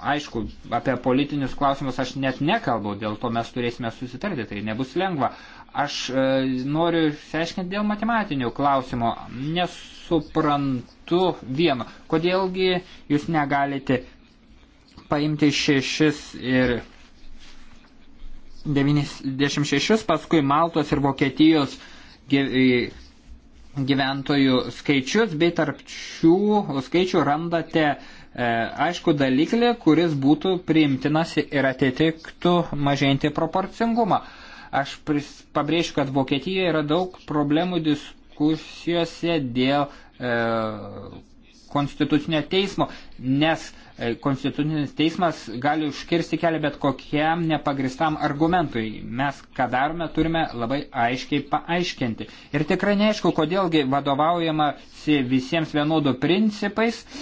aišku, apie politinius klausimus aš net nekalbu, dėl to mes turėsime susitarti, tai nebus lengva. Aš e, noriu išsiaiškinti dėl matematinių klausimų. Nesuprantu vieno. Kodėlgi jūs negalite paimti šešis ir 96, paskui Maltos ir Vokietijos gyventojų skaičius, bei tarp šių skaičių randate E, aišku dalyklį, kuris būtų priimtinas ir atitiktų mažėjantį proporcingumą. Aš pris, pabrėšiu, kad Vokietijoje yra daug problemų diskusijose dėl e, konstitucinio teismo, nes e, konstitucinis teismas gali užkirsti kelią bet kokiam nepagristam argumentui. Mes, ką darome, turime labai aiškiai paaiškinti. Ir tikrai neaišku, kodėlgi vadovaujama visiems vienodų principais. E,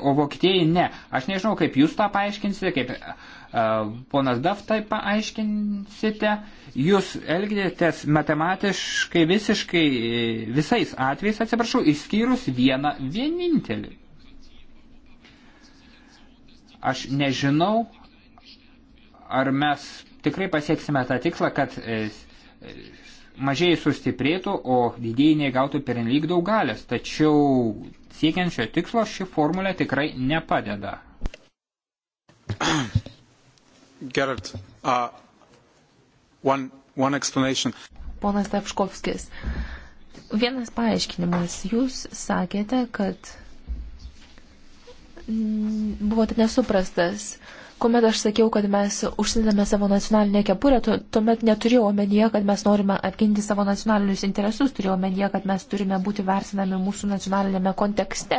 o Vokietijai ne. Aš nežinau, kaip jūs tą paaiškinsite, kaip uh, ponas Daf tai paaiškinsite. Jūs elgėtės matematiškai visiškai e, visais atvejais, atsiprašau, išskyrus vieną vienintelį. Aš nežinau, ar mes tikrai pasieksime tą tikslą, kad e, mažieji sustiprėtų, o didėjai negautų pernelyg daug galės. Tačiau siekiančio tikslo ši formulė tikrai nepadeda. Gerard, uh, one, one explanation. Ponas Tapškovskis, vienas paaiškinimas. Jūs sakėte, kad buvote nesuprastas. Kuomet aš sakiau, kad mes užsidedame savo nacionalinę kepurę, tuomet neturėjau omenyje, kad mes norime apginti savo nacionalinius interesus, turėjau omenyje, kad mes turime būti versinami mūsų nacionalinėme kontekste,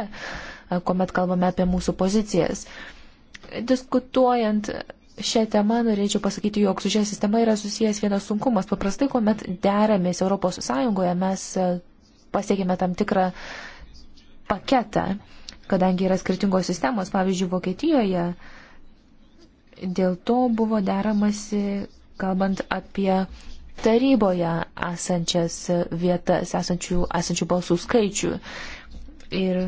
kuomet kalbame apie mūsų pozicijas. Diskutuojant šią temą norėčiau pasakyti, jog su šia sistema yra susijęs vienas sunkumas. Paprastai, kuomet deramės ES, mes pasiekime tam tikrą paketą, kadangi yra skirtingos sistemos. Pavyzdžiui, Vokietijoje Dėl to buvo deramasi, kalbant apie taryboje esančias vietas, esančių, esančių balsų skaičių. Ir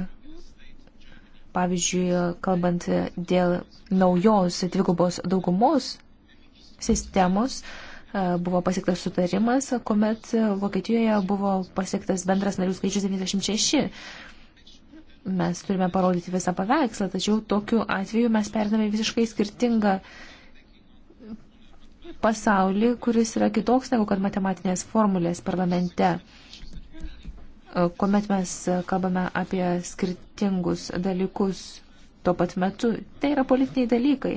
pavyzdžiui, kalbant dėl naujos dvigubos daugumos sistemos, e, buvo pasiektas sutarimas, kuomet Vokietijoje buvo pasiektas bendras narių skaičius 96 mes turime parodyti visą paveikslą, tačiau tokiu atveju mes perdame visiškai skirtingą pasaulį, kuris yra kitoks negu kad matematinės formulės parlamente, e, kuomet mes kalbame apie skirtingus dalykus tuo pat metu. Tai yra politiniai dalykai.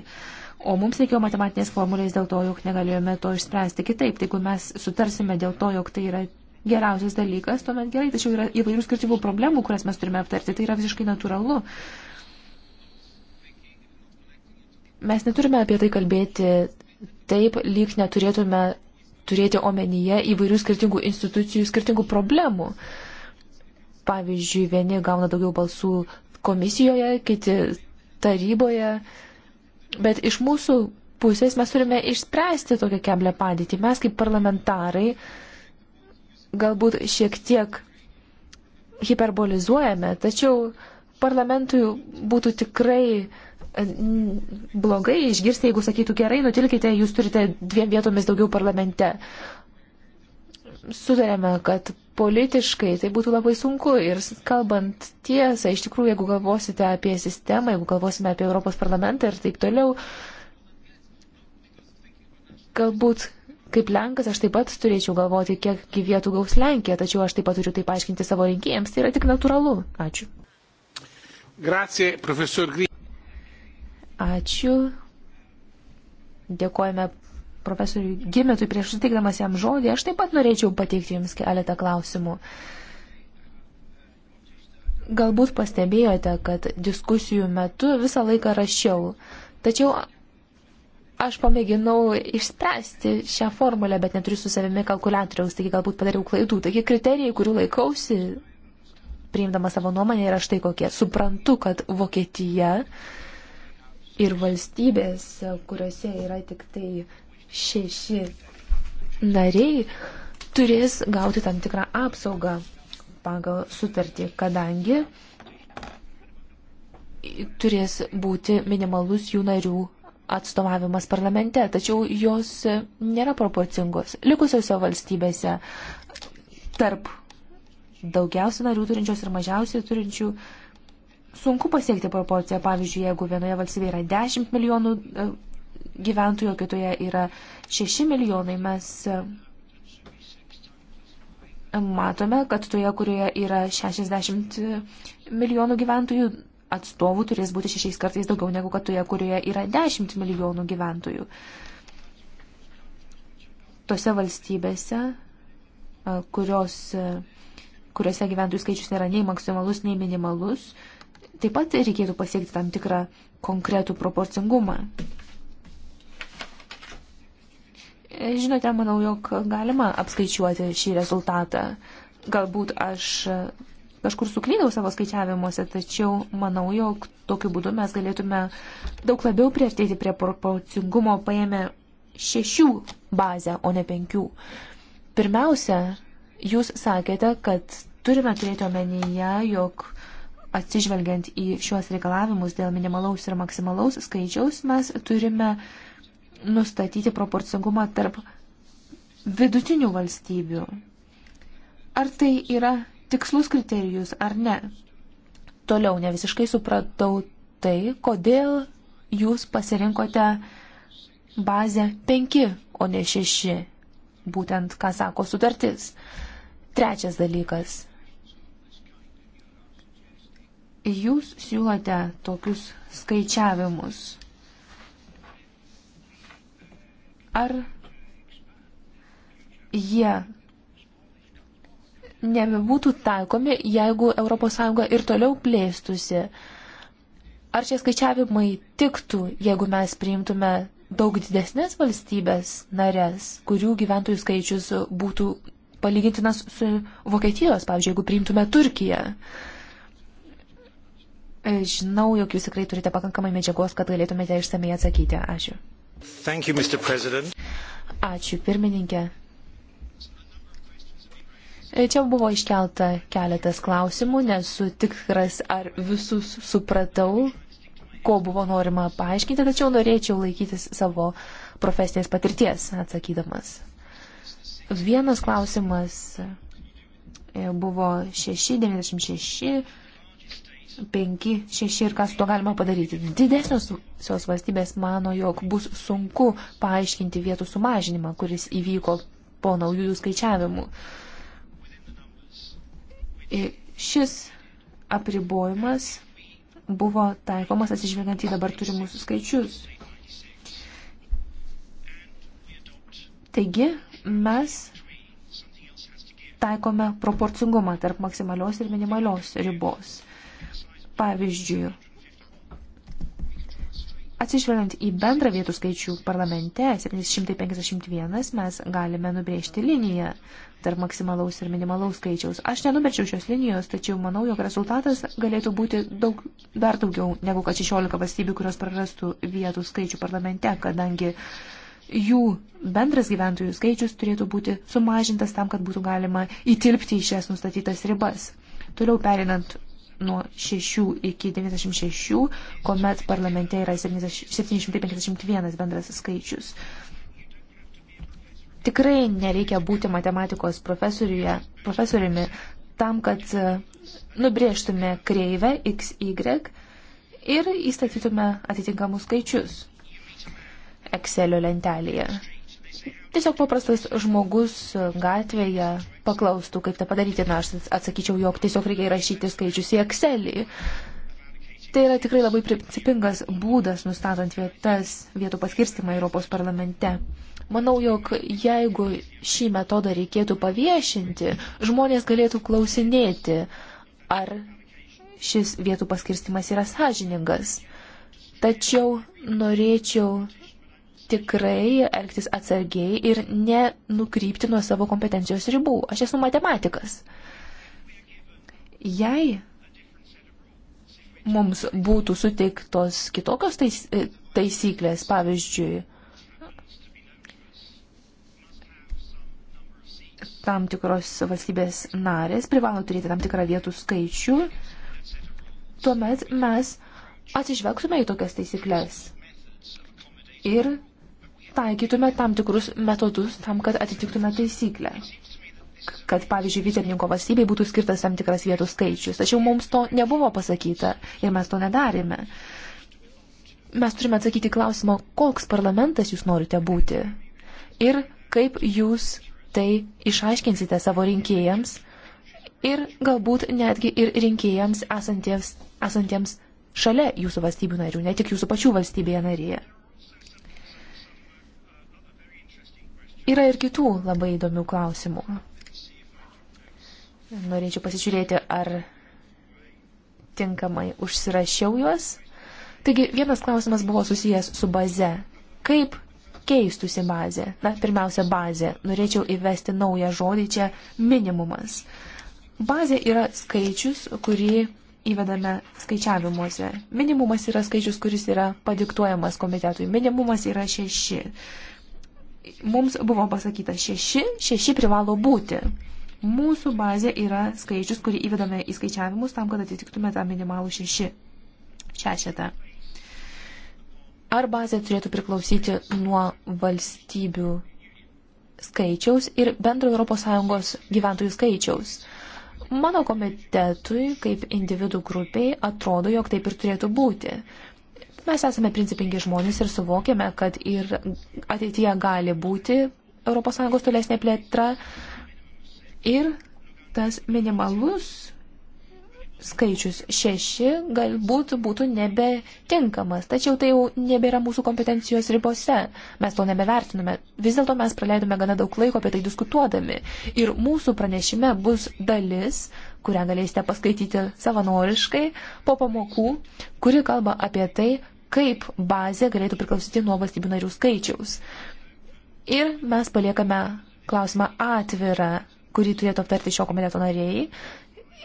O mums reikėjo matematinės formulės dėl to, jog negalėjome to išspręsti kitaip. Tai jeigu mes sutarsime dėl to, jog tai yra geriausias dalykas, tuomet gerai, tačiau yra įvairių skirtingų problemų, kurias mes turime aptarti, tai yra visiškai natūralu. Mes neturime apie tai kalbėti taip, lyg neturėtume turėti omenyje įvairių skirtingų institucijų, skirtingų problemų. Pavyzdžiui, vieni gauna daugiau balsų komisijoje, kiti taryboje, bet iš mūsų pusės mes turime išspręsti tokią keblę padėtį. Mes kaip parlamentarai uh, galbūt šiek tiek hiperbolizuojame, tačiau parlamentui būtų tikrai e, blogai išgirsti, jeigu sakytų gerai, nutilkite, jūs turite dviem vietomis daugiau parlamente. Sutarėme, kad politiškai tai būtų labai sunku ir kalbant tiesą, iš tikrųjų, jeigu galvosite apie sistemą, jeigu galvosime apie Europos parlamentą ir taip toliau, galbūt Kaip Lenkas aš taip pat turėčiau galvoti, kiek vietų gaus Lenkija, tačiau aš taip pat turiu tai paaiškinti savo rinkėjams, tai yra tik natūralu. Ačiū. Grazie, profesor Gry. Ačiū. Dėkojame profesoriui Gimetui prieš suteikdamas jam žodį. Aš taip pat norėčiau pateikti jums keletą klausimų. Galbūt pastebėjote, kad diskusijų metu visą laiką rašiau. Tačiau Aš pamėginau išspręsti šią formulę, bet neturiu su savimi kalkulatoriaus, taigi galbūt padariau klaidų. Taigi kriterijai, kurių laikausi, priimdama savo nuomonę, yra štai kokie. Suprantu, kad Vokietija ir valstybės, kuriuose yra tik tai šeši nariai, turės gauti tam tikrą apsaugą pagal sutartį, kadangi turės būti minimalus jų narių atstovavimas parlamente, tačiau jos nėra proporcingos. Likusiose valstybėse tarp daugiausia narių turinčios ir mažiausiai turinčių sunku pasiekti proporciją. Pavyzdžiui, jeigu vienoje valstybėje yra 10 milijonų e, gyventojų, kitoje yra 6 milijonai, mes e, matome, kad toje, kurioje yra 60 milijonų gyventojų, atstovų turės būti šešiais kartais daugiau negu kad toje, kurioje yra 10 milijonų gyventojų. Tose valstybėse, kurios, kuriuose gyventojų skaičius nėra nei maksimalus, nei minimalus, taip pat reikėtų pasiekti tam tikrą konkretų proporcingumą. E, žinote, manau, jog galima apskaičiuoti šį rezultatą. Galbūt aš kažkur suklydau savo skaičiavimuose, tačiau manau, jog tokiu būdu mes galėtume daug labiau priartėti prie proporcingumo paėmę šešių bazę, o ne penkių. Pirmiausia, jūs sakėte, kad turime turėti omenyje, jog atsižvelgiant į šiuos reikalavimus dėl minimalaus ir maksimalaus skaičiaus, mes turime nustatyti proporcingumą tarp vidutinių valstybių. Ar tai yra tikslus kriterijus ar ne. Toliau ne visiškai supratau tai, kodėl jūs pasirinkote bazę 5, o ne 6, būtent ką sako sutartis. Trečias dalykas. Jūs siūlote tokius skaičiavimus. Ar jie nebebūtų taikomi, jeigu ES ir toliau plėstusi. Ar šie skaičiavimai tiktų, jeigu mes priimtume daug didesnės valstybės narės, kurių gyventojų skaičius būtų palygintinas su Vokietijos, pavyzdžiui, jeigu priimtume Turkiją? E, žinau, jog jūs tikrai turite pakankamai medžiagos, kad galėtumėte išsamei atsakyti. Ačiū. Thank you, Ačiū, pirmininkė. E, čia buvo iškelta keletas klausimų, nesu tikras, ar visus supratau, ko buvo norima paaiškinti, tačiau norėčiau laikytis savo profesinės patirties atsakydamas. Vienas klausimas e, buvo 696, 5, 6 ir ką su to galima padaryti. Didesnios valstybės mano, jog bus sunku paaiškinti vietų sumažinimą, kuris įvyko po naujųjų skaičiavimų. Uh, Šis apribojimas buvo taikomas atsižvelgiant į dabar turimus skaičius. Taigi mes taikome proporcingumą tarp maksimalios ir minimalios ribos. Pavyzdžiui, atsižvelgiant į bendrą vietų skaičių parlamente 751, mes galime nubrėžti liniją tarp maksimalaus ir minimalaus skaičiaus. Aš nenuberčiau šios linijos, tačiau manau, jog rezultatas galėtų būti daug, dar daugiau negu kad 16 valstybių, kurios prarastų vietų skaičių parlamente, kadangi jų bendras gyventojų skaičius turėtų būti sumažintas tam, kad būtų galima įtilpti į šias nustatytas ribas. Toliau perinant nuo 6 iki 96, kuomet parlamente yra 751 bendras skaičius. Tikrai nereikia būti matematikos profesoriumi tam, kad e, nubrėžtume kreivę XY ir įstatytume atitinkamus skaičius Excelio lentelėje. Tiesiog paprastas žmogus gatvėje paklaustų, kaip tą padaryti, na aš atsakyčiau, jog tiesiog reikia įrašyti skaičius į Excelį. Tai yra tikrai labai principingas būdas nustatant vietas, vietų paskirstimą Europos parlamente. Manau, jog jeigu šį metodą reikėtų paviešinti, žmonės galėtų klausinėti, ar šis vietų paskirstimas yra sąžiningas. Tačiau norėčiau tikrai elgtis atsargiai ir nenukrypti nuo savo kompetencijos ribų. Aš esu matematikas. Jei mums būtų suteiktos kitokios tais, e, taisyklės, pavyzdžiui, tam tikros valstybės narės privalo turėti tam tikrą vietų skaičių, tuomet mes atsižvelgtume į tokias taisyklės ir taikytume tam tikrus metodus tam, kad atitiktume taisyklę kad, pavyzdžiui, vicepininko valstybei būtų skirtas tam tikras vietų skaičius. Tačiau mums to nebuvo pasakyta ir mes to nedarėme. Mes turime atsakyti klausimą, koks parlamentas jūs norite būti ir kaip jūs tai išaiškinsite savo rinkėjams ir galbūt netgi ir rinkėjams esantiems, esantiems šalia jūsų valstybių narių, ne tik jūsų pačių valstybėje narėje. Yra ir kitų labai įdomių klausimų. Norėčiau pasižiūrėti, ar tinkamai užsirašiau juos. Taigi, vienas klausimas buvo susijęs su baze. Kaip keistusi bazė. Na, pirmiausia, bazė. Norėčiau įvesti naują žodį čia - minimumas. Bazė yra skaičius, kurį įvedame skaičiavimuose. Minimumas yra skaičius, kuris yra padiktuojamas komitetui. Minimumas yra šeši. Mums buvo pasakyta šeši, šeši privalo būti. Mūsų bazė yra skaičius, kurį įvedame į skaičiavimus tam, kad atitiktume tą minimalų šeši. Šešetą ar bazė turėtų priklausyti nuo valstybių skaičiaus ir bendro ES gyventojų skaičiaus. Mano komitetui, kaip individų grupiai, atrodo, jog taip ir turėtų būti. Mes esame principingi žmonės ir suvokėme, kad ir ateityje gali būti ES tolesnė plėtra ir tas minimalus skaičius šeši galbūt būtų nebetinkamas, tačiau tai jau nebėra mūsų kompetencijos ribose. Mes to nebevertiname. Vis dėlto mes praleidome gana daug laiko apie tai diskutuodami. Ir mūsų pranešime bus dalis, kurią galėsite paskaityti savanoriškai po pamokų, kuri kalba apie tai, kaip bazė galėtų priklausyti nuo valstybių narių skaičiaus. Ir mes paliekame klausimą atvirą kurį turėtų aptarti šio komiteto nariai,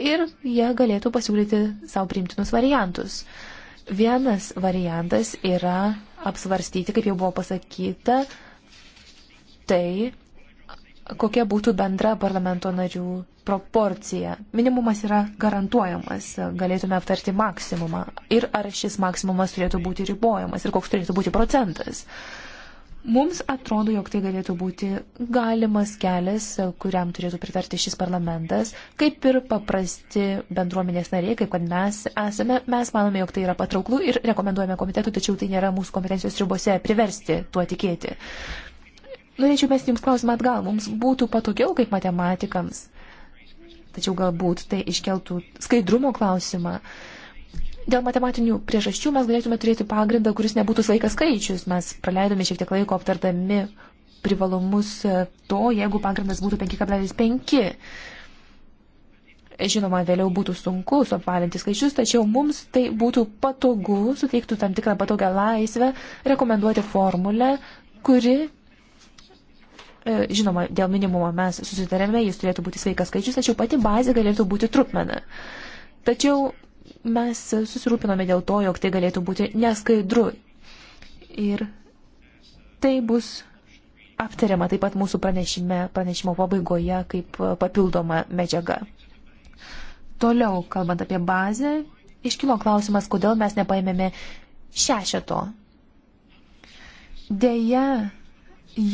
ir jie galėtų pasiūlyti savo priimtinus variantus. Vienas variantas yra apsvarstyti, kaip jau buvo pasakyta, tai, kokia būtų bendra parlamento narių proporcija. Minimumas yra garantuojamas, galėtume aptarti maksimumą. Ir ar šis maksimumas turėtų būti ribojamas ir koks turėtų būti procentas. Uh, Mums atrodo, jog tai galėtų būti galimas kelias, e, kuriam turėtų pritarti šis parlamentas, kaip ir paprasti bendruomenės nariai, kaip kad mes esame. Mes manome, jog tai yra patrauklų ir rekomenduojame komitetui, tačiau tai nėra mūsų kompetencijos ribose priversti tuo tikėti. Norėčiau mesti Jums klausimą atgal. Mums būtų patogiau kaip matematikams, tačiau galbūt tai iškeltų skaidrumo klausimą. Uh, Dėl matematinių priežasčių mes galėtume turėti pagrindą, kuris nebūtų sveikas skaičius. Mes praleidome šiek tiek laiko aptardami privalumus e, to, jeigu pagrindas būtų 5,5. Žinoma, vėliau būtų sunku suapvalinti skaičius, tačiau mums tai būtų patogu, suteiktų tam tikrą patogią laisvę rekomenduoti formulę, kuri e, žinoma, dėl minimumo mes susitarėme, jis turėtų būti sveikas skaičius, tačiau pati bazė galėtų būti trupmena. Tačiau Mes susirūpinome dėl to, jog tai galėtų būti neskaidru. Ir tai bus aptariama taip pat mūsų pranešime, pranešimo pabaigoje kaip papildoma medžiaga. Toliau, kalbant apie bazę, iškilo klausimas, kodėl mes nepaėmėme šešeto. Deja,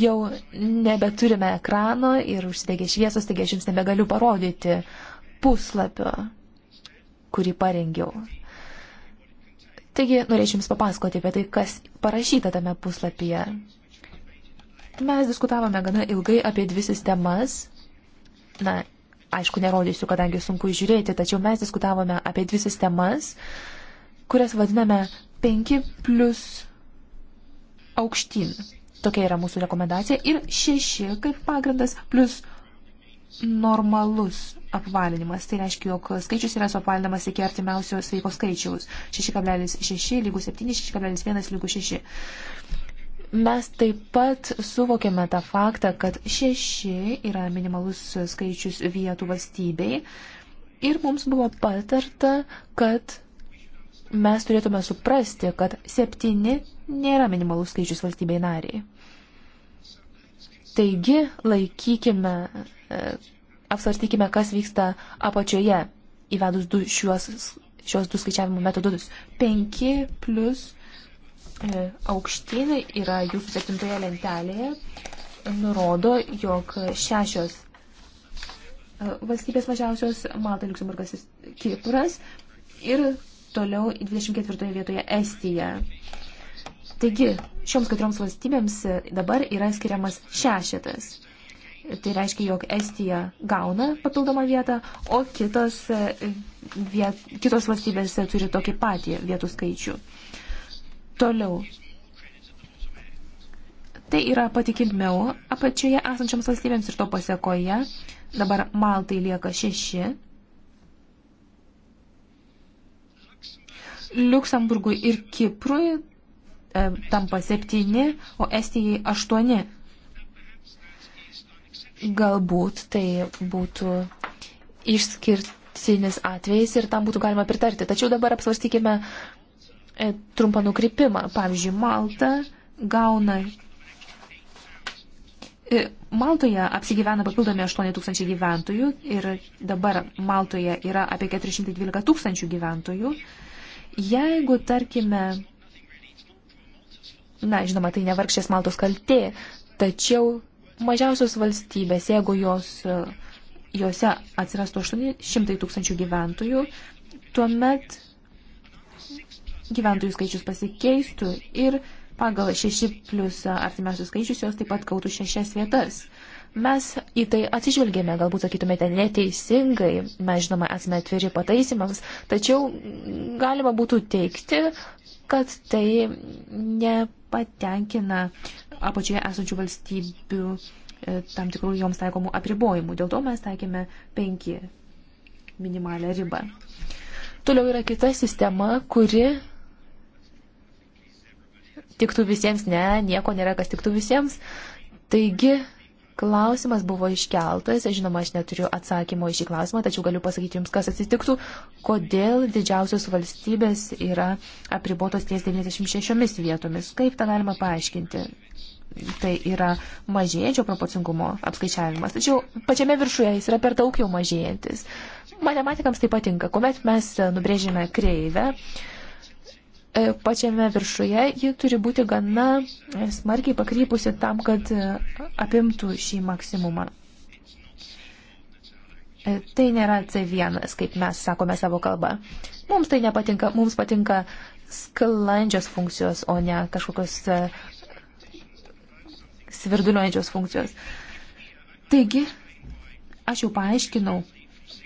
jau nebeturime ekrano ir užsidegė šviesos, taigi aš jums nebegaliu parodyti puslapio kurį parengiau. Taigi norėčiau Jums papasakoti apie tai, kas parašyta tame puslapyje. Mes diskutavome gana ilgai apie dvi sistemas. Na, aišku, nerodysiu, kadangi sunku žiūrėti, tačiau mes diskutavome apie dvi sistemas, kurias vadiname 5 plus aukštyn. Tokia yra mūsų rekomendacija. Ir 6 kaip pagrindas plus normalus apvalinimas. Tai reiškia, jog skaičius yra suapvalinamas iki artimiausio sveiko skaičiaus. 6,6 lygų 7, 6,1 lygų 6. Mes taip pat suvokėme tą faktą, kad 6 yra minimalus skaičius vietų valstybei ir mums buvo patarta, kad mes turėtume suprasti, kad 7 nėra minimalus skaičius valstybei nariai. Taigi laikykime apsvarstykime, kas vyksta apačioje įvedus du šiuos, šios du skaičiavimo metodus. 5 plus e, aukštynai yra jūsų septintoje lentelėje, nurodo, jog šešios e, valstybės mažiausios Malta, Luxemburgas ir Kipras ir toliau 24 vietoje Estija. Taigi, šioms keturioms valstybėms dabar yra skiriamas šešetas. Tai reiškia, jog Estija gauna papildomą vietą, o kitos, e, viet, kitos valstybės turi tokį patį vietų skaičių. Toliau. Tai yra patikimiau apačioje esančiams valstybėms ir to pasiekoje. Dabar Maltai lieka šeši. Liuksemburgui ir Kiprui e, tampa septyni, o Estijai aštuoni Galbūt tai būtų išskirtinis atvejis ir tam būtų galima pritarti. Tačiau dabar apsvarstykime e, trumpą nukrypimą. Pavyzdžiui, Malta gauna. E, Maltoje apsigyvena papildomi 8 tūkstančiai gyventojų ir dabar Maltoje yra apie 412 tūkstančių gyventojų. Jeigu, tarkime, na, žinoma, tai nevarkščias Maltos kaltė, tačiau Mažiausios valstybės, jeigu jos, jose atsirastų 800 tūkstančių gyventojų, tuomet gyventojų skaičius pasikeistų ir pagal 6 plus artimiausius skaičius jos taip pat gautų 6 vietas. Mes į tai atsižvelgėme, galbūt sakytumėte neteisingai, mes žinoma esame atviri pataisimams, tačiau galima būtų teikti, kad tai nepatenkina uh, apačioje esančių valstybių e, tam tikrų joms taikomų apribojimų. Dėl to mes taikėme 5 minimalę ribą. Toliau yra kita sistema, kuri tiktų visiems, ne, nieko nėra, kas tiktų visiems. Taigi, klausimas buvo iškeltas, žinoma, aš neturiu atsakymo į šį klausimą, tačiau galiu pasakyti jums, kas atsitiktų, kodėl didžiausios valstybės yra apribotos ties 96 vietomis. Kaip tą galima paaiškinti? tai yra mažėjančio proporcingumo apskaičiavimas, tačiau pačiame viršuje jis yra per daug jau mažėjantis. Matematikams tai patinka, kuomet mes nubrėžėme kreivę, e, pačiame viršuje ji turi būti gana e, smarkiai pakrypusi tam, kad e, apimtų šį maksimumą. Tai nėra C1, kaip mes sakome savo kalbą. Mums tai nepatinka, mums patinka sklandžios funkcijos, o ne kažkokios svirduliuojančios funkcijos. Taigi, aš jau paaiškinau,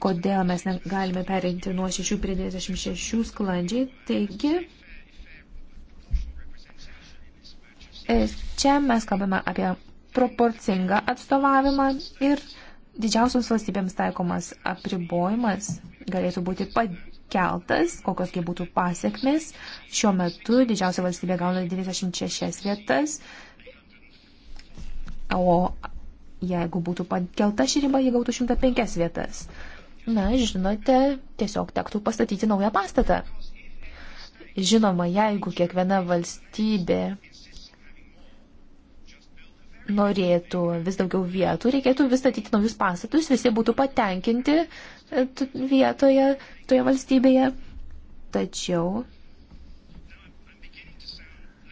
kodėl mes negalime perinti nuo 6 prie 96 sklandžiai. Taigi, e, čia mes kalbame apie proporcingą atstovavimą ir didžiausiams valstybėms taikomas apribojimas galėtų būti pakeltas, kokiosgi būtų pasiekmes. Šiuo metu didžiausia valstybė gauna 96 vietas, O jeigu būtų pakelta ši riba, jie gautų 105 vietas. Na, žinote, tiesiog tektų pastatyti naują pastatą. Žinoma, jeigu kiekviena valstybė norėtų vis daugiau vietų, reikėtų vis statyti naujus pastatus, visi būtų patenkinti e, vietoje, toje valstybėje. Tačiau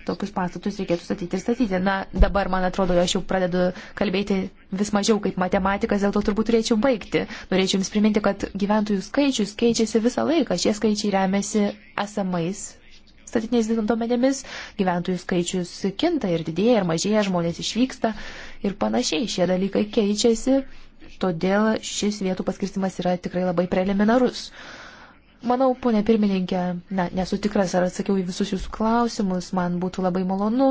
tokius pastatus reikėtų statyti ir statyti. Na, dabar, man atrodo, aš jau pradedu kalbėti vis mažiau kaip matematikas, dėl to turbūt turėčiau baigti. Norėčiau Jums priminti, kad gyventojų skaičius keičiasi visą laiką. Šie skaičiai remiasi esamais statiniais duomenimis, gyventojų skaičius kinta ir didėja ir mažėja, žmonės išvyksta ir panašiai. Šie dalykai keičiasi, todėl šis vietų paskirstimas yra tikrai labai preliminarus. Uh, Manau, ponė pirmininkė, na, nesu tikras, ar atsakiau į visus jūsų klausimus, man būtų labai malonu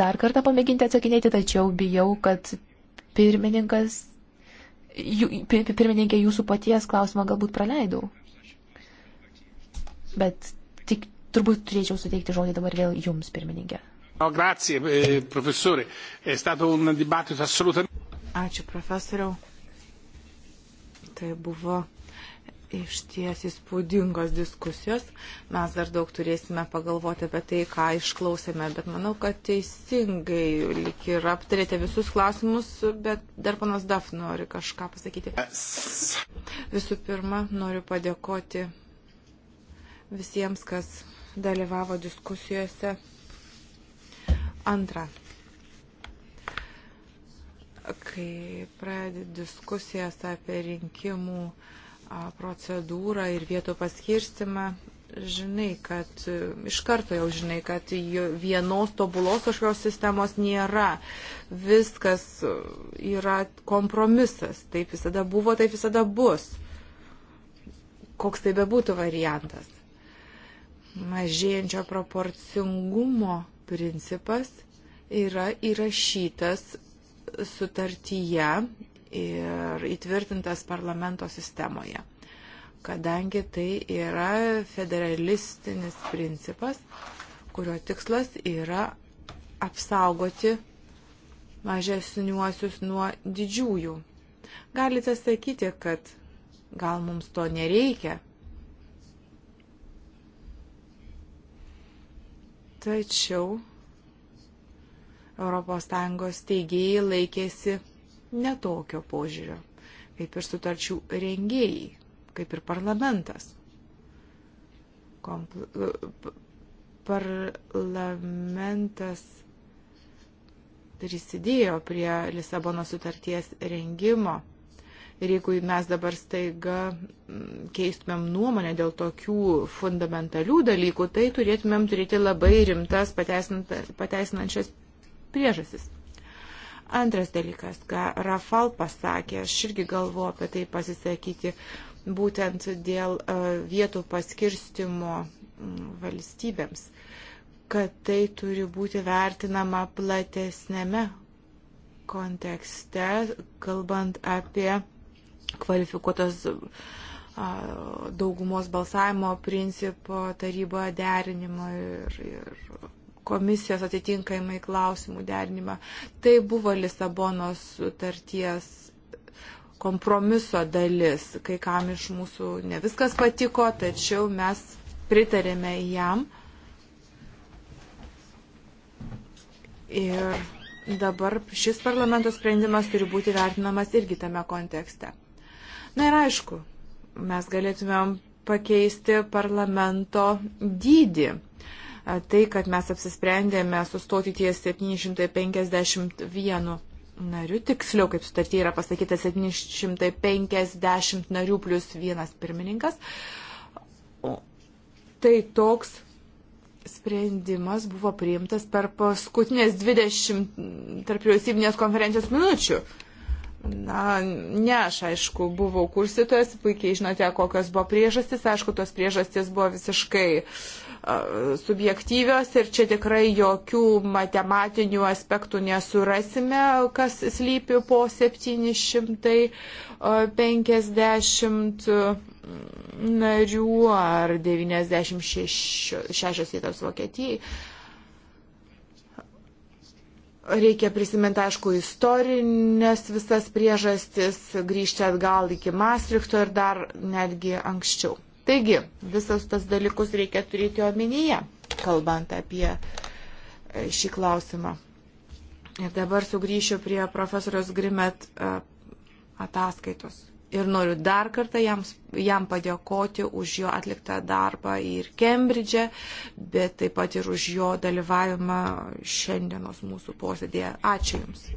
dar kartą pamėginti atsakinėti, tačiau bijau, kad pirmininkas, jų, pirmininkė jūsų paties klausimą galbūt praleidau. Bet tik turbūt turėčiau suteikti žodį dabar vėl jums, pirmininkė. No, grazie, eh, profesore. È stato un dibattito assolutamente. Ačiū, profesoriau. Tai buvo Iš ties įspūdingos diskusijos. Mes dar daug turėsime pagalvoti apie tai, ką išklausėme, bet manau, kad teisingai lik ir aptarėte visus klausimus, bet dar panas Daf nori kažką pasakyti. Visų pirma, noriu padėkoti visiems, kas dalyvavo diskusijose. Antra. Kai pradedi diskusijas apie rinkimų uh, procedūrą ir vietų paskirstimą, žinai, kad e, iš karto jau žinai, kad vienos tobulos kažkokios sistemos nėra. Viskas e, yra kompromisas. Taip visada buvo, taip visada bus. Koks tai bebūtų variantas. Mažėjančio proporcingumo principas yra įrašytas sutartyje ir įtvirtintas parlamento sistemoje, kadangi tai yra federalistinis principas, kurio tikslas yra apsaugoti mažesniuosius nuo didžiųjų. Galite sakyti, kad gal mums to nereikia. Tačiau ES teigėjai laikėsi netokio požiūrio, kaip ir sutarčių rengėjai, kaip ir parlamentas. Kompl e, parlamentas prisidėjo prie Lisabono sutarties rengimo. Ir jeigu mes dabar staiga mm, keistumėm nuomonę dėl tokių fundamentalių dalykų, tai turėtumėm turėti labai rimtas pateisinančias priežasis. Antras dalykas, ką Rafal pasakė, aš irgi galvoju apie tai pasisakyti, būtent dėl e, vietų paskirstimo valstybėms, kad tai turi būti vertinama platesnėme kontekste, kalbant apie kvalifikuotos daugumos balsavimo principo taryboje derinimo ir, ir komisijos atitinkamai klausimų derinimą. Tai buvo Lisabonos sutarties kompromiso dalis. Kai kam iš mūsų ne viskas patiko, tačiau mes pritarėme jam. Ir dabar šis parlamento sprendimas turi būti vertinamas irgi tame kontekste. Na ir aišku, mes galėtumėm pakeisti parlamento dydį tai, kad mes apsisprendėme sustoti ties 751 narių, tiksliau, kaip sutartyje yra pasakyta, 750 narių plus vienas pirmininkas. O tai toks sprendimas buvo priimtas per paskutinės 20 tarp vyriausybinės konferencijos minučių. Na, ne aš, aišku, buvau kursytojas, puikiai žinote, kokios buvo priežastys, aišku, tos priežastys buvo visiškai uh, subjektyvios ir čia tikrai jokių matematinių aspektų nesurasime, kas slypi po 750 e, narių ar 96 vietos Vokietijai. Reikia prisiminti, aišku, istorinės visas priežastis, grįžti atgal iki Maastrichto ir dar netgi anksčiau. Taigi, visus tas dalykus reikia turėti omenyje, kalbant apie e, šį klausimą. Ir dabar sugrįšiu prie profesorius Grimet e, ataskaitos. Ir noriu dar kartą jam, jam padėkoti už jo atliktą darbą ir Kembridže, bet taip pat ir už jo dalyvavimą šiandienos mūsų posėdėje. Ačiū Jums.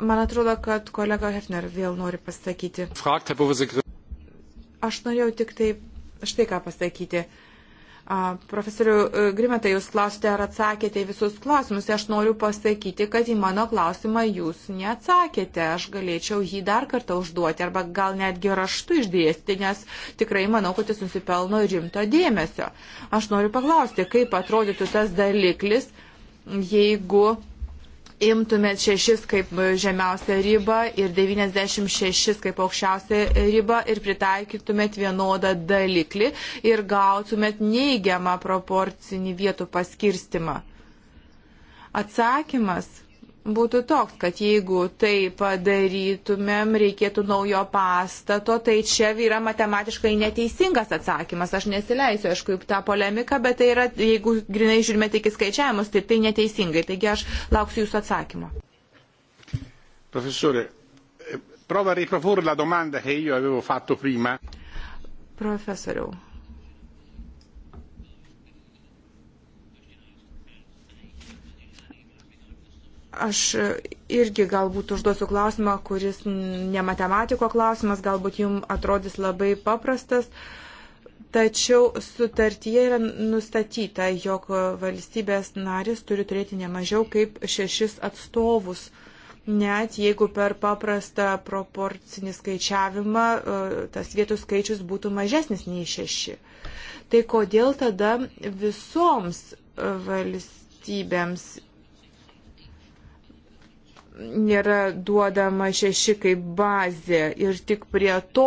Man atrodo, kad kolega Hefner vėl nori pasakyti. Aš norėjau tik tai štai ką pasakyti. Profesoriu e, Grimetai, jūs klausite, ar atsakėte į visus klausimus. Aš noriu pasakyti, kad į mano klausimą jūs neatsakėte. Aš galėčiau jį dar kartą užduoti arba gal netgi raštu išdėsti, nes tikrai manau, kad jis nusipelno rimto dėmesio. Aš noriu paklausti, kaip atrodytų tas daliklis, jeigu imtumėt 6 kaip žemiausią ribą ir 96 kaip aukščiausią ribą ir pritaikytumėt vienodą daliklį ir gautumėt neigiamą proporcinį vietų paskirstimą. Atsakymas būtų toks, kad jeigu tai padarytumėm, reikėtų naujo pastato, tai čia yra matematiškai neteisingas atsakymas. Aš nesileisiu, aišku, tą polemiką, bet tai yra, jeigu grinai žiūrime tik į skaičiavimus, tai tai neteisingai. Taigi aš lauksiu jūsų atsakymo. Profesorė, eh, prova riproporre la domanda che io avevo fatto prima. Profesoriau, Aš irgi galbūt užduosiu klausimą, kuris ne matematiko klausimas, galbūt jums atrodys labai paprastas, tačiau sutartyje yra nustatyta, jog valstybės narės turi turėti ne mažiau kaip šešis atstovus. Net jeigu per paprastą proporcinį skaičiavimą e, tas vietų skaičius būtų mažesnis nei šeši. Tai kodėl tada visoms valstybėms nėra duodama šeši kaip bazė ir tik prie to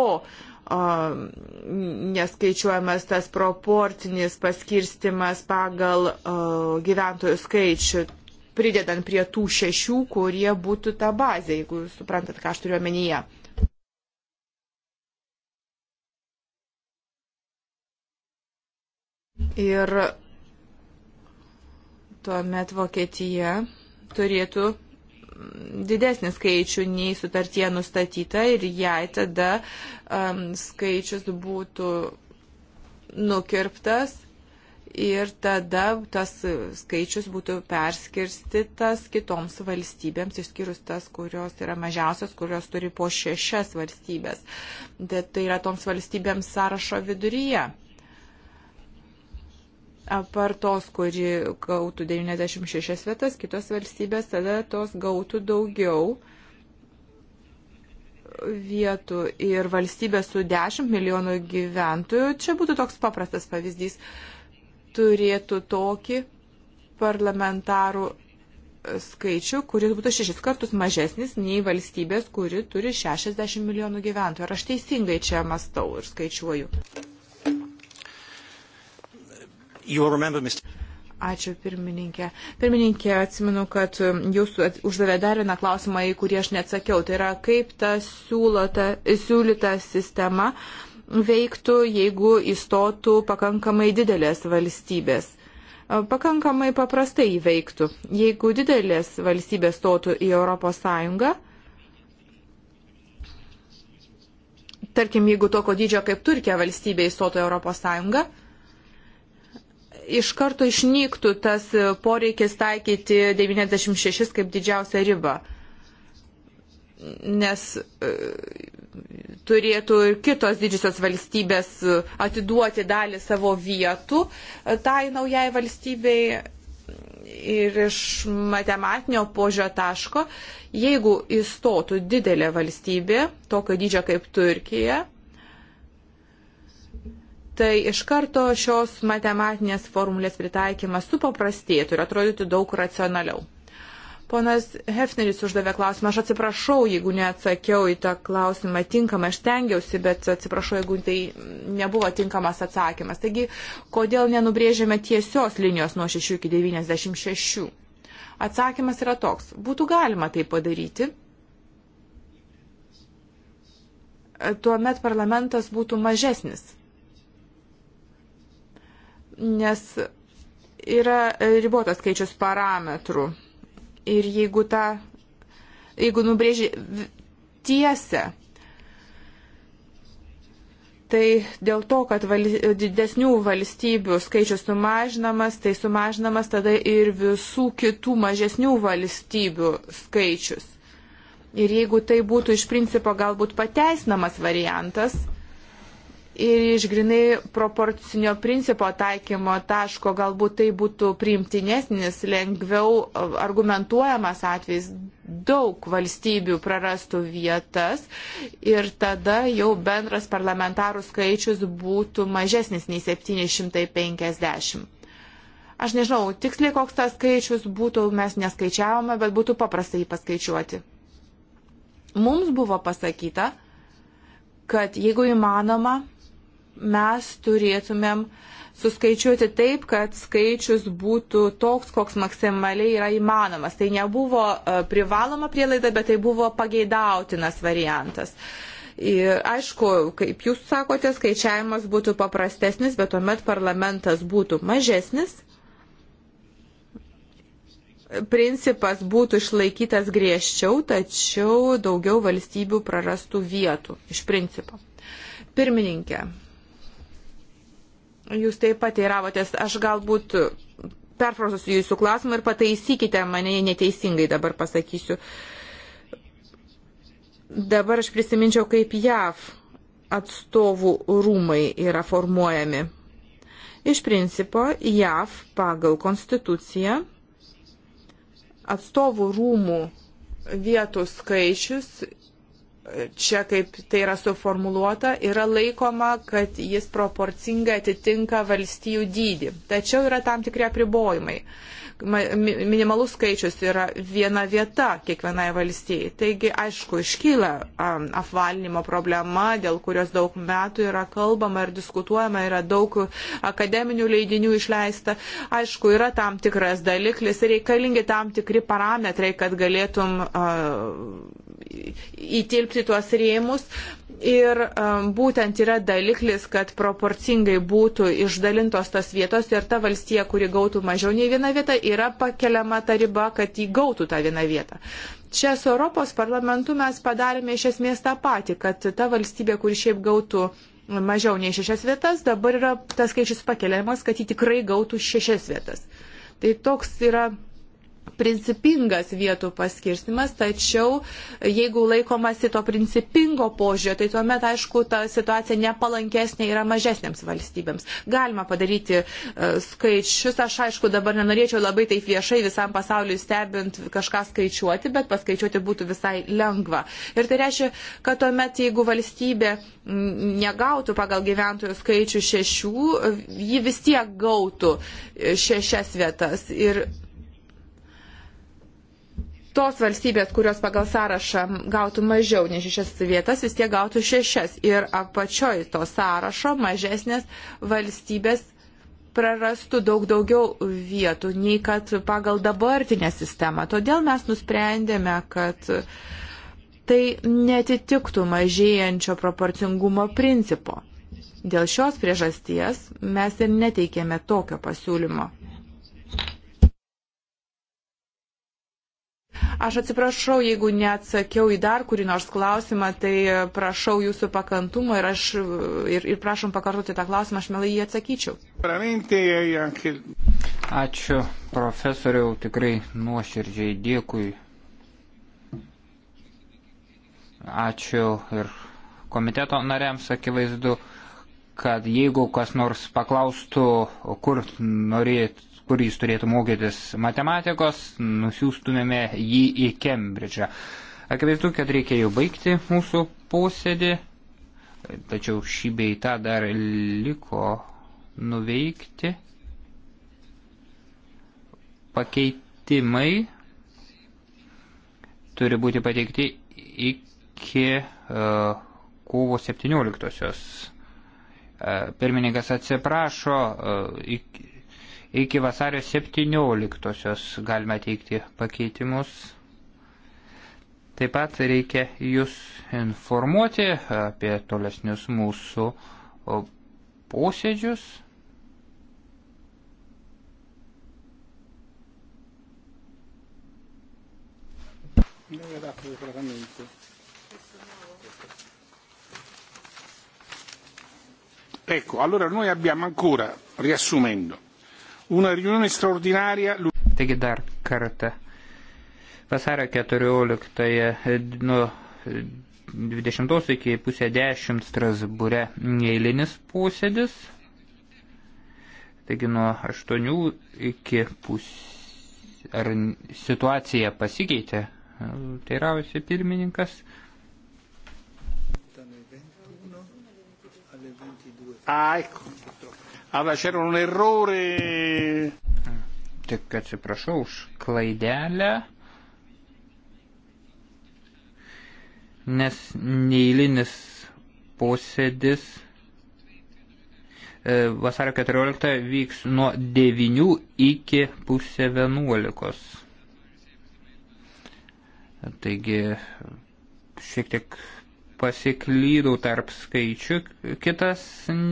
neskaičiuojamas tas proporcinis paskirstimas pagal gyventojų skaičių, pridedant prie tų šešių, kurie būtų ta bazė, jeigu suprantat, ką aš turiu omenyje. Ir tuomet Vokietija turėtų didesnį skaičių nei sutartie nustatyta ir jai tada um, skaičius būtų nukirptas ir tada tas skaičius būtų perskirstytas kitoms valstybėms, išskyrus tas, kurios yra mažiausios, kurios turi po šešias valstybės. Bet tai yra toms valstybėms sąrašo viduryje. Apartos, kuri gautų 96 vietas, kitos valstybės tada tos gautų daugiau vietų ir valstybė su 10 milijonų gyventojų, čia būtų toks paprastas pavyzdys, turėtų tokį parlamentarų skaičių, kuris būtų šešis kartus mažesnis nei valstybės, kuri turi 60 milijonų gyventojų. Ar aš teisingai čia mastau ir skaičiuoju? remember, Mr. Ačiū pirmininkė. Pirmininkė, atsimenu, kad um, jūs uždavė dar vieną klausimą, į kurį aš neatsakiau. Tai yra, kaip ta siūlota, siūlyta sistema veiktų, jeigu įstotų pakankamai didelės valstybės. Pakankamai paprastai veiktų. Jeigu didelės valstybės stotų į ES, tarkim, jeigu tokio dydžio kaip Turkija valstybė įstotų į ES, iš karto išnyktų tas poreikis taikyti 96 kaip didžiausią ribą. Nes e, turėtų ir kitos didžiosios valstybės e, atiduoti dalį savo vietų e, tai naujai valstybei. Ir iš matematinio požio taško, jeigu įstotų didelė valstybė, tokio dydžio kaip Turkija, tai iš karto šios matematinės formulės pritaikymas supaprastėtų ir atrodytų daug racionaliau. Ponas Hefneris uždavė klausimą, aš atsiprašau, jeigu neatsakiau į tą klausimą tinkamai, aš tengiausi, bet atsiprašau, jeigu tai nebuvo tinkamas atsakymas. Taigi, kodėl nenubrėžėme tiesios linijos nuo 6 iki 96? Atsakymas yra toks, būtų galima tai padaryti. Tuomet parlamentas būtų mažesnis nes yra ribotas skaičius parametrų. Ir jeigu tą, jeigu nubrėži tiesę, tai dėl to, kad val, didesnių valstybių skaičius sumažinamas, tai sumažinamas tada ir visų kitų mažesnių valstybių skaičius. Ir jeigu tai būtų iš principo galbūt pateisinamas variantas, ir iš grinai proporcinio principo taikymo taško galbūt tai būtų priimtinesnis, lengviau argumentuojamas atvejs, daug valstybių prarastų vietas ir tada jau bendras parlamentarų skaičius būtų mažesnis nei 750. Aš nežinau, tiksliai koks tas skaičius būtų, mes neskaičiavome, bet būtų paprastai jį paskaičiuoti. Mums buvo pasakyta, kad jeigu įmanoma, mes turėtumėm suskaičiuoti taip, kad skaičius būtų toks, koks maksimaliai yra įmanomas. Tai nebuvo e, privaloma prielaida, bet tai buvo pageidautinas variantas. Ir aišku, kaip jūs sakote, skaičiavimas būtų paprastesnis, bet tuomet parlamentas būtų mažesnis. Principas būtų išlaikytas griežčiau, tačiau daugiau valstybių prarastų vietų iš principo. Pirmininkė, Jūs taip pat teiravotės, aš galbūt perfrazuosiu jūsų klausimą ir pataisykite mane, neteisingai dabar pasakysiu. Dabar aš prisiminčiau, kaip JAV atstovų rūmai yra formuojami. Iš principo, JAV pagal konstituciją atstovų rūmų vietų skaičius čia kaip tai yra suformuluota, yra laikoma, kad jis proporcingai atitinka valstijų dydį. Tačiau yra tam tikri apribojimai. Minimalus skaičius yra viena vieta kiekvienai valstijai. Taigi, aišku, iškyla apvalinimo problema, dėl kurios daug metų yra kalbama ir diskutuojama, yra daug akademinių leidinių išleista. Aišku, yra tam tikras daliklis ir reikalingi tam tikri parametrai, kad galėtum. Uh, įtilpti tuos rėmus. Ir um, būtent yra daliklis, kad proporcingai būtų išdalintos tos vietos ir ta valstija, kuri gautų mažiau nei vieną vietą, yra pakeliama ta riba, kad jį gautų tą vieną vietą. Čia su Europos parlamentu mes padarėme iš esmės tą patį, kad ta valstybė, kuri šiaip gautų mažiau nei šešias vietas, dabar yra tas skaičius pakeliamas, kad jį tikrai gautų šešias vietas. Tai toks yra principingas vietų paskirstimas, tačiau jeigu laikomasi to principingo požiūrio, tai tuomet, aišku, ta situacija nepalankesnė yra mažesnėms valstybėms. Galima padaryti uh, skaičius, aš aišku dabar nenorėčiau labai taip viešai visam pasauliu stebint kažką skaičiuoti, bet paskaičiuoti būtų visai lengva. Ir tai reiškia, kad tuomet, jeigu valstybė negautų pagal gyventojų skaičių šešių, ji vis tiek gautų šešias vietas. Ir tos valstybės, kurios pagal sąrašą gautų mažiau nei šešias vietas, vis tiek gautų šešias. Ir apačioj to sąrašo mažesnės valstybės prarastų daug daugiau vietų nei kad pagal dabartinę sistemą. Todėl mes nusprendėme, kad tai netitiktų mažėjančio proporcingumo principo. Dėl šios priežasties mes ir neteikėme tokio pasiūlymo. Aš atsiprašau, jeigu neatsakiau į dar kurį nors klausimą, tai prašau jūsų pakantumo ir, aš, ir, ir prašom pakartoti tą klausimą, aš melai jį atsakyčiau. E, Ačiū profesoriau, tikrai nuoširdžiai dėkui. Ačiū ir komiteto nariams akivaizdu, kad jeigu kas nors paklaustų, kur norėtų kur jis turėtų mokytis matematikos, nusiųstumėme jį į Kembridžą. Akivaizdu, kad reikia jau baigti mūsų posėdį, tačiau šį beitą dar liko nuveikti. Pakeitimai turi būti pateikti iki uh, kovo 17. -osios. Uh, pirmininkas atsiprašo, uh, iki, Iki vasario 17-osios galime teikti pakeitimus. Taip pat reikia jūs informuoti apie tolesnius mūsų posėdžius. Dove era praticamente? Ecco, allora noi abbiamo ancora, riassumendo, Taigi dar kartą. Vasario 14 nuo 20 iki pusė 10 Strasbūre neįlinis posėdis. Taigi nuo 8 iki pusės. Ar situacija pasikeitė? Teirausi pirmininkas. Ah, ecco. Ava, ah, c'era un errore. Tik atsiprašau už klaidelę. Nes neįlinis posėdis e, vasario 14 vyks nuo 9 iki pusė 11. Taigi šiek tiek pasiklydau tarp skaičių. Kitas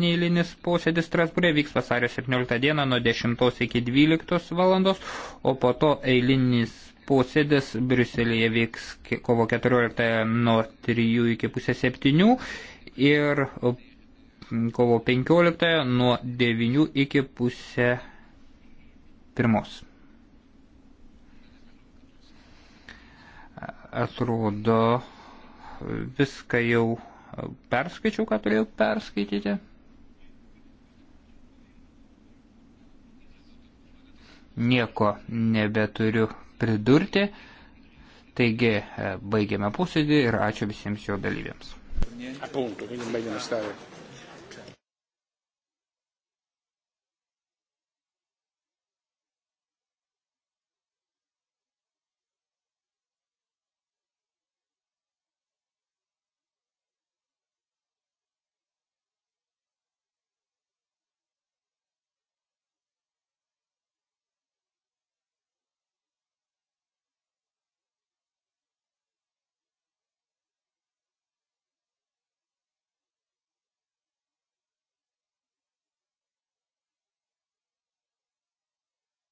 neįlinis posėdis Strasbūrė vyks vasario 17 dieną nuo 10 iki 12 valandos, o po to eilinis posėdis Briuselėje vyks kovo 14 nuo 3 iki pusės 7 ir kovo 15 nuo 9 iki pusė 1. Atrodo, viską jau perskaičiau, ką turėjau perskaityti. Nieko nebeturiu pridurti. Taigi e, baigiame posėdį ir ačiū visiems jo dalyviams. Appunto, quindi è meglio stare.